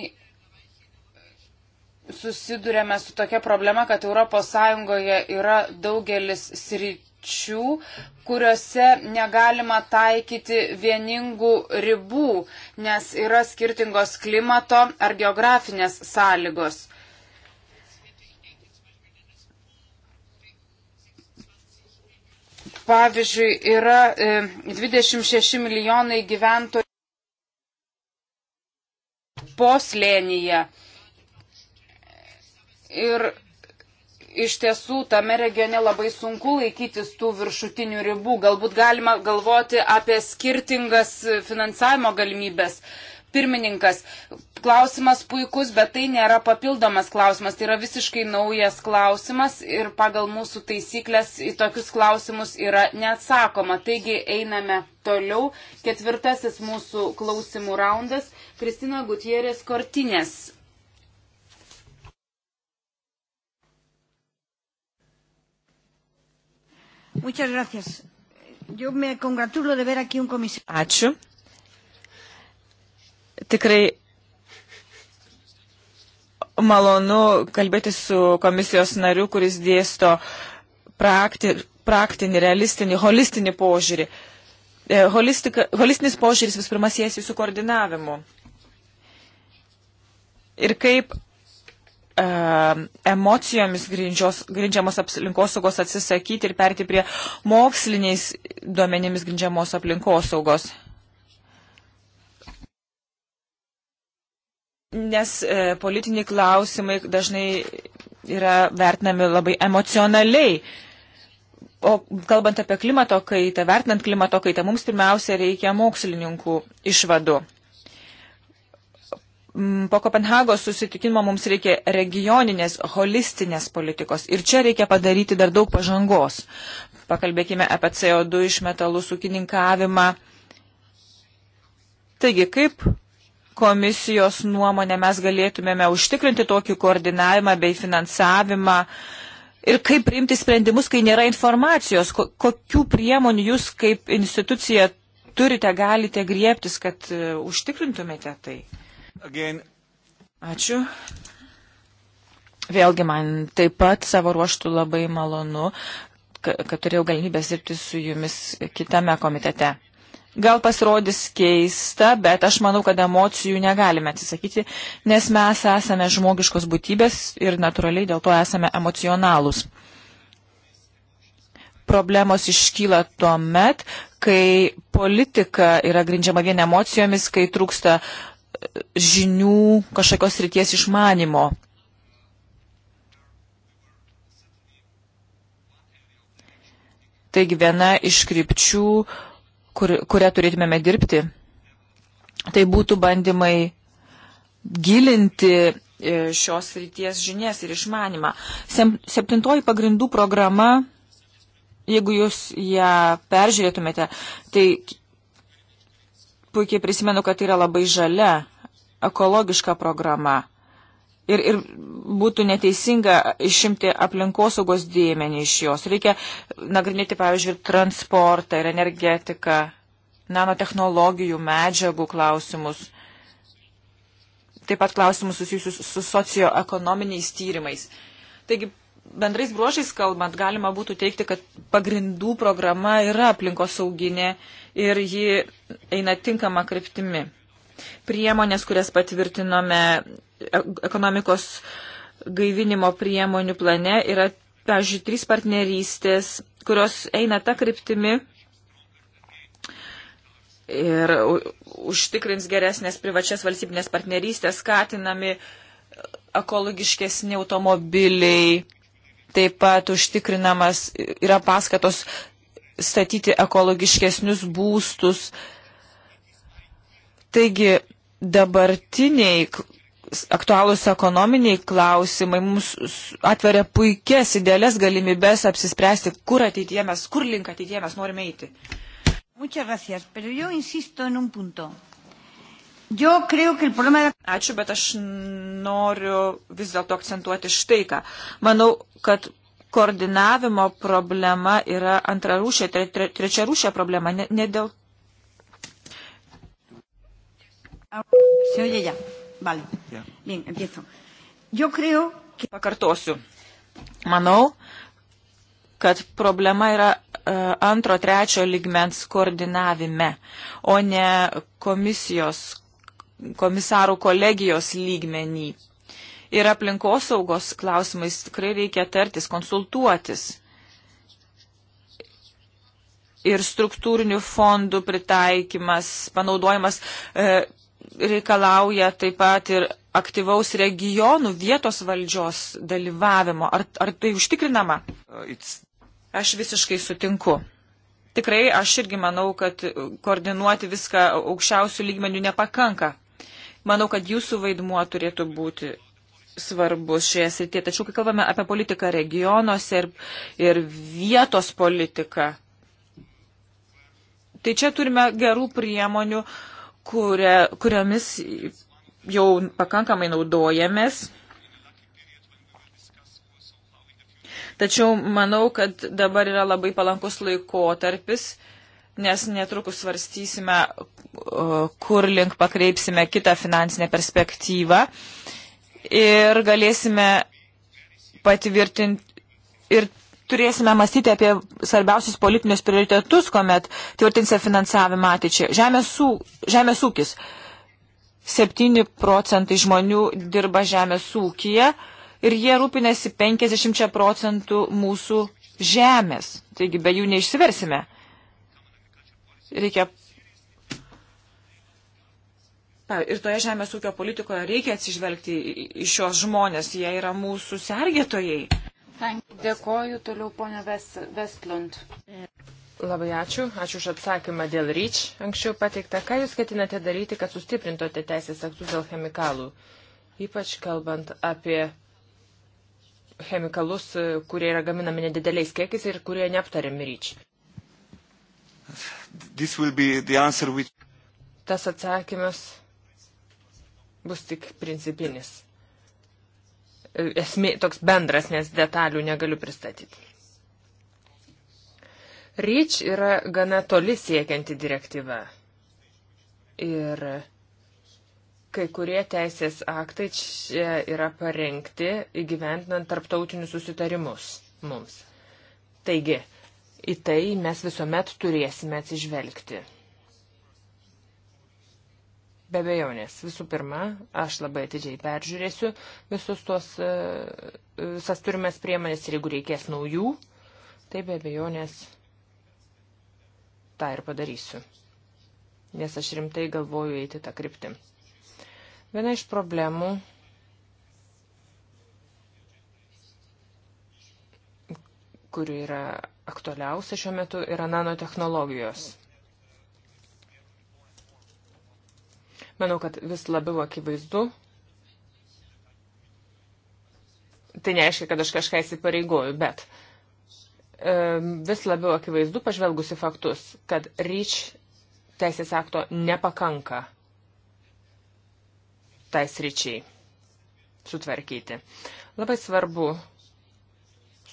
susidurėme su tokia problema, kad ES yra daugelis sričių, kuriuose negalima taikyti vieningų ribų, nes yra skirtingos klimato ar geografinės sąlygos. Pavyzdžiui, yra 26 e, milijonai gyventojų poslėnyje. Ir iš tiesų tame regione labai sunku laikytis tų viršutinių ribų. Galbūt galima galvoti apie skirtingas finansavimo galimybės. Pirmininkas, klausimas puikus, bet tai nėra papildomas klausimas, tai yra visiškai naujas klausimas ir pagal mūsų taisyklės į tokius klausimus yra neatsakoma. Taigi einame toliau. Ketvirtasis mūsų klausimų raundas. Kristina Gutierės Kortinės Ačiū. Tikrai malonu kalbėti su komisijos nariu, kuris dėsto prakti, praktinį, realistinį, holistinį požiūrį. E, holistika, holistinis požiūris vis pirma siejasi su koordinavimu. Ir kaip E, emocijomis grindžiamos aplinkosaugos atsisakyti ir perti prie moksliniais duomenimis grindžiamos aplinkosaugos. Nes e, politiniai klausimai dažnai yra vertinami labai emocionaliai. O kalbant apie klimato kaitą, vertinant klimato kaitą, mums pirmiausia reikia mokslininkų išvadų. Mm, po Kopenhagos susitikimo mums reikia regioninės, holistinės politikos. Ir čia reikia padaryti dar daug pažangos. Pakalbėkime apie CO2 išmetalus, ūkininkavimą. Taigi, kaip komisijos nuomonė mes galėtumėme užtikrinti tokį koordinavimą bei finansavimą ir kaip priimti sprendimus, kai nėra informacijos, kokių priemonių jūs kaip institucija turite, galite griebtis, kad e, užtikrintumėte tai? Again. Ačiū. Vėlgi man taip pat savo ruoštų labai malonu, kad turėjau galimybės dirbti su jumis kitame komitete. Gal pasirodys keista, bet aš manau, kad emocijų negalime atsisakyti, nes mes esame žmogiškos būtybės ir natūraliai dėl to esame emocionalūs. Problemos iškyla tuo met, kai politika yra grindžiama vien emocijomis, kai trūksta uh, žinių kažkokios ryties išmanimo. Taigi viena iš krypčių, kur, kurią turėtumėme dirbti, tai būtų bandymai gilinti e, šios ryties žinias ir išmanimą. Septintoji pagrindų programa, jeigu jūs ją peržiūrėtumėte, tai puikiai prisimenu, kad tai yra labai žalia ekologiška programa. Ir, ir būtų neteisinga išimti aplinkosaugos dėmenį iš jos. Reikia nagrinėti, pavyzdžiui, transportą ir energetiką, nanotehnologijų, medžiagų klausimus, taip pat klausimus susijusius su socioekonominiais tyrimais. Taigi, bendrais bruožais kalbant, galima būtų teikti, kad pagrindų programa yra aplinkosauginė ir ji eina tinkama kryptimi. Priemonės, kurias patvirtinome ekonomikos gaivinimo priemonių plane, yra, pavyzdžiui, trys partnerystės, kurios eina tą kryptimi ir užtikrins geresnės privačias valstybinės partnerystės, skatinami ekologiškesni automobiliai, taip pat užtikrinamas yra paskatos statyti ekologiškesnius būstus Taigi dabartiniai aktualūs ekonominiai klausimai mums atveria puikias idealias galimybės apsispręsti, kur ateityje mes, kur link ateityje mes norime eiti. Ačiū, bet aš noriu vis dėlto akcentuoti štai ką. Manau, kad koordinavimo problema yra antrarūšė, tre, tre, trečiarūšė problema. Ne, ne dėl Se oye ya. Vale. Bien, empiezo. Yo creo que... Pakartosiu. Manau, kad problema yra e, antro, trečio ligmens koordinavime, o ne komisijos, komisarų kolegijos lygmenį. Ir aplinkosaugos klausimais tikrai reikia tartis, konsultuotis. Ir struktūrinių fondų pritaikymas, panaudojimas e, reikalauja taip pat ir aktyvaus regionų vietos valdžios dalyvavimo. Ar, ar tai užtikrinama? Aš visiškai sutinku. Tikrai aš irgi manau, kad koordinuoti viską aukščiausių lygmenių nepakanka. Manau, kad jūsų vaidmuo turėtų būti svarbus šioje srityje. Tačiau, kai kalbame apie politiką regionuose ir, ir vietos politiką, tai čia turime gerų priemonių uh, kuria, kuriomis jau pakankamai naudojamės. Tačiau manau, kad dabar yra labai palankus laikotarpis, nes netrukus svarstysime, kur link pakreipsime kitą finansinę perspektyvą ir galėsime patvirtinti ir turėsime mąstyti apie svarbiausius politinius prioritetus, kuomet tvirtinsime finansavimą ateičiai. Žemės, ū, žemės ūkis. 7 procentai žmonių dirba žemės ūkija ir jie rūpinasi 50 procentų mūsų žemės. Taigi be jų neišsiversime. Reikia. Ir toje žemės ūkio politikoje reikia atsižvelgti į šios žmonės, jie yra mūsų sergėtojai. Dėkoju toliau, ponia Vestlund. Labai ačiū. Ačiū už atsakymą dėl ryč. Anksčiau pateikta, ką jūs ketinate daryti, kad sustiprintote teisės aktus dėl chemikalų, ypač kalbant apie chemikalus, kurie yra gaminami nedideliais kiekiais ir kurie neaptariami ryč. Which... Tas atsakymas bus tik principinis esmė toks bendras, nes detalių negaliu pristatyti. REACH yra gana toli siekianti direktyva. Ir kai kurie teisės aktai čia yra parengti įgyventinant tarptautinius susitarimus mums. Taigi, į tai mes visuomet turėsime atsižvelgti. Be bejonės, visų pirma, aš labai atidžiai peržiūrėsiu visus tuos, e, e, visas turimas priemonės ir jeigu reikės naujų, tai be bejonės tą ir padarysiu. Nes aš rimtai galvoju eiti tą kryptį. Viena iš problemų kuri yra aktualiausia šiuo metu, yra nanotehnologijos. Manau, kad vis labiau akivaizdu. Tai neaiškia, kad aš kažką įsipareigoju, bet vis labiau akivaizdu pažvelgusi faktus, kad ryč teisės akto nepakanka tai sričiai sutvarkyti. Labai svarbu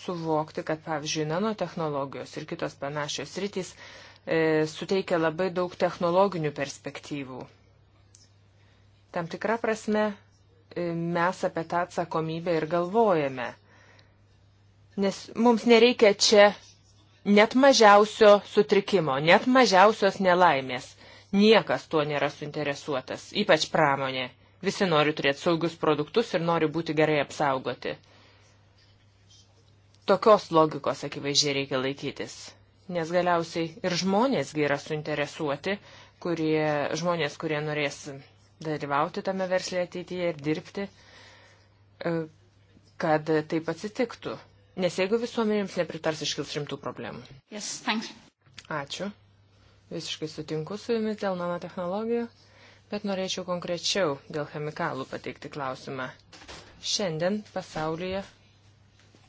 suvokti, kad, pavyzdžiui, nanotehnologijos ir kitos panašios rytis e, suteikia labai daug technologinių perspektyvų. Tam tikrą prasme e, mes apie tą atsakomybę ir galvojame. Nes mums nereikia čia net mažiausio sutrikimo, net mažiausios nelaimės. Niekas tuo nėra suinteresuotas, ypač pramonė. Visi nori turėti saugius produktus ir nori būti gerai apsaugoti. Tokios logikos akivaizdžiai reikia laikytis. Nes galiausiai ir žmonėsgi yra suinteresuoti, kurie, žmonės, kurie norės dalyvauti tame verslė ateityje ir dirbti, e, kad taip atsitiktų. Nes jeigu visuomenėms nepritars iškils rimtų problemų. Yes, thanks. Ačiū. Visiškai sutinku su jumis dėl nanotehnologijų, bet norėčiau konkrečiau dėl chemikalų pateikti klausimą. Šiandien pasaulyje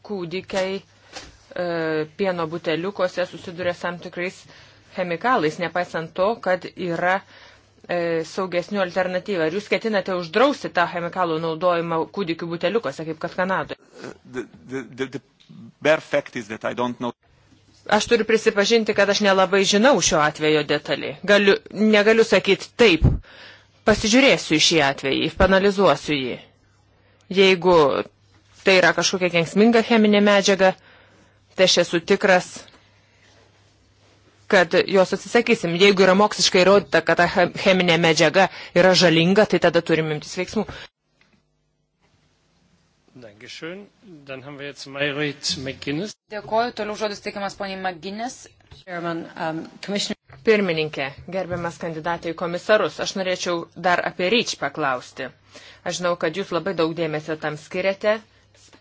kūdikiai e, pieno buteliukuose susiduria tam tikrais chemikalais, nepaisant to, kad yra e, E, saugesnių alternatyvą. Ar jūs ketinate uždrausti tą chemikalų naudojimą kūdikių buteliukose, kaip kad Kanadoje? Aš turiu prisipažinti, kad aš nelabai žinau šio atvejo detaliai. Galiu, negaliu sakyti taip. Pasižiūrėsiu į šį atvejį, panalizuosiu jį. Jeigu tai yra kažkokia kengsminga cheminė medžiaga, tai aš esu tikras, kad jos atsisakysim. Jeigu yra moksliškai įrodyta, kad ta cheminė medžiaga yra žalinga, tai tada turim imtis veiksmų. Dėkoju, toliau žodis teikiamas poniai Maginis. Um, Pirmininkė, gerbiamas kandidatai į komisarus, aš norėčiau dar apie ryč paklausti. Aš žinau, kad jūs labai daug dėmesio tam skiriate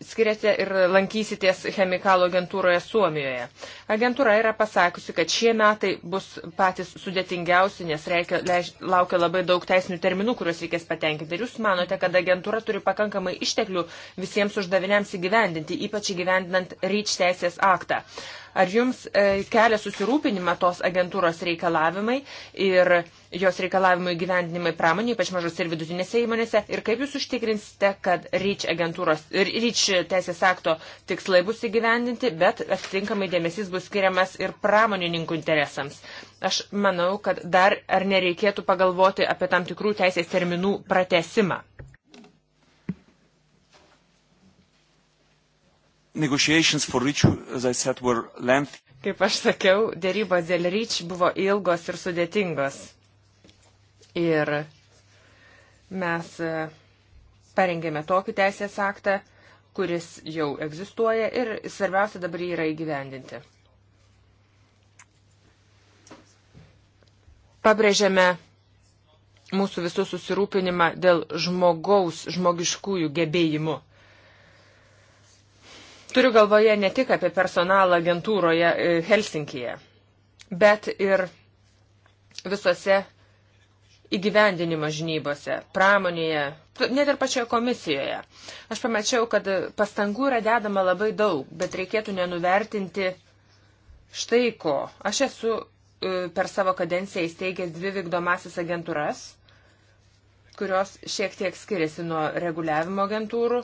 skiriate ir lankysitės chemikalų agentūroje Suomijoje. Agentūra yra pasakiusi, kad šie metai bus patys sudėtingiausi, nes reikia, lež, laukia labai daug teisinių terminų, kuriuos reikės patenkinti. Ir jūs manote, kad agentūra turi pakankamai išteklių visiems uždaviniams įgyvendinti, ypač įgyvendinant ryč teisės aktą. Ar jums e, kelia susirūpinimą tos agentūros reikalavimai ir jos reikalavimų įgyvendinimai pramonė, ypač mažose ir vidutinėse įmonėse, ir kaip jūs užtikrinsite, kad REACH, agentūros, REACH teisės akto tikslai bus įgyvendinti, bet atitinkamai dėmesys bus skiriamas ir pramonininkų interesams. Aš manau, kad dar ar nereikėtų pagalvoti apie tam tikrų teisės terminų pratesimą. Negotiations for REACH, as I said, were lengthy. Kaip aš sakiau, dėrybos dėl REACH buvo ilgos ir sudėtingos. Ir mes e, parengėme tokį teisės aktą, kuris jau egzistuoja ir svarbiausia dabar jį yra įgyvendinti. Pabrėžiame mūsų visų susirūpinimą dėl žmogaus, žmogiškųjų gebėjimų. Turiu galvoje ne tik apie personalą agentūroje e, Helsinkije, bet ir visose įgyvendinimo žinybose, pramonėje, net ir pačioje komisijoje. Aš pamačiau, kad pastangų yra dedama labai daug, bet reikėtų nenuvertinti štai ko. Aš esu e, per savo kadenciją įsteigęs dvi vykdomasis agentūras, kurios šiek tiek skiriasi nuo reguliavimo agentūrų.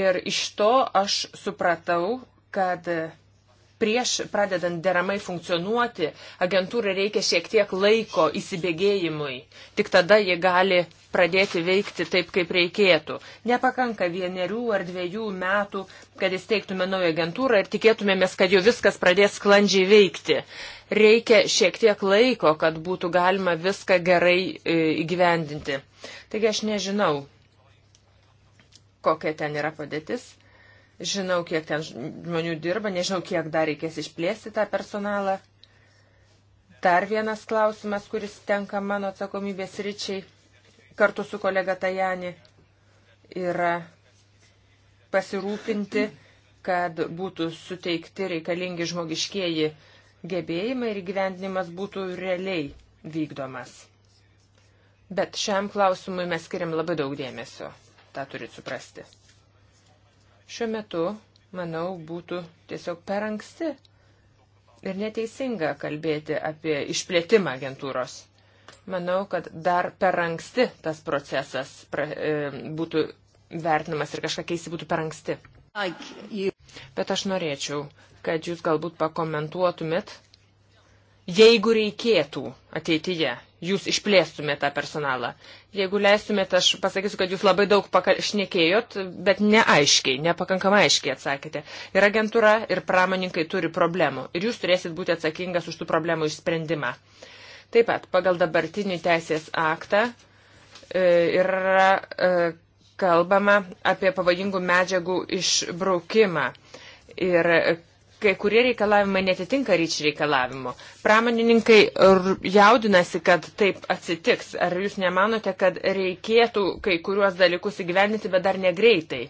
Ir iš to aš supratau, kad prieš pradedant deramai funkcionuoti, agentūrai reikia šiek tiek laiko įsibėgėjimui. Tik tada jie gali pradėti veikti taip, kaip reikėtų. Nepakanka vienerių ar dviejų metų, kad įsteigtume naują agentūrą ir tikėtumėmės, kad jau viskas pradės sklandžiai veikti. Reikia šiek tiek laiko, kad būtų galima viską gerai e, įgyvendinti. Taigi aš nežinau, kokia ten yra padėtis. Žinau, kiek ten žmonių dirba, nežinau, kiek dar reikės išplėsti tą personalą. Dar vienas klausimas, kuris tenka mano atsakomybės ryčiai kartu su kolega Tajani, yra pasirūpinti, kad būtų suteikti reikalingi žmogiškieji gebėjimai ir gyvendinimas būtų realiai vykdomas. Bet šiam klausimui mes skiriam labai daug dėmesio. Ta turit suprasti. Šiuo metu, manau, būtų tiesiog per anksti ir neteisinga kalbėti apie išplėtimą agentūros. Manau, kad dar per anksti tas procesas pra, e, būtų vertinamas ir kažką keisti būtų per anksti. Bet aš norėčiau, kad jūs galbūt pakomentuotumėt jeigu reikėtų ateityje, jūs išplėstumėte tą personalą. Jeigu leistumėte, aš pasakysiu, kad jūs labai daug šnekėjot, bet neaiškiai, nepakankamai aiškiai atsakėte. Ir agentūra, ir pramoninkai turi problemų. Ir jūs turėsit būti atsakingas už tų problemų išsprendimą. Taip pat, pagal dabartinį teisės aktą e, yra e, kalbama apie pavojingų medžiagų išbraukimą. Ir kai kurie reikalavimai netitinka ryčių reikalavimo. Pramonininkai jaudinasi, kad taip atsitiks. Ar jūs nemanote, kad reikėtų kai kuriuos dalykus įgyvendinti, bet dar negreitai?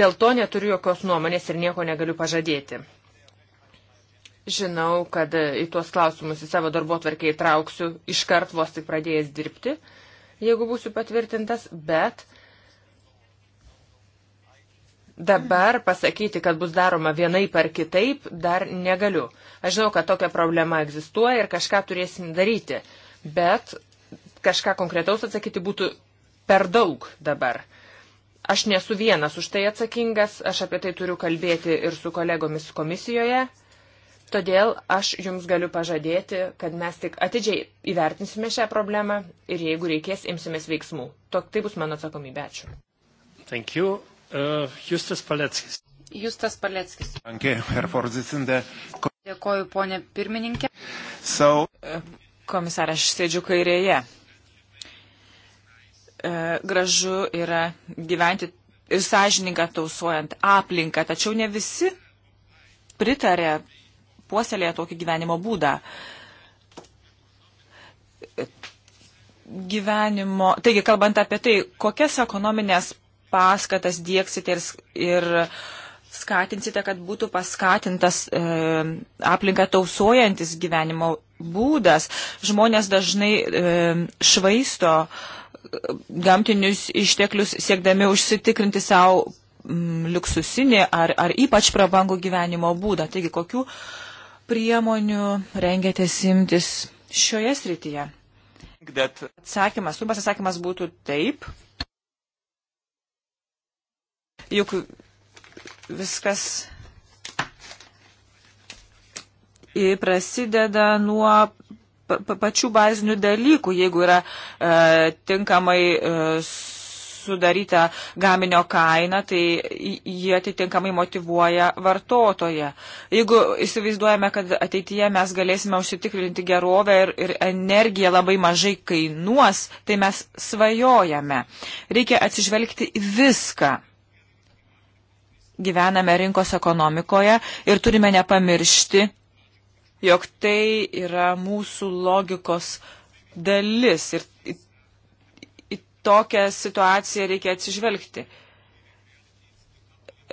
Dėl to neturiu jokios nuomonės ir nieko negaliu pažadėti. Žinau, kad į tuos klausimus į savo darbo tvarkį įtrauksiu iškart vos tik pradėjęs dirbti, jeigu būsiu patvirtintas, bet Dabar pasakyti, kad bus daroma vienaip ar kitaip, dar negaliu. Aš žinau, kad tokia problema egzistuoja ir kažką turėsim daryti, bet kažką konkretaus atsakyti būtų per daug dabar. Aš nesu vienas už tai atsakingas, aš apie tai turiu kalbėti ir su kolegomis komisijoje, todėl aš jums galiu pažadėti, kad mes tik atidžiai įvertinsime šią problemą ir jeigu reikės, imsimės veiksmų. Tok, tai bus mano atsakomybė. Ačiū. Thank you. Uh, Justas Paleckis. Justas Paleckis. Dėkoju, ponė pirmininkė. So... Komisarė, aš sėdžiu kairėje. E, gražu yra gyventi ir sąžininką tausuojant aplinką, tačiau ne visi pritarė, puoselėje tokį gyvenimo būdą. Gyvenimo, taigi kalbant apie tai, kokias ekonominės paskatas dieksite ir, ir skatinsite, kad būtų paskatintas e, aplinką tausojantis gyvenimo būdas. Žmonės dažnai e, švaisto e, gamtinius išteklius siekdami užsitikrinti savo m, mm, liuksusinį ar, ar ypač prabangų gyvenimo būdą. Taigi, kokių priemonių rengėtės imtis šioje srityje? That... Atsakymas, trumpas atsakymas būtų taip juk viskas prasideda nuo pačių bazinių dalykų, jeigu yra e, tinkamai e, sudaryta gaminio kaina, tai jie atitinkamai motivuoja vartotoje. Jeigu įsivaizduojame, kad ateityje mes galėsime užsitikrinti gerovę ir, ir energija labai mažai kainuos, tai mes svajojame. Reikia atsižvelgti į viską gyvename rinkos ekonomikoje ir turime nepamiršti, jog tai yra mūsų logikos dalis ir į, į tokią situaciją reikia atsižvelgti.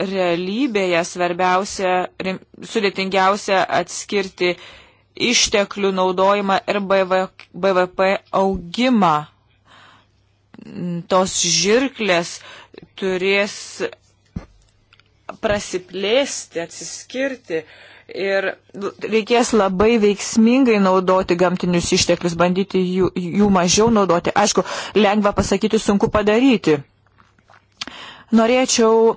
Realybėje svarbiausia, rim, sudėtingiausia atskirti išteklių naudojimą ir BVP augimą. Tos žirklės turės prasiplėsti, atsiskirti ir reikės labai veiksmingai naudoti gamtinius išteklius, bandyti jų, jų mažiau naudoti. Aišku, lengva pasakyti, sunku padaryti. Norėčiau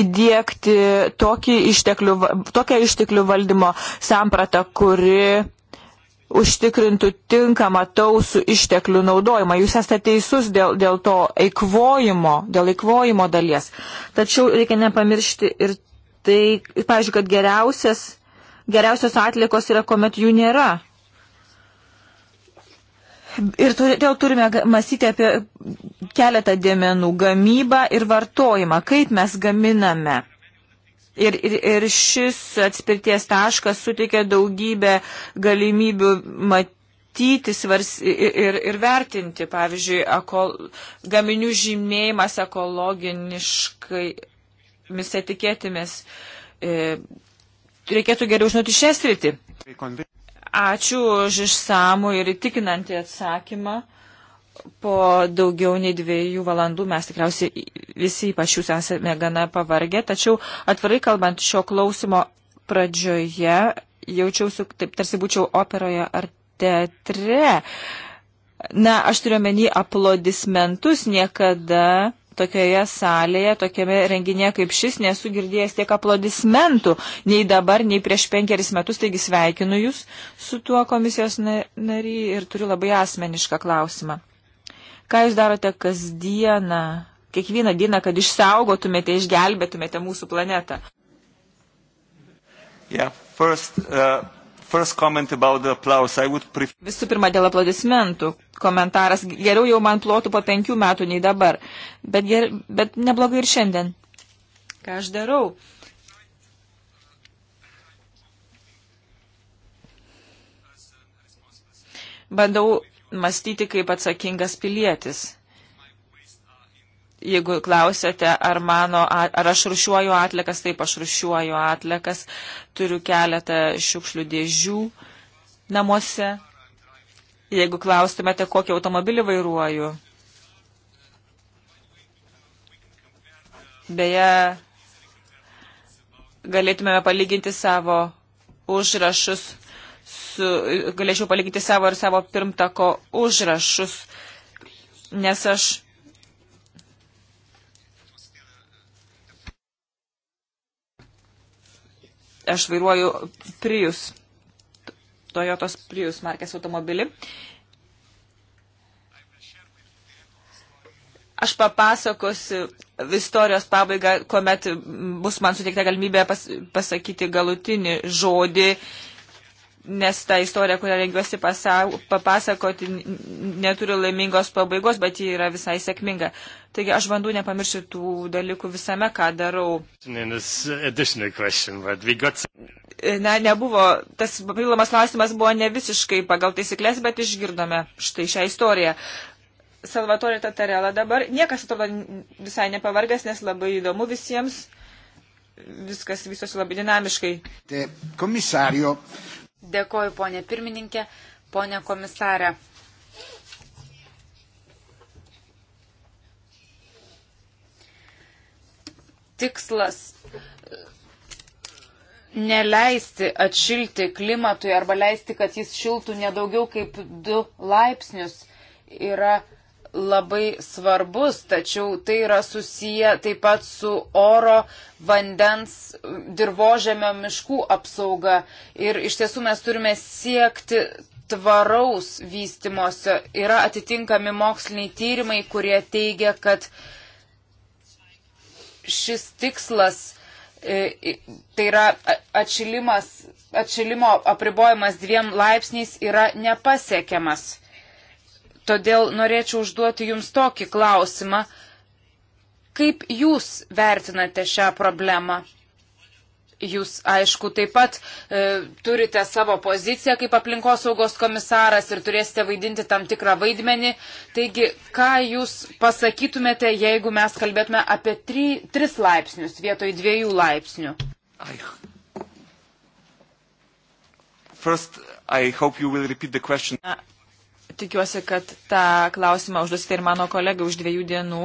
įdėkti tokį išteklių, tokią išteklių valdymo sampratą, kuri užtikrintų tinkamą tausų išteklių naudojimą. Jūs esate teisus dėl, dėl to eikvojimo, dėl eikvojimo dalies. Tačiau reikia nepamiršti ir tai, pavyzdžiui, kad geriausias, geriausios atlikos yra, kuomet jų nėra. Ir todėl turime mąstyti apie keletą dėmenų - gamybą ir vartojimą, kaip mes gaminame Ir, ir, ir šis atspirties taškas suteikia daugybę galimybių matyti svars, ir, ir, ir vertinti, pavyzdžiui, ekol, gaminių žymėjimas ekologiniškai mis etiketėmis. E, reikėtų geriau žinoti šią sritį. Ačiū už išsamų ir įtikinantį atsakymą po daugiau nei dviejų valandų mes tikriausiai visi, ypač jūs esame gana pavargę, tačiau atvirai kalbant, šio klausimo pradžioje jaučiausi, taip tarsi būčiau operoje ar teatre. Na, aš turiu menį aplodismentus, niekada tokioje salėje, tokiame renginėje kaip šis, nesu girdėjęs tiek aplodismentų, nei dabar, nei prieš penkeris metus, taigi sveikinu Jūs su tuo komisijos nary ir turiu labai asmenišką klausimą. Ką jūs darote kasdieną, kiekvieną dieną, kad išsaugotumėte, išgelbėtumėte mūsų planetą? Yeah, first, uh... Visų pirma, dėl aplodismentų komentaras. Geriau jau man plotų po penkių metų nei dabar, bet, ger, bet neblogai ir šiandien. Ką aš darau? Bandau mąstyti kaip atsakingas pilietis. Jeigu klausiate, ar, mano, ar aš rušiuoju atlikas, taip aš rušiuoju atlikas, turiu keletą šiukšlių dėžių namuose. Jeigu klaustumėte, kokį automobilį vairuoju. Beje, galėtumėme palyginti savo užrašus galėčiau palikti savo ir savo pirmtako užrašus, nes aš. Aš vairuoju Prius, Toyotos Prius markės automobilį. Aš papasakosiu istorijos pabaigą, kuomet bus man suteikta galimybė pas, pasakyti galutinį žodį nes ta istorija, kurią rengiuosi papasakoti, neturi laimingos pabaigos, bet ji yra visai sėkminga. Taigi aš bandau nepamiršti tų dalykų visame, ką darau. Na, nebuvo, tas papildomas klausimas buvo ne visiškai pagal taisyklės, bet išgirdome štai šią istoriją. Salvatore Tatarela dabar, niekas atrodo visai nepavargęs, nes labai įdomu visiems viskas vystosi labai dinamiškai. Komisario, Dėkoju, ponė pirmininkė, ponė komisarė. Tikslas neleisti atšilti klimatui arba leisti, kad jis šiltų nedaugiau kaip 2 laipsnius yra labai svarbus, tačiau tai yra susiję taip pat su oro, vandens, dirbožėmio miškų apsauga. Ir iš tiesų mes turime siekti tvaraus vystimosio. Yra atitinkami moksliniai tyrimai, kurie teigia, kad šis tikslas, e, tai yra atšilimas, atšilimo apribojimas dviem laipsniais, yra nepasiekiamas. Todėl norėčiau užduoti Jums tokį klausimą. Kaip Jūs vertinate šią problemą? Jūs, aišku, taip pat e, turite savo poziciją kaip aplinkosaugos komisaras ir turėsite vaidinti tam tikrą vaidmenį. Taigi, ką Jūs pasakytumėte, jeigu mes kalbėtume apie tri, tris laipsnius vietoj dviejų laipsnių? I... First, I hope you will repeat the question. Na, tikiuosi, kad tą klausimą užduosite ir mano kolega už dviejų dienų.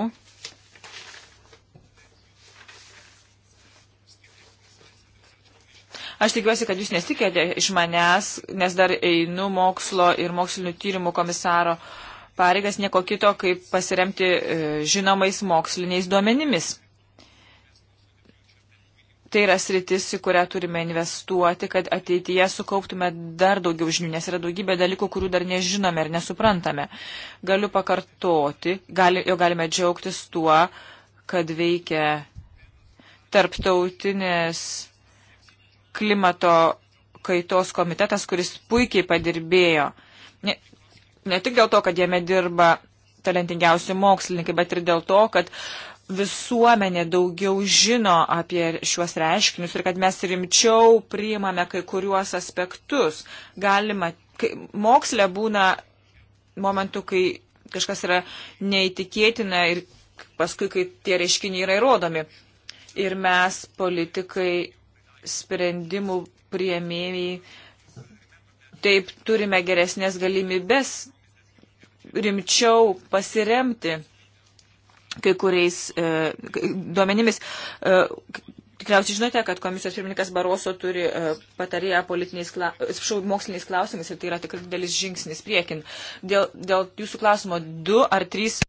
Aš tikiuosi, kad jūs nesitikėte iš manęs, nes dar einu mokslo ir mokslinių tyrimų komisaro pareigas nieko kito, kaip pasiremti e, žinomais moksliniais duomenimis tai yra sritis, į kurią turime investuoti, kad ateityje sukauptume dar daugiau žinių, nes yra daugybė dalykų, kurių dar nežinome ir nesuprantame. Galiu pakartoti, gali, jau galime džiaugtis tuo, kad veikia tarptautinės klimato kaitos komitetas, kuris puikiai padirbėjo. Ne, ne tik dėl to, kad jame dirba talentingiausi mokslininkai, bet ir dėl to, kad uh, visuomenė daugiau žino apie šiuos reiškinius ir kad mes rimčiau priimame kai kuriuos aspektus. Galima, kai, mokslė būna momentų, kai kažkas yra neįtikėtina ir paskui, kai tie reiškiniai yra įrodomi. Ir mes, politikai, sprendimų prieimėjai, taip turime geresnės galimybės rimčiau pasiremti kai kuriais e, duomenimis. E, Tikriausiai žinote, kad komisijos pirmininkas Baroso turi e, patarėją kla... Šau, moksliniais klausimais ir tai yra tikrai didelis žingsnis priekin. Dėl, dėl jūsų klausimo 2 ar 3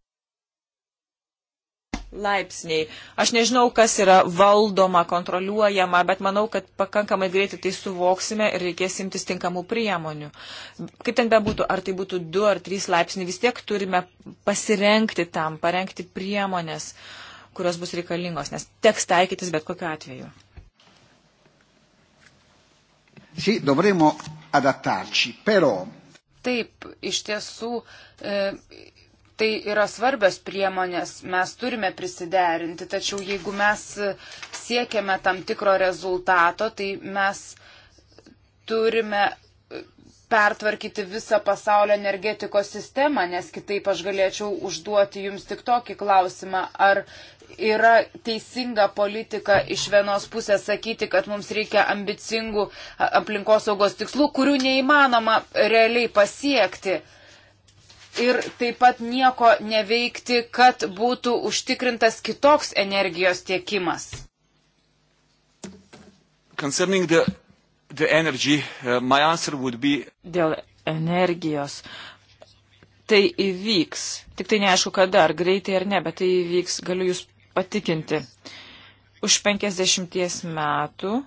laipsniai. Aš nežinau, kas yra valdoma, kontroliuojama, bet manau, kad pakankamai greitai tai suvoksime ir reikės imtis tinkamų priemonių. Kaip ten bebūtų, ar tai būtų 2 ar 3 laipsniai, vis tiek turime pasirenkti tam, parengti priemonės, kurios bus reikalingos, nes teks taikytis bet kokiu atveju. Sì, dovremo adattarci, però. Taip, iš tiesų. E, tai yra svarbios priemonės, mes turime prisiderinti, tačiau jeigu mes siekiame tam tikro rezultato, tai mes turime pertvarkyti visą pasaulio energetikos sistemą, nes kitaip aš galėčiau užduoti jums tik tokį klausimą, ar yra teisinga politika iš vienos pusės sakyti, kad mums reikia ambicingų aplinkosaugos tikslų, kurių neįmanoma realiai pasiekti ir taip pat nieko neveikti, kad būtų užtikrintas kitoks energijos tiekimas. The, the energy, uh, be... Dėl energijos. Tai įvyks. Tik tai neaišku, kada, ar greitai ar ne, bet tai įvyks, galiu Jūs patikinti. Už 50 metų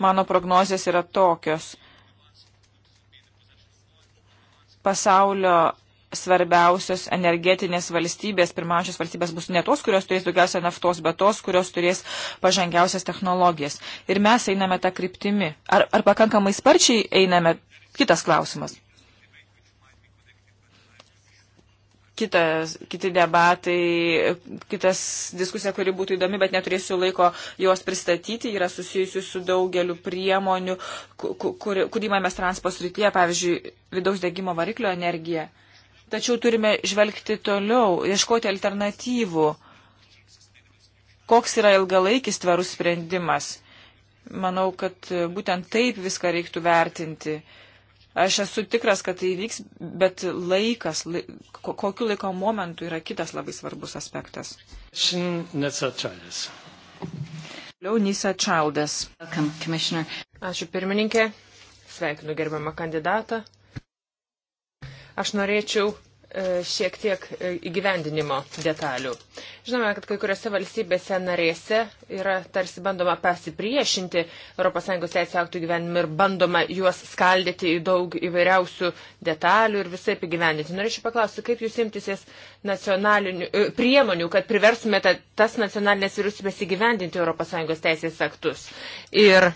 mano prognozijas yra tokios. Pasaulio svarbiausios energetinės valstybės, pirmaujančios valstybės bus ne tos, kurios turės daugiausia naftos, bet tos, kurios turės pažangiausias technologijas. Ir mes einame tą kryptimi. Ar, ar pakankamai sparčiai einame? Kitas klausimas. Kitas, kiti debatai, kitas diskusija, kuri būtų įdomi, bet neturėsiu laiko juos pristatyti, yra susijusi su daugeliu priemonių, kur, kur, kur įmamės transporto srityje, pavyzdžiui, vidaus degimo variklio energija. Uh, Tačiau turime žvelgti toliau, ieškoti alternatyvų. Koks yra ilgalaikis tvarus sprendimas? Manau, kad būtent taip viską reiktų vertinti. Aš esu tikras, kad tai vyks, bet laikas, laik, kokiu laiko momentu yra kitas labai svarbus aspektas. Toliau Nisa Čaldas. Ačiū pirmininkė, sveikinu gerbiamą kandidatą. Aš norėčiau e, šiek tiek e, įgyvendinimo detalių. Žinome, kad kai kuriuose valstybėse narėse yra tarsi bandoma pasipriešinti ES teisės aktų gyvenimui ir bandoma juos skaldyti į daug įvairiausių detalių ir visai įgyvendinti. Norėčiau paklausti, kaip jūs imtisės e, priemonių, kad priversumėte tas nacionalinės vyriausybės įgyvendinti ES teisės aktus ir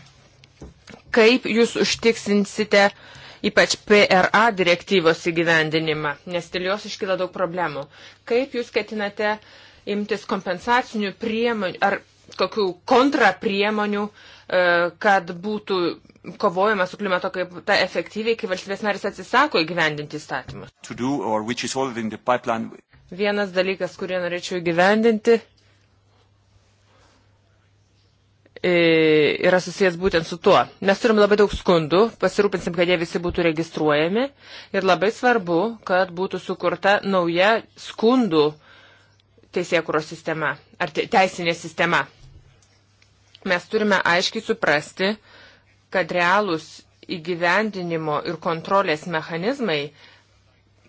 kaip jūs užtiksinsite uh, ypač PRA direktyvos įgyvendinimą, nes dėl jos iškyla daug problemų. Kaip jūs ketinate imtis kompensacinių priemonių ar kokių kontrapriemonių, e, kad būtų kovojama su klimato kaita efektyviai, kai valstybės narys atsisako įgyvendinti įstatymus? Vienas dalykas, kurį norėčiau įgyvendinti, E, yra susijęs būtent su tuo. Mes turim labai daug skundų, pasirūpinsim, kad jie visi būtų registruojami ir labai svarbu, kad būtų sukurta nauja skundų teisėkuros sistema ar teisinė sistema. Mes turime aiškiai suprasti, kad realūs įgyvendinimo ir kontrolės mechanizmai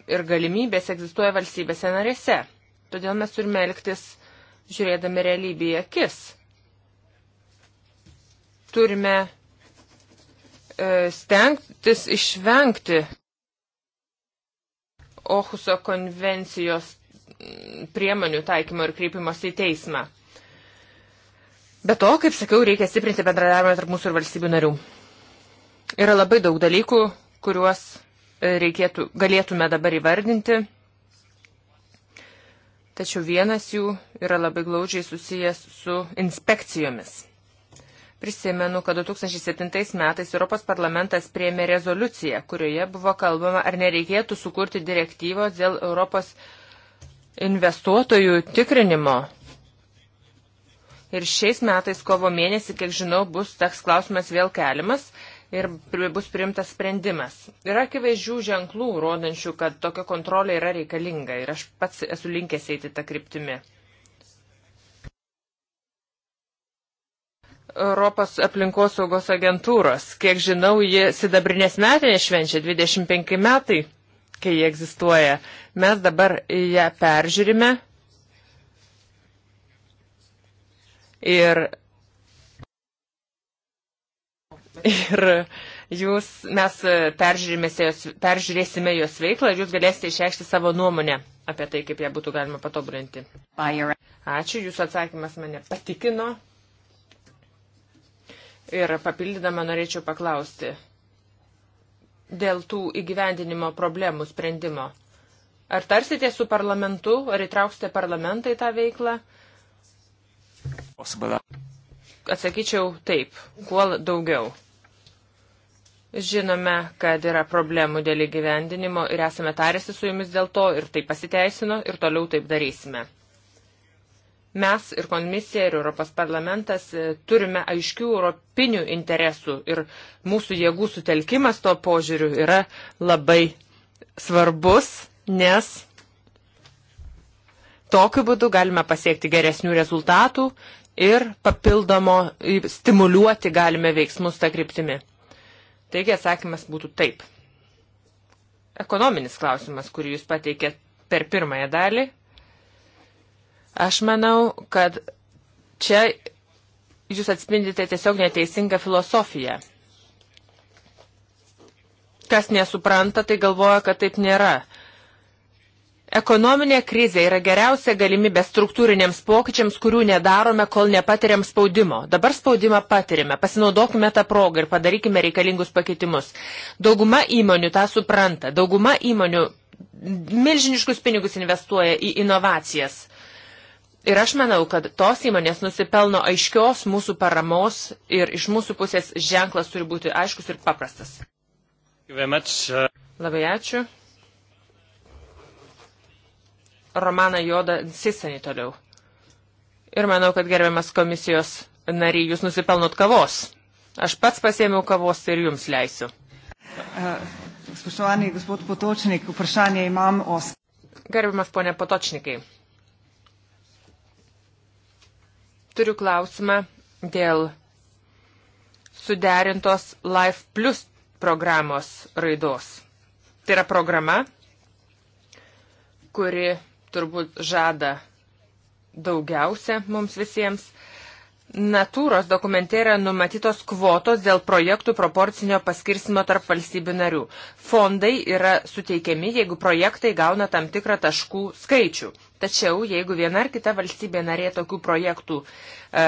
ir galimybės egzistuoja valstybėse narėse. Todėl mes turime elgtis žiūrėdami realybėje akis turime e, stengtis išvengti Ohuso konvencijos priemonių taikymo ir kreipimos į teismą. Be to, kaip sakiau, reikia stiprinti bendradarbiavimą tarp mūsų ir valstybių narių. Yra labai daug dalykų, kuriuos e, reikėtų, galėtume dabar įvardinti, tačiau vienas jų yra labai glaudžiai susijęs su inspekcijomis. Prisimenu, kad 2007 metais Europos parlamentas prieėmė rezoliuciją, kurioje buvo kalbama, ar nereikėtų sukurti direktyvos dėl Europos investuotojų tikrinimo. Ir šiais metais kovo mėnesį, kiek žinau, bus toks klausimas vėl keliamas ir bus priimtas sprendimas. Yra akivaizdžių ženklų, rodančių, kad tokia kontrolė yra reikalinga ir aš pats esu linkęs eiti tą kryptimį. Europos aplinkosaugos agentūros. Kiek žinau, ji sidabrinės metinės švenčia 25 metai, kai ji egzistuoja. Mes dabar ją peržiūrime. Ir, ir jūs, mes jos, peržiūrėsime jos veiklą ir jūs galėsite išreikšti savo nuomonę apie tai, kaip ją būtų galima patobulinti. Ačiū, jūsų atsakymas mane patikino. Ir papildydama norėčiau paklausti dėl tų įgyvendinimo problemų sprendimo. Ar tarsite su parlamentu, ar įtrauksite parlamentą į tą veiklą? Atsakyčiau taip, kuo daugiau. Žinome, kad yra problemų dėl įgyvendinimo ir esame tarėsi su jumis dėl to ir tai pasiteisino ir toliau taip darysime mes ir komisija, ir Europos parlamentas e, turime aiškių europinių interesų ir mūsų jėgų sutelkimas tuo požiūriu yra labai svarbus, nes tokiu būdu galime pasiekti geresnių rezultatų ir papildomo stimuliuoti galime veiksmus tą kryptimį. Taigi atsakymas būtų taip. Ekonominis klausimas, kurį jūs pateikėt per pirmąją dalį, Aš manau, kad čia jūs atspindite tiesiog neteisingą filosofiją. Kas nesupranta, tai galvoja, kad taip nėra. Ekonominė krizė yra geriausia galimybė struktūriniams pokyčiams, kurių nedarome, kol nepatiriam spaudimo. Dabar spaudimą patirime, pasinaudokime tą progą ir padarykime reikalingus pakeitimus. Dauguma įmonių tą supranta, dauguma įmonių milžiniškus pinigus investuoja į inovacijas. Ir aš manau, kad tos įmonės nusipelno aiškios mūsų paramos ir iš mūsų pusės ženklas turi būti aiškus ir paprastas. Uh, Labai ačiū. Romana Joda Sisani toliau. Ir manau, kad gerbiamas komisijos nary, jūs nusipelnot kavos. Aš pats pasėmiau kavos ir jums leisiu. Uh, spoštovani gospod Potočnik, vprašanje imam o. Gerbiamas ponė Potočnikai, turiu klausimą dėl suderintos Life Plus programos raidos. Tai yra programa, kuri turbūt žada daugiausia mums visiems – Natūros dokumente yra numatytos kvotos dėl projektų proporcinio paskirsimo tarp valstybių narių. Fondai yra suteikiami, jeigu projektai gauna tam tikrą taškų skaičių. Tačiau, jeigu viena ar kita valstybė narė tokių projektų e,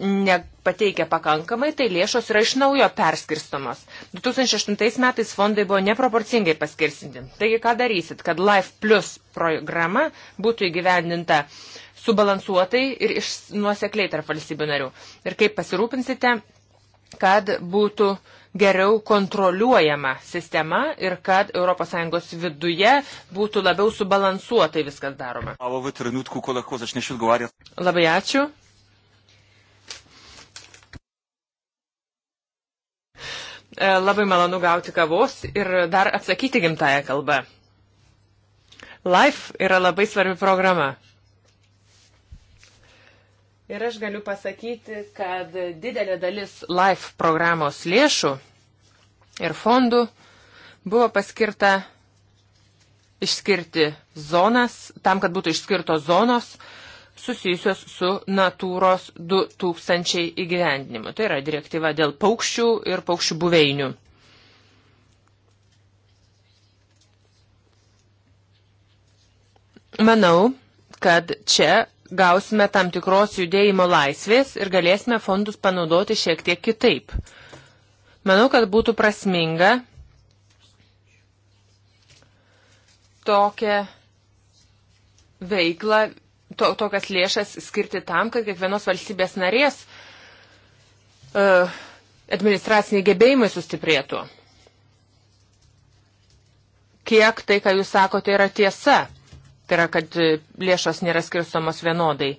nepateikia pakankamai, tai lėšos yra iš naujo perskirstomos. 2008 metais fondai buvo neproporcingai paskirstinti. Taigi, ką darysit, kad Life Plus programa būtų įgyvendinta subalansuotai ir iš nuosekliai tarp valstybių narių. Ir kaip pasirūpinsite, kad būtų geriau kontroliuojama sistema ir kad ES viduje būtų labiau subalansuotai viskas daroma. Labai ačiū. E, labai malonu gauti kavos ir dar atsakyti gimtają kalbą. LIFE yra labai svarbi programa. Ir aš galiu pasakyti, kad didelė dalis LIFE programos lėšų ir fondų buvo paskirta išskirti zonas, tam, kad būtų išskirtos zonos, uh, susijusios su Natūros 2000 įgyvendinimu. Tai yra direktyva dėl paukščių ir paukščių buveinių. Manau, kad čia gausime tam tikros judėjimo laisvės ir galėsime fondus panaudoti šiek tiek kitaip. Manau, kad būtų prasminga tokią veiklą to, tokias lėšas skirti tam, kad kiekvienos valstybės narės uh, administraciniai gebėjimai sustiprėtų. Kiek tai, ką jūs sakote, yra tiesa? Tai yra, kad e, lėšos nėra skirstomos vienodai.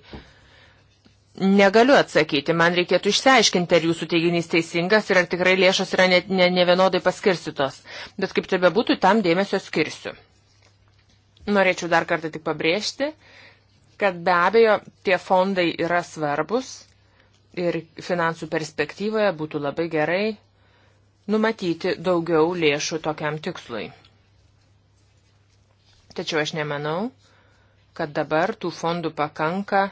Negaliu atsakyti, man reikėtų išsiaiškinti, ar jūsų teiginys teisingas ir ar tikrai lėšos yra nevienodai ne, ne, ne paskirstytos. Bet kaip čia bebūtų, tam dėmesio skirsiu. Norėčiau dar kartą tik pabrėžti, kad be abejo tie fondai yra svarbus ir finansų perspektyvoje būtų labai gerai numatyti daugiau lėšų tokiam tikslui. Tačiau aš nemanau, kad dabar tų fondų pakanka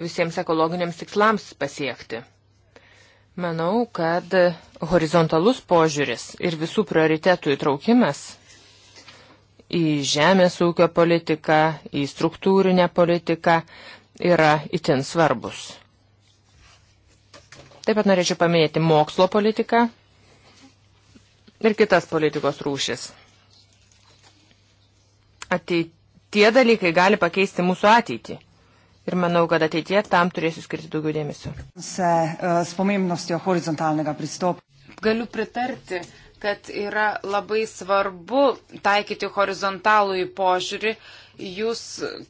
visiems ekologiniams tikslams pasiekti. Manau, kad horizontalus požiūris ir visų prioritetų įtraukimas į žemės ūkio politiką, į struktūrinę politiką yra itin svarbus. Taip pat norėčiau paminėti mokslo politiką ir kitas politikos rūšis. Ateit, tie dalykai gali pakeisti mūsų ateitį. Ir manau, kad ateitie tam turėsiu skirti daugiau dėmesio. E, Galiu pritarti kad yra labai svarbu taikyti horizontalų į požiūrį. Jūs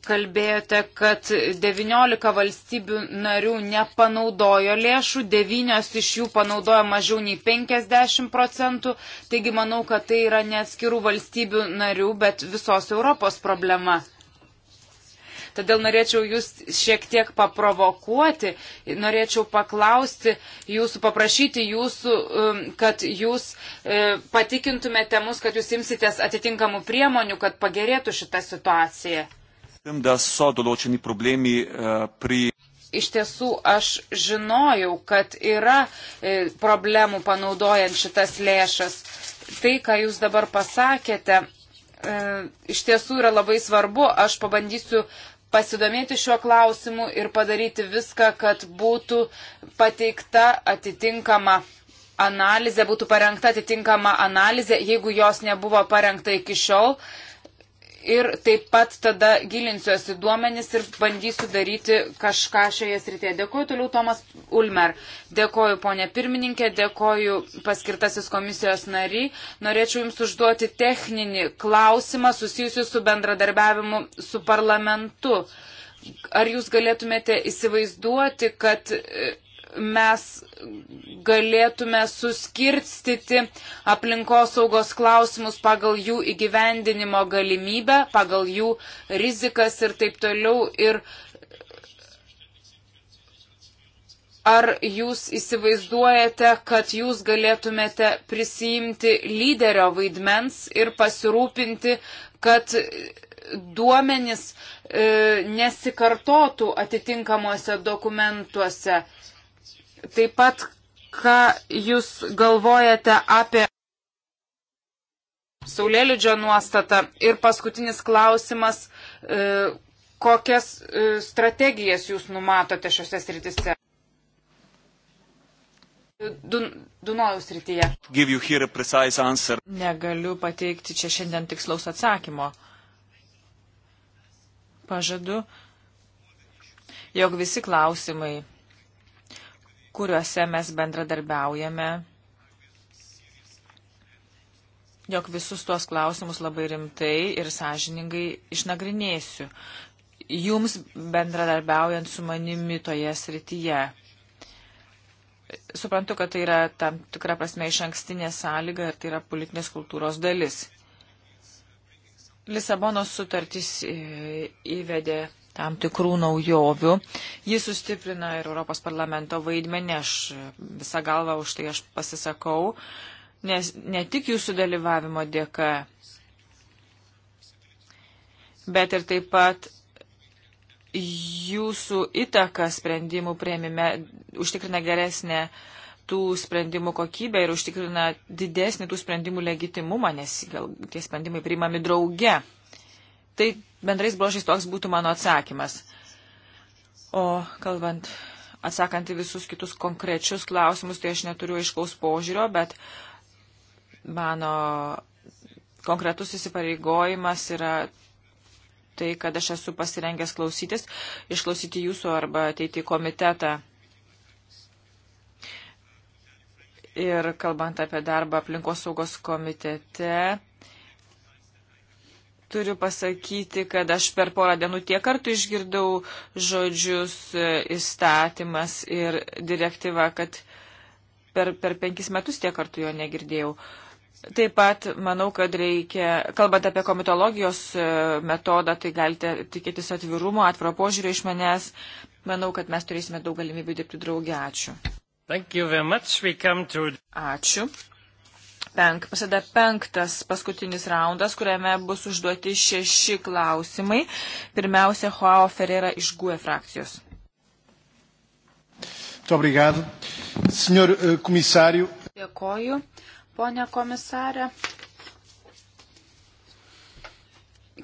kalbėjote, kad 19 valstybių narių nepanaudojo lėšų, 9 iš jų panaudojo mažiau nei 50 procentų, taigi manau, kad tai yra ne atskirų valstybių narių, bet visos Europos problema. Todėl norėčiau jūs šiek tiek paprovokuoti, norėčiau paklausti jūsų, paprašyti jūsų, um, kad jūs e, patikintumėte mus, kad jūs imsitės atitinkamų priemonių, kad pagerėtų šita situacija. E, iš tiesų aš žinojau, kad yra e, problemų panaudojant šitas lėšas. Tai, ką jūs dabar pasakėte, iš tiesų yra labai svarbu. Aš pabandysiu pasidomėti šiuo klausimu ir padaryti viską, kad būtų pateikta atitinkama analizė, būtų parengta atitinkama analizė, jeigu jos nebuvo parengta iki šiol, ir taip pat tada gilinsiuosi duomenis ir bandysiu daryti kažką šioje srityje. Dėkuoju toliau Tomas Ulmer. Dėkuoju ponė pirmininkė, dėkuoju paskirtasis komisijos nariai. Norėčiau Jums užduoti techninį klausimą susijusiu su bendradarbiavimu su parlamentu. Ar Jūs galėtumėte įsivaizduoti, kad e, mes galėtume suskirstyti aplinkosaugos klausimus pagal jų įgyvendinimo galimybę, pagal jų rizikas ir taip toliau. Ir ar jūs įsivaizduojate, kad jūs galėtumėte prisijimti lyderio vaidmens ir pasirūpinti, kad duomenys e, nesikartotų atitinkamuose dokumentuose. Taip pat, ką jūs galvojate apie Saulėlydžio nuostatą. Ir paskutinis klausimas, e, kokias e, strategijas jūs numatote šiuose sritise? Dun, Dunojaus srityje. Negaliu pateikti čia šiandien tikslaus atsakymo. Pažadu, jog visi klausimai kuriuose mes bendradarbiaujame, jog visus tuos klausimus labai rimtai ir sąžiningai išnagrinėsiu. Jums bendradarbiaujant su manimi toje srityje. Suprantu, kad tai yra tam tikra prasme iš ankstinė sąlyga ir tai yra politinės kultūros dalis. Lisabonos sutartis e, įvedė tam tikrų naujovių. Jis sustiprina ir Europos parlamento vaidmenį, aš visą galvą už tai aš pasisakau, nes ne tik jūsų dalyvavimo dėka, bet ir taip pat jūsų įtaka sprendimų prieimime užtikrina geresnę tų sprendimų kokybę ir užtikrina didesnį tų sprendimų legitimumą, nes gal tie sprendimai priimami drauge. Tai bendrais bložiais toks būtų mano atsakymas. O kalbant, atsakant į visus kitus konkrečius klausimus, tai aš neturiu aiškaus požiūrio, bet mano konkretus įsipareigojimas yra tai, kad aš esu pasirengęs klausytis, išklausyti jūsų arba ateiti į komitetą. Ir kalbant apie darbą aplinkos saugos komitete, turiu pasakyti, kad aš per porą dienų tiek kartų išgirdau žodžius e, įstatymas ir direktyva, kad per, per penkis metus tiek kartų jo negirdėjau. Taip pat manau, kad reikia, kalbant apie komitologijos e, metodą, tai galite tikėtis atvirumo, atviro požiūrio iš manęs. Manau, kad mes turėsime daug galimybių dirbti draugė. Ačiū. To... Ačiū penk, pasada penktas paskutinis raundas, kuriame bus užduoti šeši klausimai. Pirmiausia, Joao Ferreira iš GUE frakcijos. Eh, Dėkoju, ponė komisarė.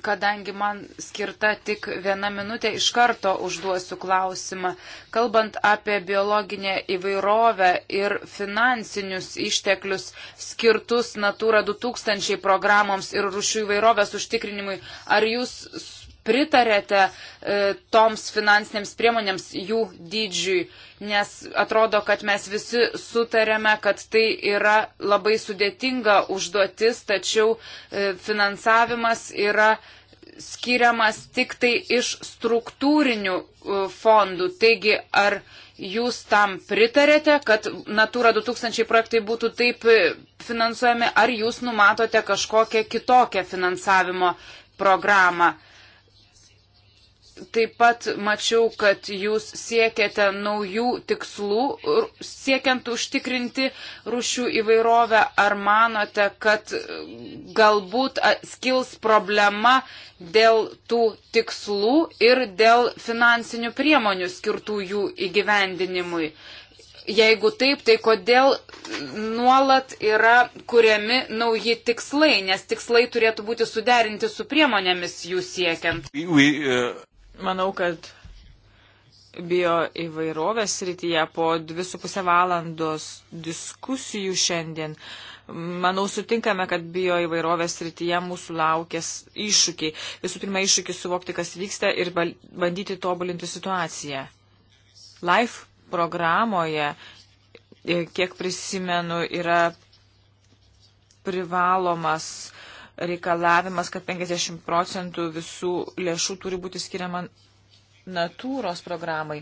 kadangi man skirta tik viena minutė, iš karto užduosiu klausimą. Kalbant apie biologinę įvairovę ir finansinius išteklius skirtus Natura 2000 programoms ir rušių įvairovės užtikrinimui, ar jūs pritarėte e, toms finansinėms priemonėms jų dydžiui, nes atrodo, kad mes visi sutarėme, kad tai yra labai sudėtinga užduotis, tačiau e, finansavimas yra skiriamas tik tai iš struktūrinių e, fondų. Taigi, ar jūs tam pritarėte, kad Natura 2000 projektai būtų taip e, finansuojami, ar jūs numatote kažkokią kitokią finansavimo programą? Taip pat mačiau, kad jūs siekiate naujų tikslų, siekiant užtikrinti rušių įvairovę. Ar manote, kad e, galbūt skils problema dėl tų tikslų ir dėl finansinių priemonių skirtų jų įgyvendinimui? jeigu taip, tai kodėl nuolat yra kuriami nauji tikslai, nes tikslai turėtų būti suderinti su priemonėmis jų siekiant. We, uh... Manau, kad bio įvairovės srityje po 2,5 valandos diskusijų šiandien. Manau, sutinkame, kad bio įvairovės srityje mūsų laukės iššūkiai. Visų pirma, iššūkis suvokti, kas vyksta ir bandyti tobulinti situaciją. Life programoje, e, kiek prisimenu, yra privalomas reikalavimas, kad 50 procentų visų lėšų turi būti skiriama natūros programai.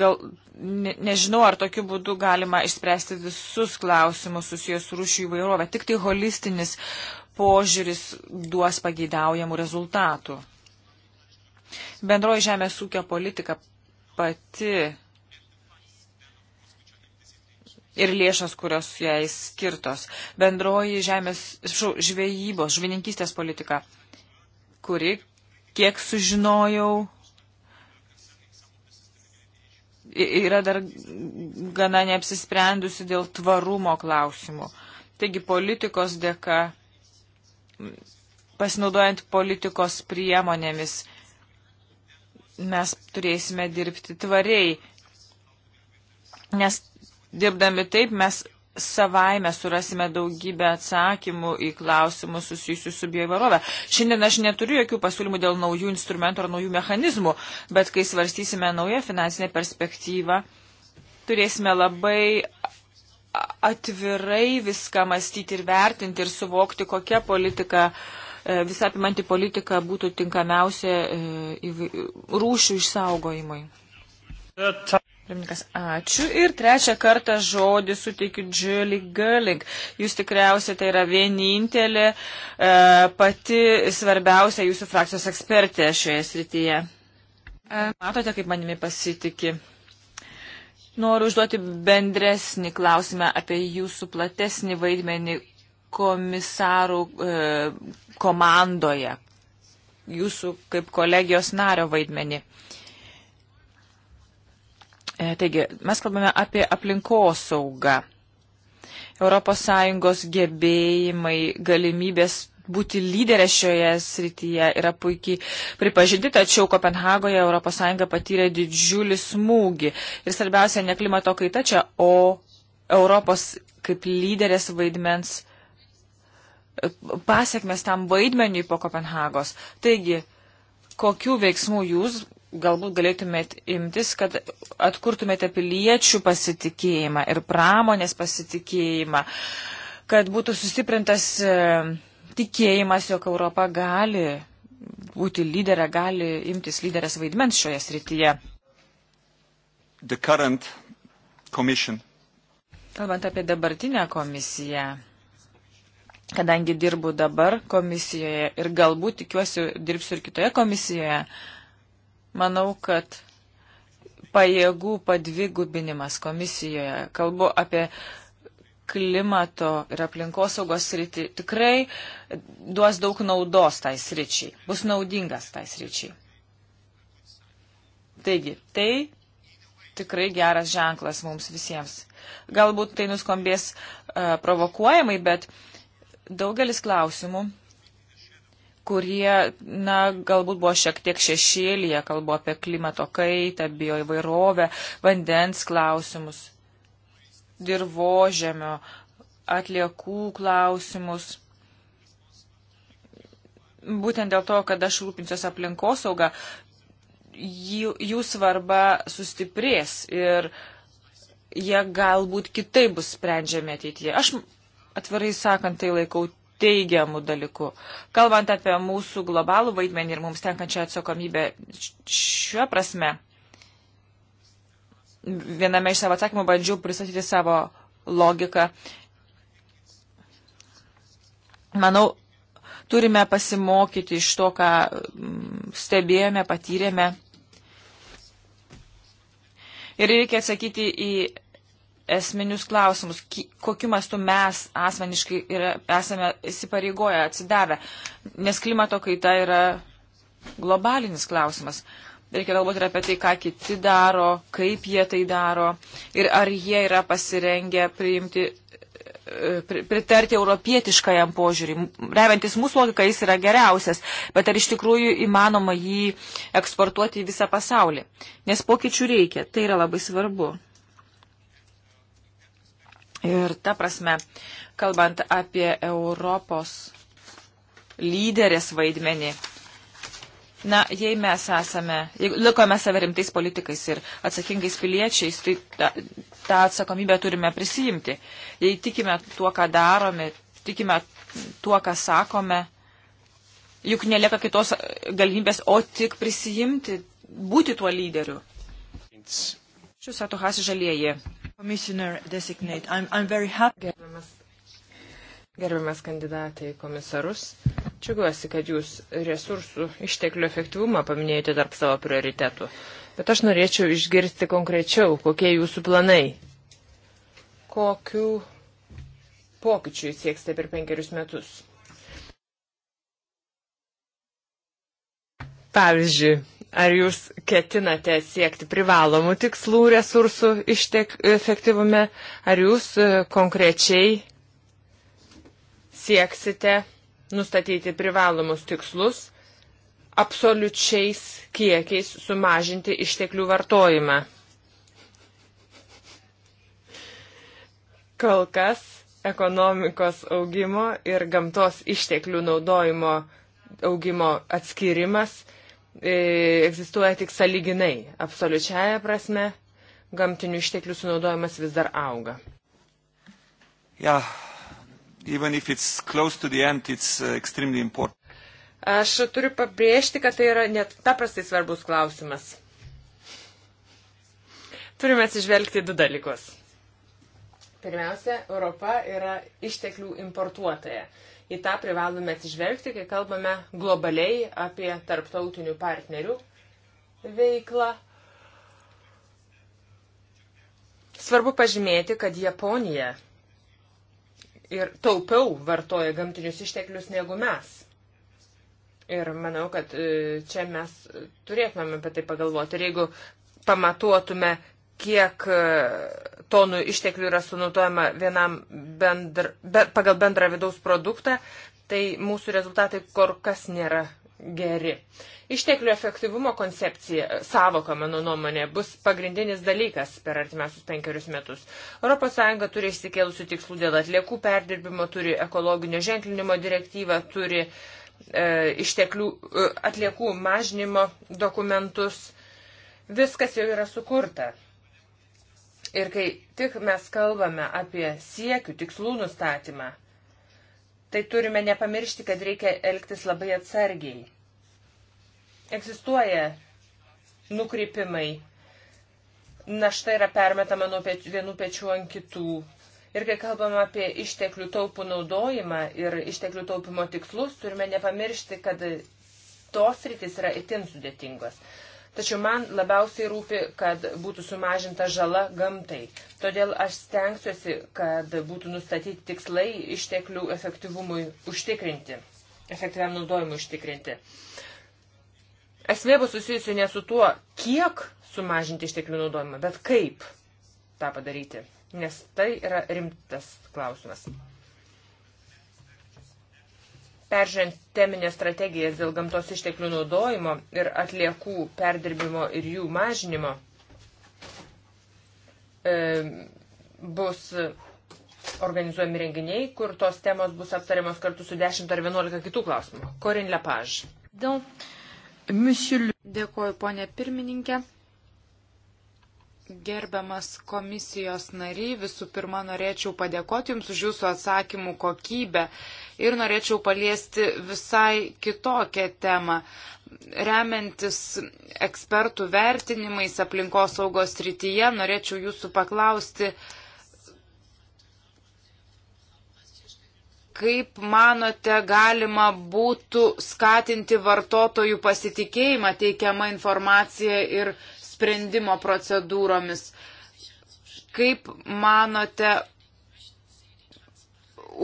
Gal ne, nežinau, ar tokiu būdu galima išspręsti visus klausimus susijęs su rūšių įvairovė. Tik tai holistinis požiūris duos pageidaujamų rezultatų. Bendroji žemės ūkio politika pati ir lėšos, kurios jai skirtos. Bendroji žemės šau, žvejybos, žvininkystės politika, kuri, kiek sužinojau, yra dar gana neapsisprendusi dėl tvarumo klausimų. Taigi politikos dėka, pasinaudojant politikos priemonėmis, mes turėsime dirbti tvariai, nes Dirbdami taip mes savaime surasime daugybę atsakymų į klausimus susijusius su bioįvarove. Šiandien aš neturiu jokių pasiūlymų dėl naujų instrumentų ar naujų mechanizmų, bet kai svarstysime naują finansinę perspektyvą, turėsime labai atvirai viską mąstyti ir vertinti ir suvokti, kokia politika, e, visą apimanti politika būtų tinkamiausia e, rūšių išsaugojimui. Pirmininkas, ačiū. Ir trečią kartą žodį suteikiu Julie Gerling. Jūs tikriausiai tai yra vienintelė e, pati svarbiausia jūsų frakcijos ekspertė šioje srityje. E. Matote, kaip manimi pasitiki. Noriu užduoti bendresnį klausimą apie jūsų platesnį vaidmenį komisarų e, komandoje, jūsų kaip kolegijos nario vaidmenį. E, Taigi, mes kalbame apie aplinkosaugą. ES gebėjimai, galimybės būti lyderė šioje srityje yra puikiai pripažinti, tačiau Kopenhagoje ES patyrė didžiulį smūgį. Ir svarbiausia, ne klimato kaita čia, o Europos kaip lyderės vaidmens pasiekmes tam vaidmeniui po Kopenhagos. Taigi, kokių veiksmų jūs galbūt galėtumėt imtis, kad atkurtumėte piliečių pasitikėjimą ir pramonės pasitikėjimą, kad būtų sustiprintas e, tikėjimas, jog Europa gali būti lyderė, gali imtis lyderės vaidmens šioje srityje. Kalbant apie dabartinę komisiją, kadangi dirbu dabar komisijoje ir galbūt tikiuosi dirbsiu ir kitoje komisijoje, uh, Manau, kad pajėgų padvigubinimas komisijoje, kalbu apie klimato ir aplinkosaugos sritį, tikrai duos daug naudos tai sričiai, bus naudingas tai sričiai. Taigi, tai tikrai geras ženklas mums visiems. Galbūt tai nuskambės uh, provokuojamai, bet daugelis klausimų kurie, na, galbūt buvo šiek tiek šešėlyje, kalbu apie klimato kaitą, bioįvairovę, vandens klausimus, dirbožemio, atliekų klausimus. Būtent dėl to, kad aš rūpinsiuosi aplinkosaugą, jų, jų svarba sustiprės ir jie galbūt kitaip bus sprendžiami ateityje. Aš atvirai sakant, tai laikau teigiamų dalykų. Kalbant apie mūsų globalų vaidmenį ir mums tenkančią atsakomybę šiuo prasme, viename iš savo atsakymų bandžiau pristatyti savo logiką. Manau, turime pasimokyti iš to, ką mm, stebėjome, patyrėme. Ir reikia atsakyti į esminius klausimus, kokiu mastu mes asmeniškai yra, esame įsipareigoję, atsidavę, nes klimato kaita yra globalinis klausimas. Reikia galvoti ir apie tai, ką kiti daro, kaip jie tai daro ir ar jie yra pasirengę priimti, e, pritarti europietiškajam požiūriui. Remiantis mūsų logika, jis yra geriausias, bet ar iš tikrųjų įmanoma jį eksportuoti į visą pasaulį? Nes pokyčių reikia, tai yra labai svarbu. Ir ta prasme, kalbant apie Europos lyderės vaidmenį, na, jei mes esame, jeigu likome save rimtais politikais ir atsakingais piliečiais, tai tą, tą atsakomybę turime prisijimti. Jei tikime tuo, ką darome, tikime tuo, ką sakome, juk nelieka kitos galimybės, o tik prisijimti, būti tuo lyderiu. Šiuo Satuhasi žalieji. Gerbiamas, gerbiamas kandidatai komisarus, džiugiuosi, kad jūs resursų išteklių efektyvumą paminėjote tarp savo prioritetų, bet aš norėčiau išgirsti konkrečiau, kokie jūsų planai, kokių pokyčių jūs sieksite per penkerius metus. Pavyzdžiui, Ar jūs ketinate siekti privalomų tikslų resursų ištek efektyvume, ar jūs e, konkrečiai sieksite nustatyti privalomus tikslus, absoliučiais kiekiais sumažinti išteklių vartojimą? Kol kas ekonomikos augimo ir gamtos išteklių naudojimo augimo atskirimas E, egzistuoja tik saliginai. Absoliučiaja prasme, gamtinių išteklių sunaudojimas vis dar auga. Yeah. End, uh, Aš turiu pabrėžti, kad tai yra net paprastai svarbus klausimas. Turime atsižvelgti du dalykus. Pirmiausia, Europa yra išteklių importuotoja. Į tą privalome atsižvelgti, kai kalbame globaliai apie tarptautinių partnerių veiklą. Svarbu pažymėti, kad Japonija ir taupiau vartoja gamtinius išteklius negu mes. Ir manau, kad e, čia mes turėtumėm apie tai pagalvoti. Ir jeigu pamatuotume kiek e, tonų išteklių yra sunaudojama vienam bendr, be, pagal bendrą vidaus produktą, tai mūsų rezultatai kol kas nėra geri. Išteklių efektyvumo koncepcija, e, savoka, mano nuomonė, bus pagrindinis dalykas per artimiausius penkerius metus. ES turi išsikėlusių tikslų dėl atliekų perdirbimo, turi ekologinio ženklinimo direktyvą, turi e, išteklių e, atliekų mažinimo dokumentus. Viskas jau yra sukurta. Ir kai tik mes kalbame apie siekių, tikslų nustatymą, tai turime nepamiršti, kad reikia elgtis labai atsargiai. Egzistuoja nukreipimai, našta yra permetama nuo peč, vienų pečių ant kitų. Ir kai kalbame apie išteklių taupų naudojimą ir išteklių taupimo tikslus, turime nepamiršti, kad tos rytis yra itin sudėtingos. Tačiau man labiausiai rūpi, kad būtų sumažinta žala gamtai. Todėl aš stengsiuosi, kad būtų nustatyti tikslai išteklių efektyvumui užtikrinti, efektyviam naudojimui užtikrinti. Esmė bus susijusi ne su tuo, kiek sumažinti išteklių naudojimą, bet kaip tą padaryti. Nes tai yra rimtas klausimas peržiūrint teminės strategijas dėl gamtos išteklių naudojimo ir atliekų perdirbimo ir jų mažinimo, e, bus organizuojami renginiai, kur tos temos bus aptariamos kartu su 10 ar 11 kitų klausimų. Korin Lepaž. Dėkuoju, ponė pirmininkė. Gerbiamas komisijos nariai, visų pirma norėčiau padėkoti Jums už Jūsų atsakymų kokybę ir norėčiau paliesti visai kitokią temą. Remiantis ekspertų vertinimais aplinkos saugos rytyje, norėčiau jūsų paklausti, kaip manote galima būtų skatinti vartotojų pasitikėjimą teikiamą informaciją ir sprendimo procedūromis? Kaip manote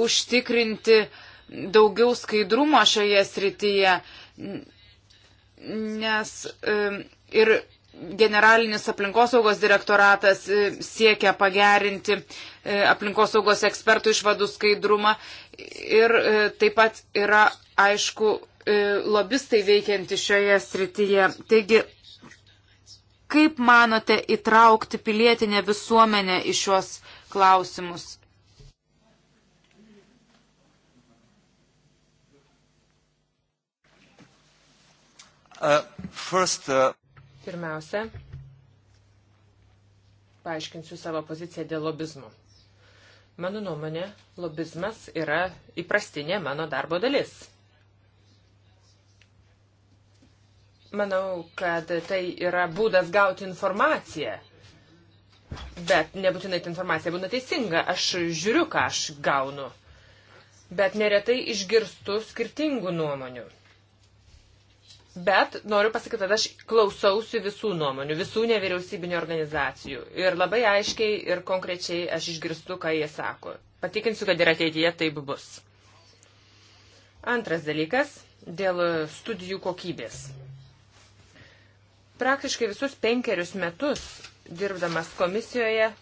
užtikrinti daugiau skaidrumo šioje srityje, nes ir generalinis aplinkosaugos direktoratas siekia pagerinti e, aplinkosaugos ekspertų išvadų skaidrumą ir e, taip pat yra aišku e, lobistai veikianti šioje srityje. Taigi, kaip manote įtraukti pilietinę visuomenę į šios klausimus? uh, first, uh... Pirmiausia, paaiškinsiu savo poziciją dėl lobizmo. Mano nuomonė, lobizmas yra įprastinė mano darbo dalis. Manau, kad tai yra būdas gauti informaciją. Bet nebūtinai ta informacija būna teisinga. Aš žiūriu, ką aš gaunu. Bet neretai išgirstu skirtingų nuomonių. Bet noriu pasakyti, kad aš klausausi visų nuomonių, visų nevyriausybinio organizacijų. Ir labai aiškiai ir konkrečiai aš išgirstu, ką jie sako. Patikinsiu, kad ir ateityje taip bus. Antras dalykas - dėl studijų kokybės. Praktiškai visus penkerius metus dirbdamas komisijoje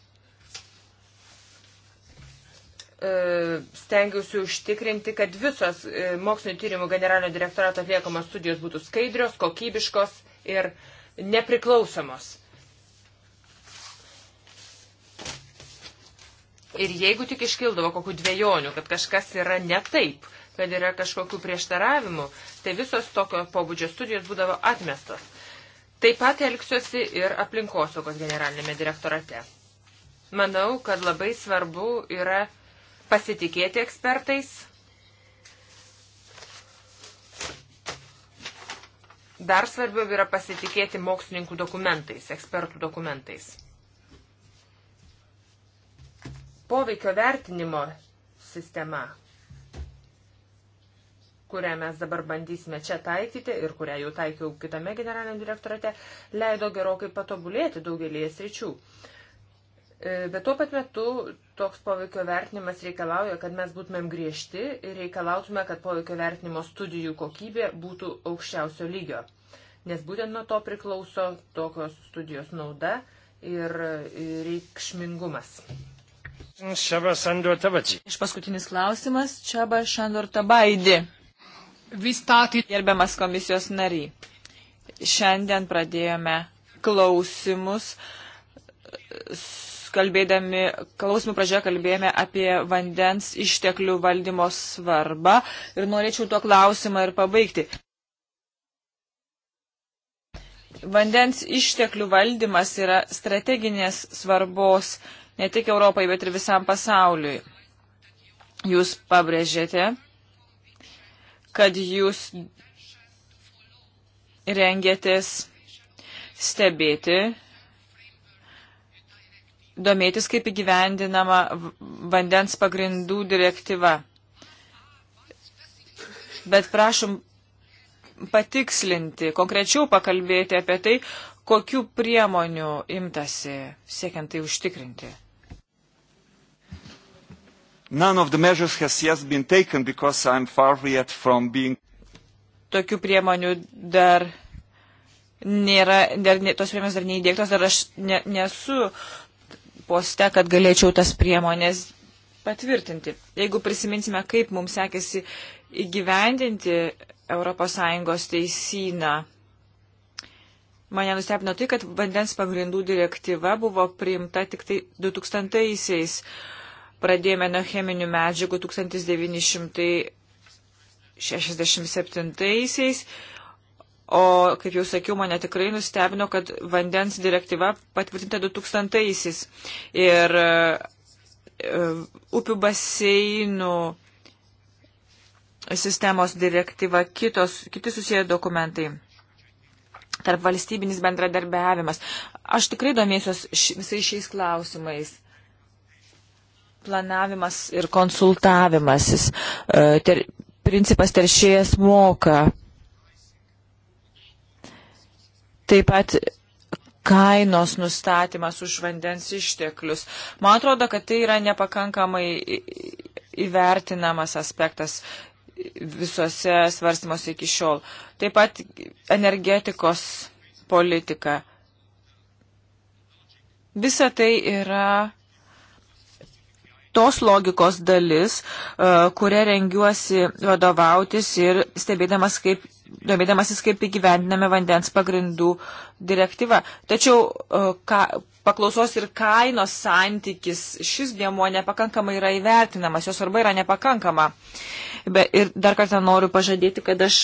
E, stengiausi užtikrinti, kad visos e, mokslinio tyrimų generalinio direktorato atliekamos studijos būtų skaidrios, kokybiškos ir nepriklausomos. Ir jeigu tik iškildavo kokių dviejonių, kad kažkas yra ne taip, kad yra kažkokių prieštaravimų, tai visos tokio pobūdžio studijos būdavo atmestos. Taip pat elgsiuosi ir aplinkosaugos generalinėme direktorate. Manau, kad labai svarbu yra pasitikėti ekspertais. Dar svarbiau yra pasitikėti mokslininkų dokumentais, ekspertų dokumentais. Poveikio vertinimo sistema, kurią mes dabar bandysime čia taikyti ir kurią jau taikiau kitame generaliniam direktorate, leido gerokai patobulėti daugelį sričių. Uh, E, bet tuo pat metu toks poveikio vertinimas reikalauja, kad mes būtumėm griežti ir reikalautume, kad poveikio vertinimo studijų kokybė būtų aukščiausio lygio. Nes būtent nuo to priklauso tokios studijos nauda ir reikšmingumas. Iš paskutinis klausimas Čiaba Šandor Tabaidi. Gerbiamas komisijos nariai. Šiandien pradėjome klausimus kalbėdami, klausimų pradžioje kalbėjome apie vandens išteklių valdymo svarbą ir norėčiau tuo klausimą ir pabaigti. Vandens išteklių valdymas yra strateginės svarbos ne tik Europai, bet ir visam pasauliui. Jūs pabrėžėte, kad jūs rengėtės stebėti domėtis, kaip įgyvendinama vandens pagrindų direktyva. Bet prašom patikslinti, konkrečiau pakalbėti apie tai, kokiu priemonių imtasi siekiant tai užtikrinti. Being... Tokių priemonių dar nėra, dar, tos priemonės dar neįdėktos, dar aš ne, nesu uh, poste, kad galėčiau tas priemonės patvirtinti. Jeigu prisiminsime, kaip mums sekėsi įgyvendinti ES teisyną, mane nustebino tai, kad vandens pagrindų direktyva buvo priimta tik tai 2000-aisiais. Pradėjome nuo cheminių medžiagų 1967-aisiais O, kaip jau sakiau, mane tikrai nustebino, kad vandens direktyva patvirtinta 2000-aisiais. Ir e, upių baseinų sistemos direktyva, kitos, kiti susiję dokumentai. Tarp valstybinis bendradarbiavimas. Aš tikrai domėsiuos visais šiais klausimais. Planavimas ir konsultavimasis. E, ter, principas teršėjas moka Taip pat kainos nustatymas už vandens išteklius. Man atrodo, kad tai yra nepakankamai įvertinamas aspektas visose svarstymuose iki šiol. Taip pat energetikos politika. Visa tai yra tos logikos dalis, e, kuria rengiuosi vadovautis ir stebėdamas, kaip domėdamasis, kaip įgyvendiname vandens pagrindų direktyvą. Tačiau e, ka, paklausos ir kainos santykis, šis dėmuo nepakankamai yra įvertinamas, jos svarba yra nepakankama. Be, ir dar kartą noriu pažadėti, kad aš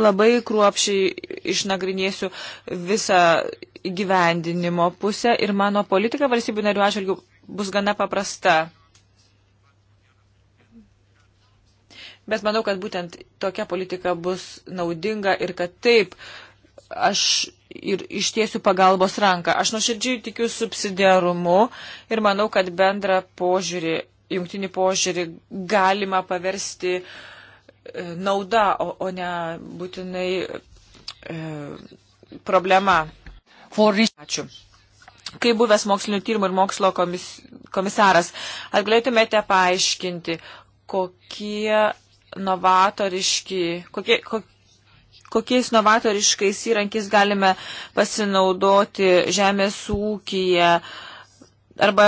labai kruopšiai išnagrinėsiu visą gyvendinimo pusę ir mano politika valstybių narių atžvilgių bus gana paprasta. Bet manau, kad būtent tokia politika bus naudinga ir kad taip aš ir ištiesiu pagalbos ranką. Aš nuoširdžiai tikiu subsidiarumu ir manau, kad bendrą požiūrį, jungtinį požiūrį galima paversti e, nauda, o, o ne būtinai e, problema. Ačiū. Kai buvęs mokslinio tyrimų ir mokslo komis, komisaras, ar galėtumėte paaiškinti, kokie novatoriški, kokie, kokie, kokiais novatoriškais įrankiais galime pasinaudoti žemės ūkyje arba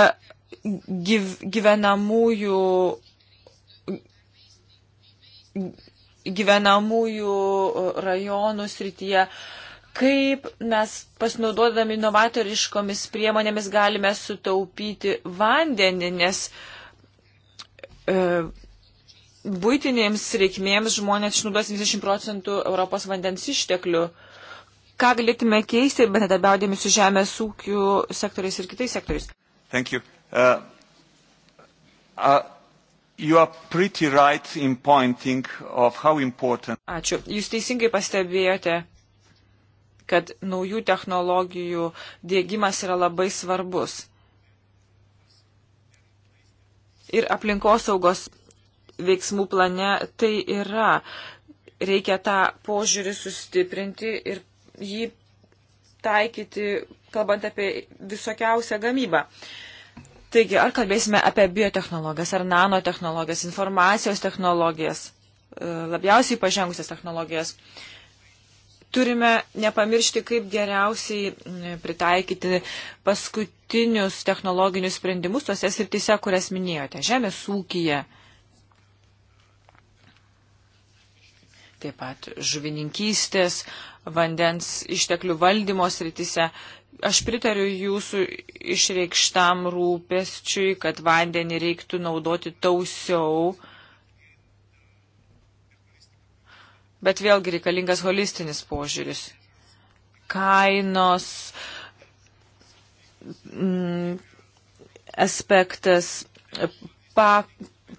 gyv, gyvenamųjų gyvenamųjų rajonų srityje, kaip mes pasinaudodami novatoriškomis priemonėmis galime sutaupyti vandenį, nes e, būtinėms reikmėms žmonės išnaudos 20 procentų Europos vandens išteklių. Ką galėtume keisti, bendradarbiaudami su žemės ūkių sektoriais ir kitais sektoriais? Thank you. Uh, uh, you are pretty right in pointing of how important. Ačiū. Jūs teisingai pastebėjote, kad naujų technologijų dėgymas yra labai svarbus. Ir aplinkosaugos veiksmų plane tai yra. Reikia tą požiūrį sustiprinti ir jį taikyti, kalbant apie visokiausią gamybą. Taigi, ar kalbėsime apie biotehnologijas, ar nanotehnologijas, informacijos technologijas, e, labiausiai pažengusias technologijas, turime nepamiršti, kaip geriausiai pritaikyti paskutinius technologinius sprendimus tose srityse, kurias minėjote - žemės ūkija, taip pat žuvininkystės, vandens išteklių valdymo sritise. Aš pritariu jūsų išreikštam rūpesčiui, kad vandenį reiktų naudoti tausiau, bet vėlgi reikalingas holistinis požiūris. Kainos m, mm, aspektas, pa,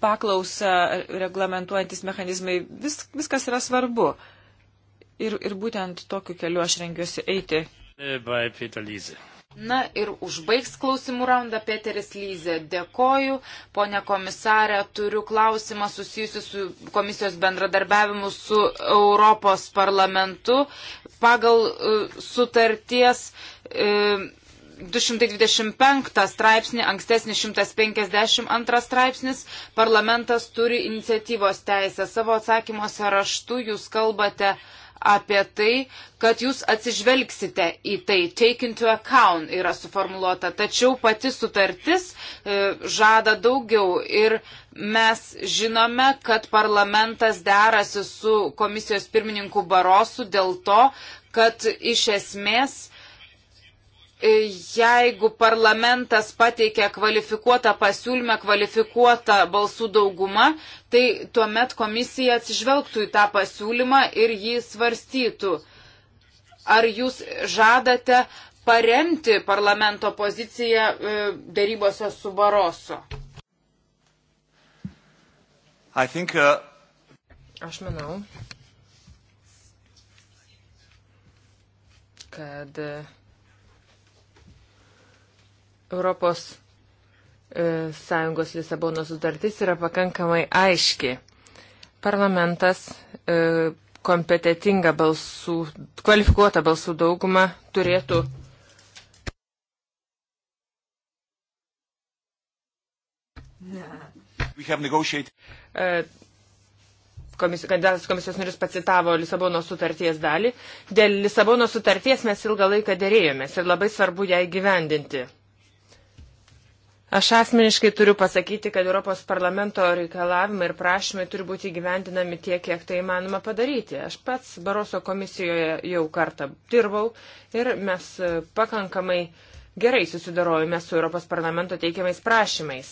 paklausą reglamentuojantis mechanizmai, vis, viskas yra svarbu. Ir, ir būtent tokiu keliu aš rengiuosi eiti. E, Na ir užbaigs klausimų raundą Peteris Lyzė. Dėkoju. Pone komisarė, turiu klausimą susijusiu su komisijos bendradarbiavimu su Europos parlamentu. Pagal uh, sutarties. Uh, 225 straipsnį, ankstesnis 152 straipsnis, parlamentas turi iniciatyvos teisę. Savo atsakymuose raštu jūs kalbate apie tai, kad jūs atsižvelgsite į tai, take into account yra suformuoluota, tačiau pati sutartis e, žada daugiau ir mes žinome, kad parlamentas derasi su komisijos pirmininku Barosu dėl to, kad iš esmės jeigu parlamentas pateikia kvalifikuotą pasiūlymą, kvalifikuotą balsų daugumą, tai tuomet komisija atsižvelgtų į tą pasiūlymą ir jį svarstytų. Ar jūs žadate paremti parlamento poziciją e, darybose su Baroso? I think, uh... Aš manau, kad uh, Europos e, Sąjungos Lisabonos sutartis yra pakankamai aiški. Parlamentas e, kompetitinga balsų, kvalifikuota balsų dauguma turėtų e, Komis, kandidatas komisijos narius pacitavo Lisabono sutarties dalį. Dėl Lisabono sutarties mes ilgą laiką dėrėjomės ir labai svarbu ją įgyvendinti. Aš asmeniškai turiu pasakyti, kad Europos parlamento reikalavimai ir prašymai turi būti gyvendinami tiek, kiek tai įmanoma padaryti. Aš pats Baroso komisijoje jau kartą dirbau ir mes pakankamai gerai susidarojame su Europos parlamento teikiamais prašymais.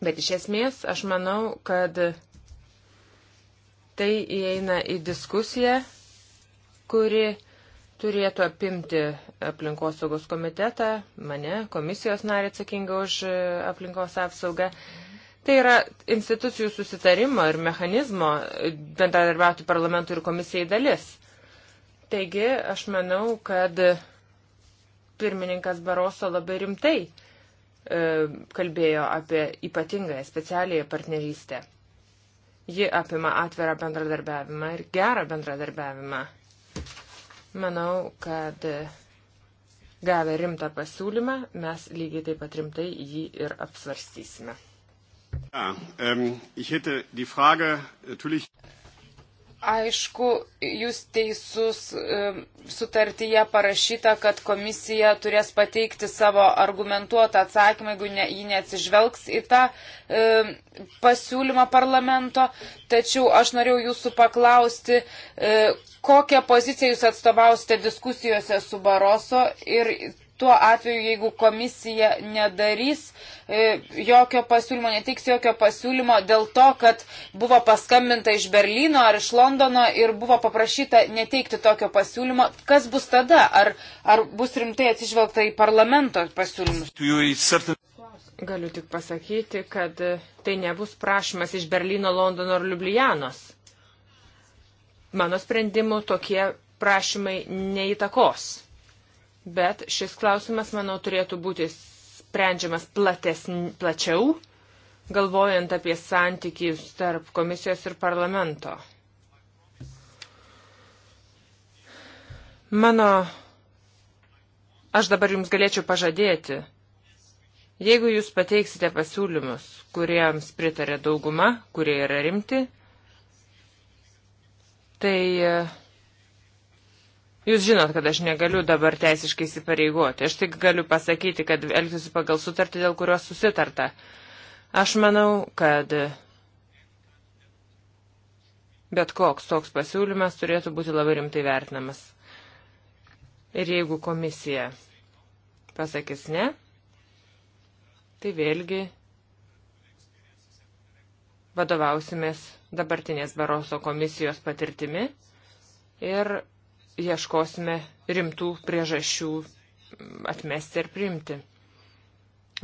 Bet iš esmės aš manau, kad tai įeina į diskusiją, kuri turėtų apimti aplinkosaugos komitetą, mane, komisijos narį atsakingą už aplinkos apsaugą. Tai yra institucijų susitarimo ir mechanizmo bendradarbiauti parlamentui ir komisijai dalis. Taigi, aš manau, kad pirmininkas Baroso labai rimtai e, kalbėjo apie ypatingąją specialiąją partnerystę. Ji apima atvirą bendradarbiavimą ir gerą bendradarbiavimą Manau, kad gavę rimtą pasiūlymą, mes lygiai taip pat rimtai jį ir apsvarstysime. Ja, ähm, ich hätte die Frage äh, natürlich aišku, jūs teisus e, sutartyje parašyta, kad komisija turės pateikti savo argumentuotą atsakymą, jeigu ne, ji neatsižvelgs į tą e, pasiūlymą parlamento. Tačiau aš norėjau jūsų paklausti, e, kokią poziciją jūs atstovausite diskusijose su Baroso ir tuo atveju, jeigu komisija nedarys e, jokio pasiūlymo, neteiks jokio pasiūlymo dėl to, kad buvo paskambinta iš Berlyno ar iš Londono ir buvo paprašyta neteikti tokio pasiūlymo, kas bus tada? Ar, ar bus rimtai atsižvelgta į parlamento pasiūlymus? Galiu tik pasakyti, kad tai nebus prašymas iš Berlyno, Londono ar Liublianos. Mano sprendimu tokie prašymai neįtakos bet šis klausimas, manau, turėtų būti sprendžiamas platesn, plačiau, galvojant apie santykį tarp komisijos ir parlamento. Mano, aš dabar jums galėčiau pažadėti, jeigu jūs pateiksite pasiūlymus, kuriems pritarė dauguma, kurie yra rimti, tai uh, Jūs žinot, kad aš negaliu dabar teisiškai įsipareigoti. Aš tik galiu pasakyti, kad elgsiuosi pagal sutartį, dėl kurios susitarta. Aš manau, kad bet koks toks pasiūlymas turėtų būti labai rimtai vertinamas. Ir jeigu komisija pasakys ne, tai vėlgi vadovausimės dabartinės Baroso komisijos patirtimi ir ieškosime rimtų priežasčių atmesti ar priimti.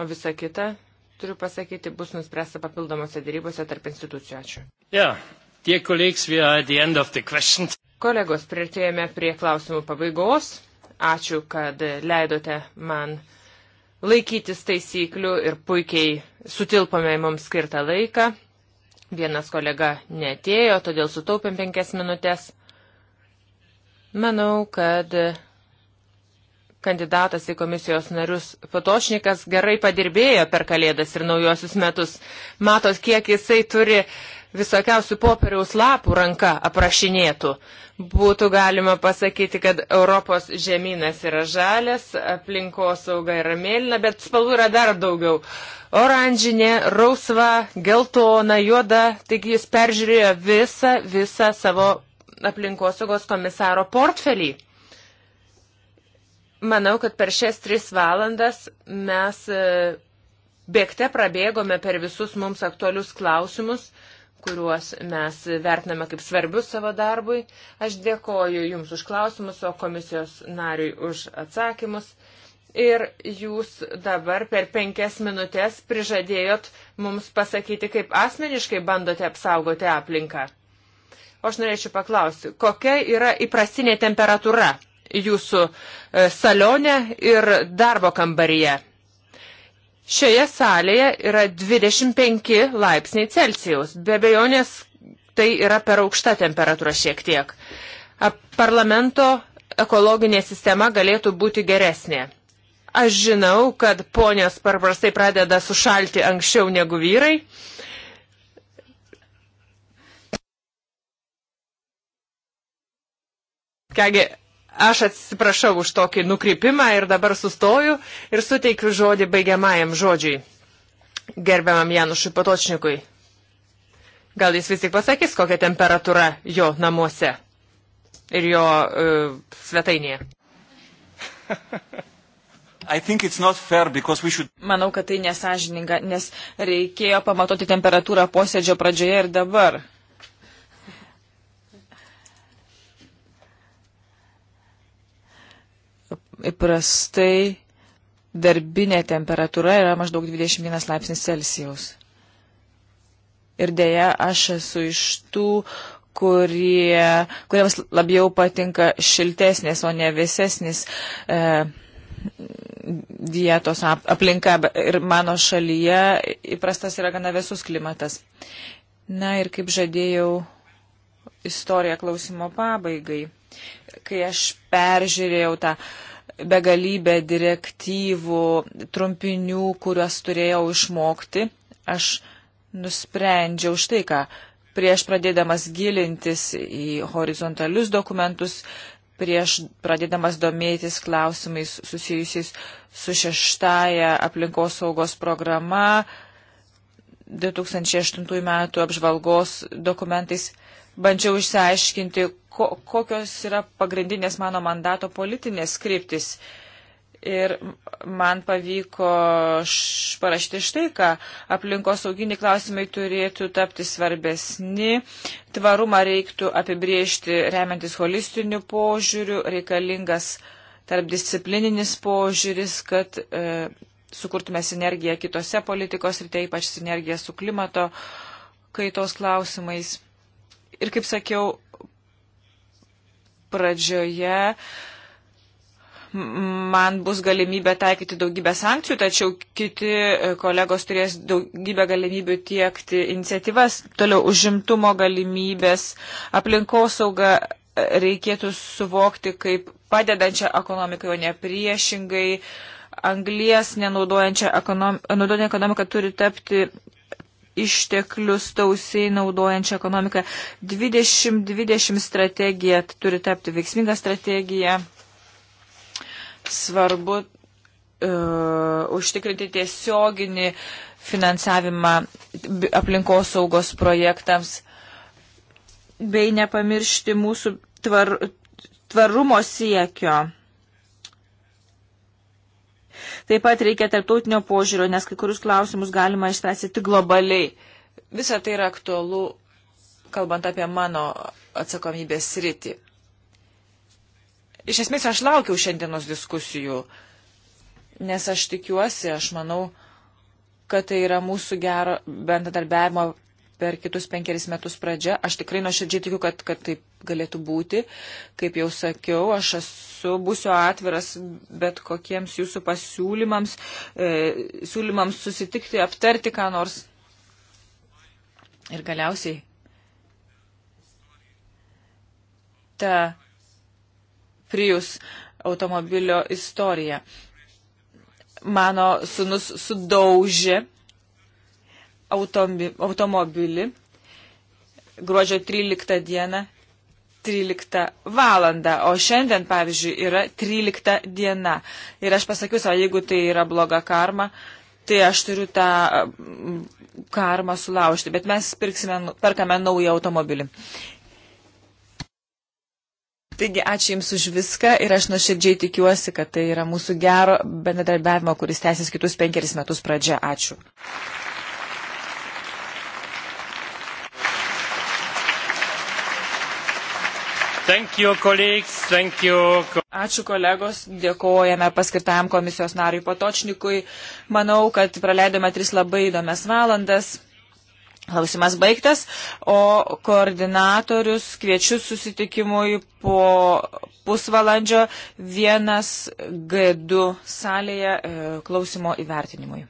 O visa kita, turiu pasakyti, bus nuspręsta papildomose dėrybose tarp institucijų. Ačiū. Yeah. Kolegos, prieartėjome prie klausimų pabaigos. Ačiū, kad leidote man laikytis taisyklių ir puikiai sutilpome į mums skirtą laiką. Vienas kolega netėjo, todėl sutaupėm penkias minutės. Manau, kad kandidatas į komisijos narius Patošnikas gerai padirbėjo per Kalėdas ir naujosius metus. Matot, kiek jisai turi visokiausių popieriaus lapų ranka aprašinėtų. Būtų galima pasakyti, kad Europos žemynas yra žalias, aplinkosauga yra mėlyna, bet spalvų yra dar daugiau. Oranžinė, rausva, geltona, juoda, taigi jis peržiūrėjo visą, visą savo aplinkosaugos komisaro portfelį. Manau, kad per šias tris valandas mes e, bėgte prabėgome per visus mums aktualius klausimus, kuriuos mes vertiname kaip svarbius savo darbui. Aš dėkoju Jums už klausimus, o komisijos nariui už atsakymus. Ir jūs dabar per penkias minutės prižadėjot mums pasakyti, kaip asmeniškai bandote apsaugoti aplinką. Aš norėčiau paklausti, kokia yra įprastinė temperatūra jūsų e, salone ir darbo kambaryje? Šioje salėje yra 25 laipsniai Celsijaus. Be bejonės tai yra per aukšta temperatūra šiek tiek. Parlamento ekologinė sistema galėtų būti geresnė. Aš žinau, kad ponios paprastai pradeda sušalti anksčiau negu vyrai. Uh, Kągi, aš atsiprašau už tokį nukrypimą ir dabar sustoju ir suteikiu žodį baigiamajam žodžiui. Gerbiamam Janušui Patočnikui. Gal jis vis tik pasakys, kokia temperatūra jo namuose ir jo uh, svetainėje. Fair, should... Manau, kad tai nesažininga, nes reikėjo pamatoti temperatūrą posėdžio pradžioje ir dabar. įprastai darbinė temperatūra yra maždaug 21 laipsnis Celsijaus. Ir dėja, aš esu iš tų, kurie, kuriems labiau patinka šiltesnės, o ne vėsesnis e, dietos aplinka. Ir mano šalyje įprastas yra gana vėsus klimatas. Na ir kaip žadėjau istoriją klausimo pabaigai, kai aš peržiūrėjau tą. Ta begalybę direktyvų, trumpinių, kuriuos turėjau išmokti, aš nusprendžiau štai ką. Prieš pradėdamas gilintis į horizontalius dokumentus, prieš pradėdamas domėtis klausimais susijusiais su šeštaja aplinkos saugos programa, 2008 metų apžvalgos dokumentais, bandžiau išsiaiškinti, ko, kokios yra pagrindinės mano mandato politinės kryptis. Ir man pavyko parašyti štai, ką aplinkosauginį klausimai turėtų tapti svarbesni, tvarumą reiktų apibriežti remiantis holistiniu požiūriu, reikalingas tarpdisciplininis požiūris, kad e, sukurtume sinergiją kitose politikos ir tai ypač sinergiją su klimato kaitos klausimais. Ir kaip sakiau, pradžioje man bus galimybė taikyti daugybę sankcijų, tačiau kiti e, kolegos turės daugybę galimybių tiekti iniciatyvas, toliau užimtumo galimybės, aplinkosaugą e, reikėtų suvokti kaip padedančią ekonomiką, o ne priešingai. Anglijas nenaudojančią ekonom... ekonomiką turi tapti išteklius tausiai naudojančią ekonomiką. 2020 strategija turi tapti veiksminga strategija. Svarbu uh, užtikrinti tiesioginį finansavimą aplinkos saugos projektams bei nepamiršti mūsų tvar, tvarumo siekio. Taip pat reikia tarptautinio požiūrio, nes kai kurius klausimus galima išspręsti tik globaliai. Visa tai yra aktualu, kalbant apie mano atsakomybės sritį. Iš esmės aš laukiau šiandienos diskusijų, nes aš tikiuosi, aš manau, kad tai yra mūsų gero bendradarbiavimo per kitus penkeris metus pradžia. Aš tikrai nuoširdžiai tikiu, kad, kad taip galėtų būti. Kaip jau sakiau, aš esu, būsiu atviras bet kokiems jūsų pasiūlymams, e, siūlymams susitikti, aptarti ką nors. Ir galiausiai ta Prius automobilio istorija. Mano sunus sudaužė automobilį gruodžio 13 dieną 13 valandą, o šiandien, pavyzdžiui, yra 13 diena. Ir aš pasakiau savo, jeigu tai yra bloga karma, tai aš turiu tą mm, karmą sulaužti, bet mes pirksime, perkame naują automobilį. Taigi, ačiū Jums už viską ir aš nuoširdžiai tikiuosi, kad tai yra mūsų gero bendradarbiavimo, kuris tęsis kitus penkeris metus pradžia. Ačiū. You, Ačiū kolegos, dėkojame paskirtajam komisijos nariui Patočnikui. Manau, kad praleidome tris labai įdomias valandas. Klausimas baigtas, o koordinatorius kviečiu susitikimui po pusvalandžio vienas G2 salėje e, klausimo įvertinimui.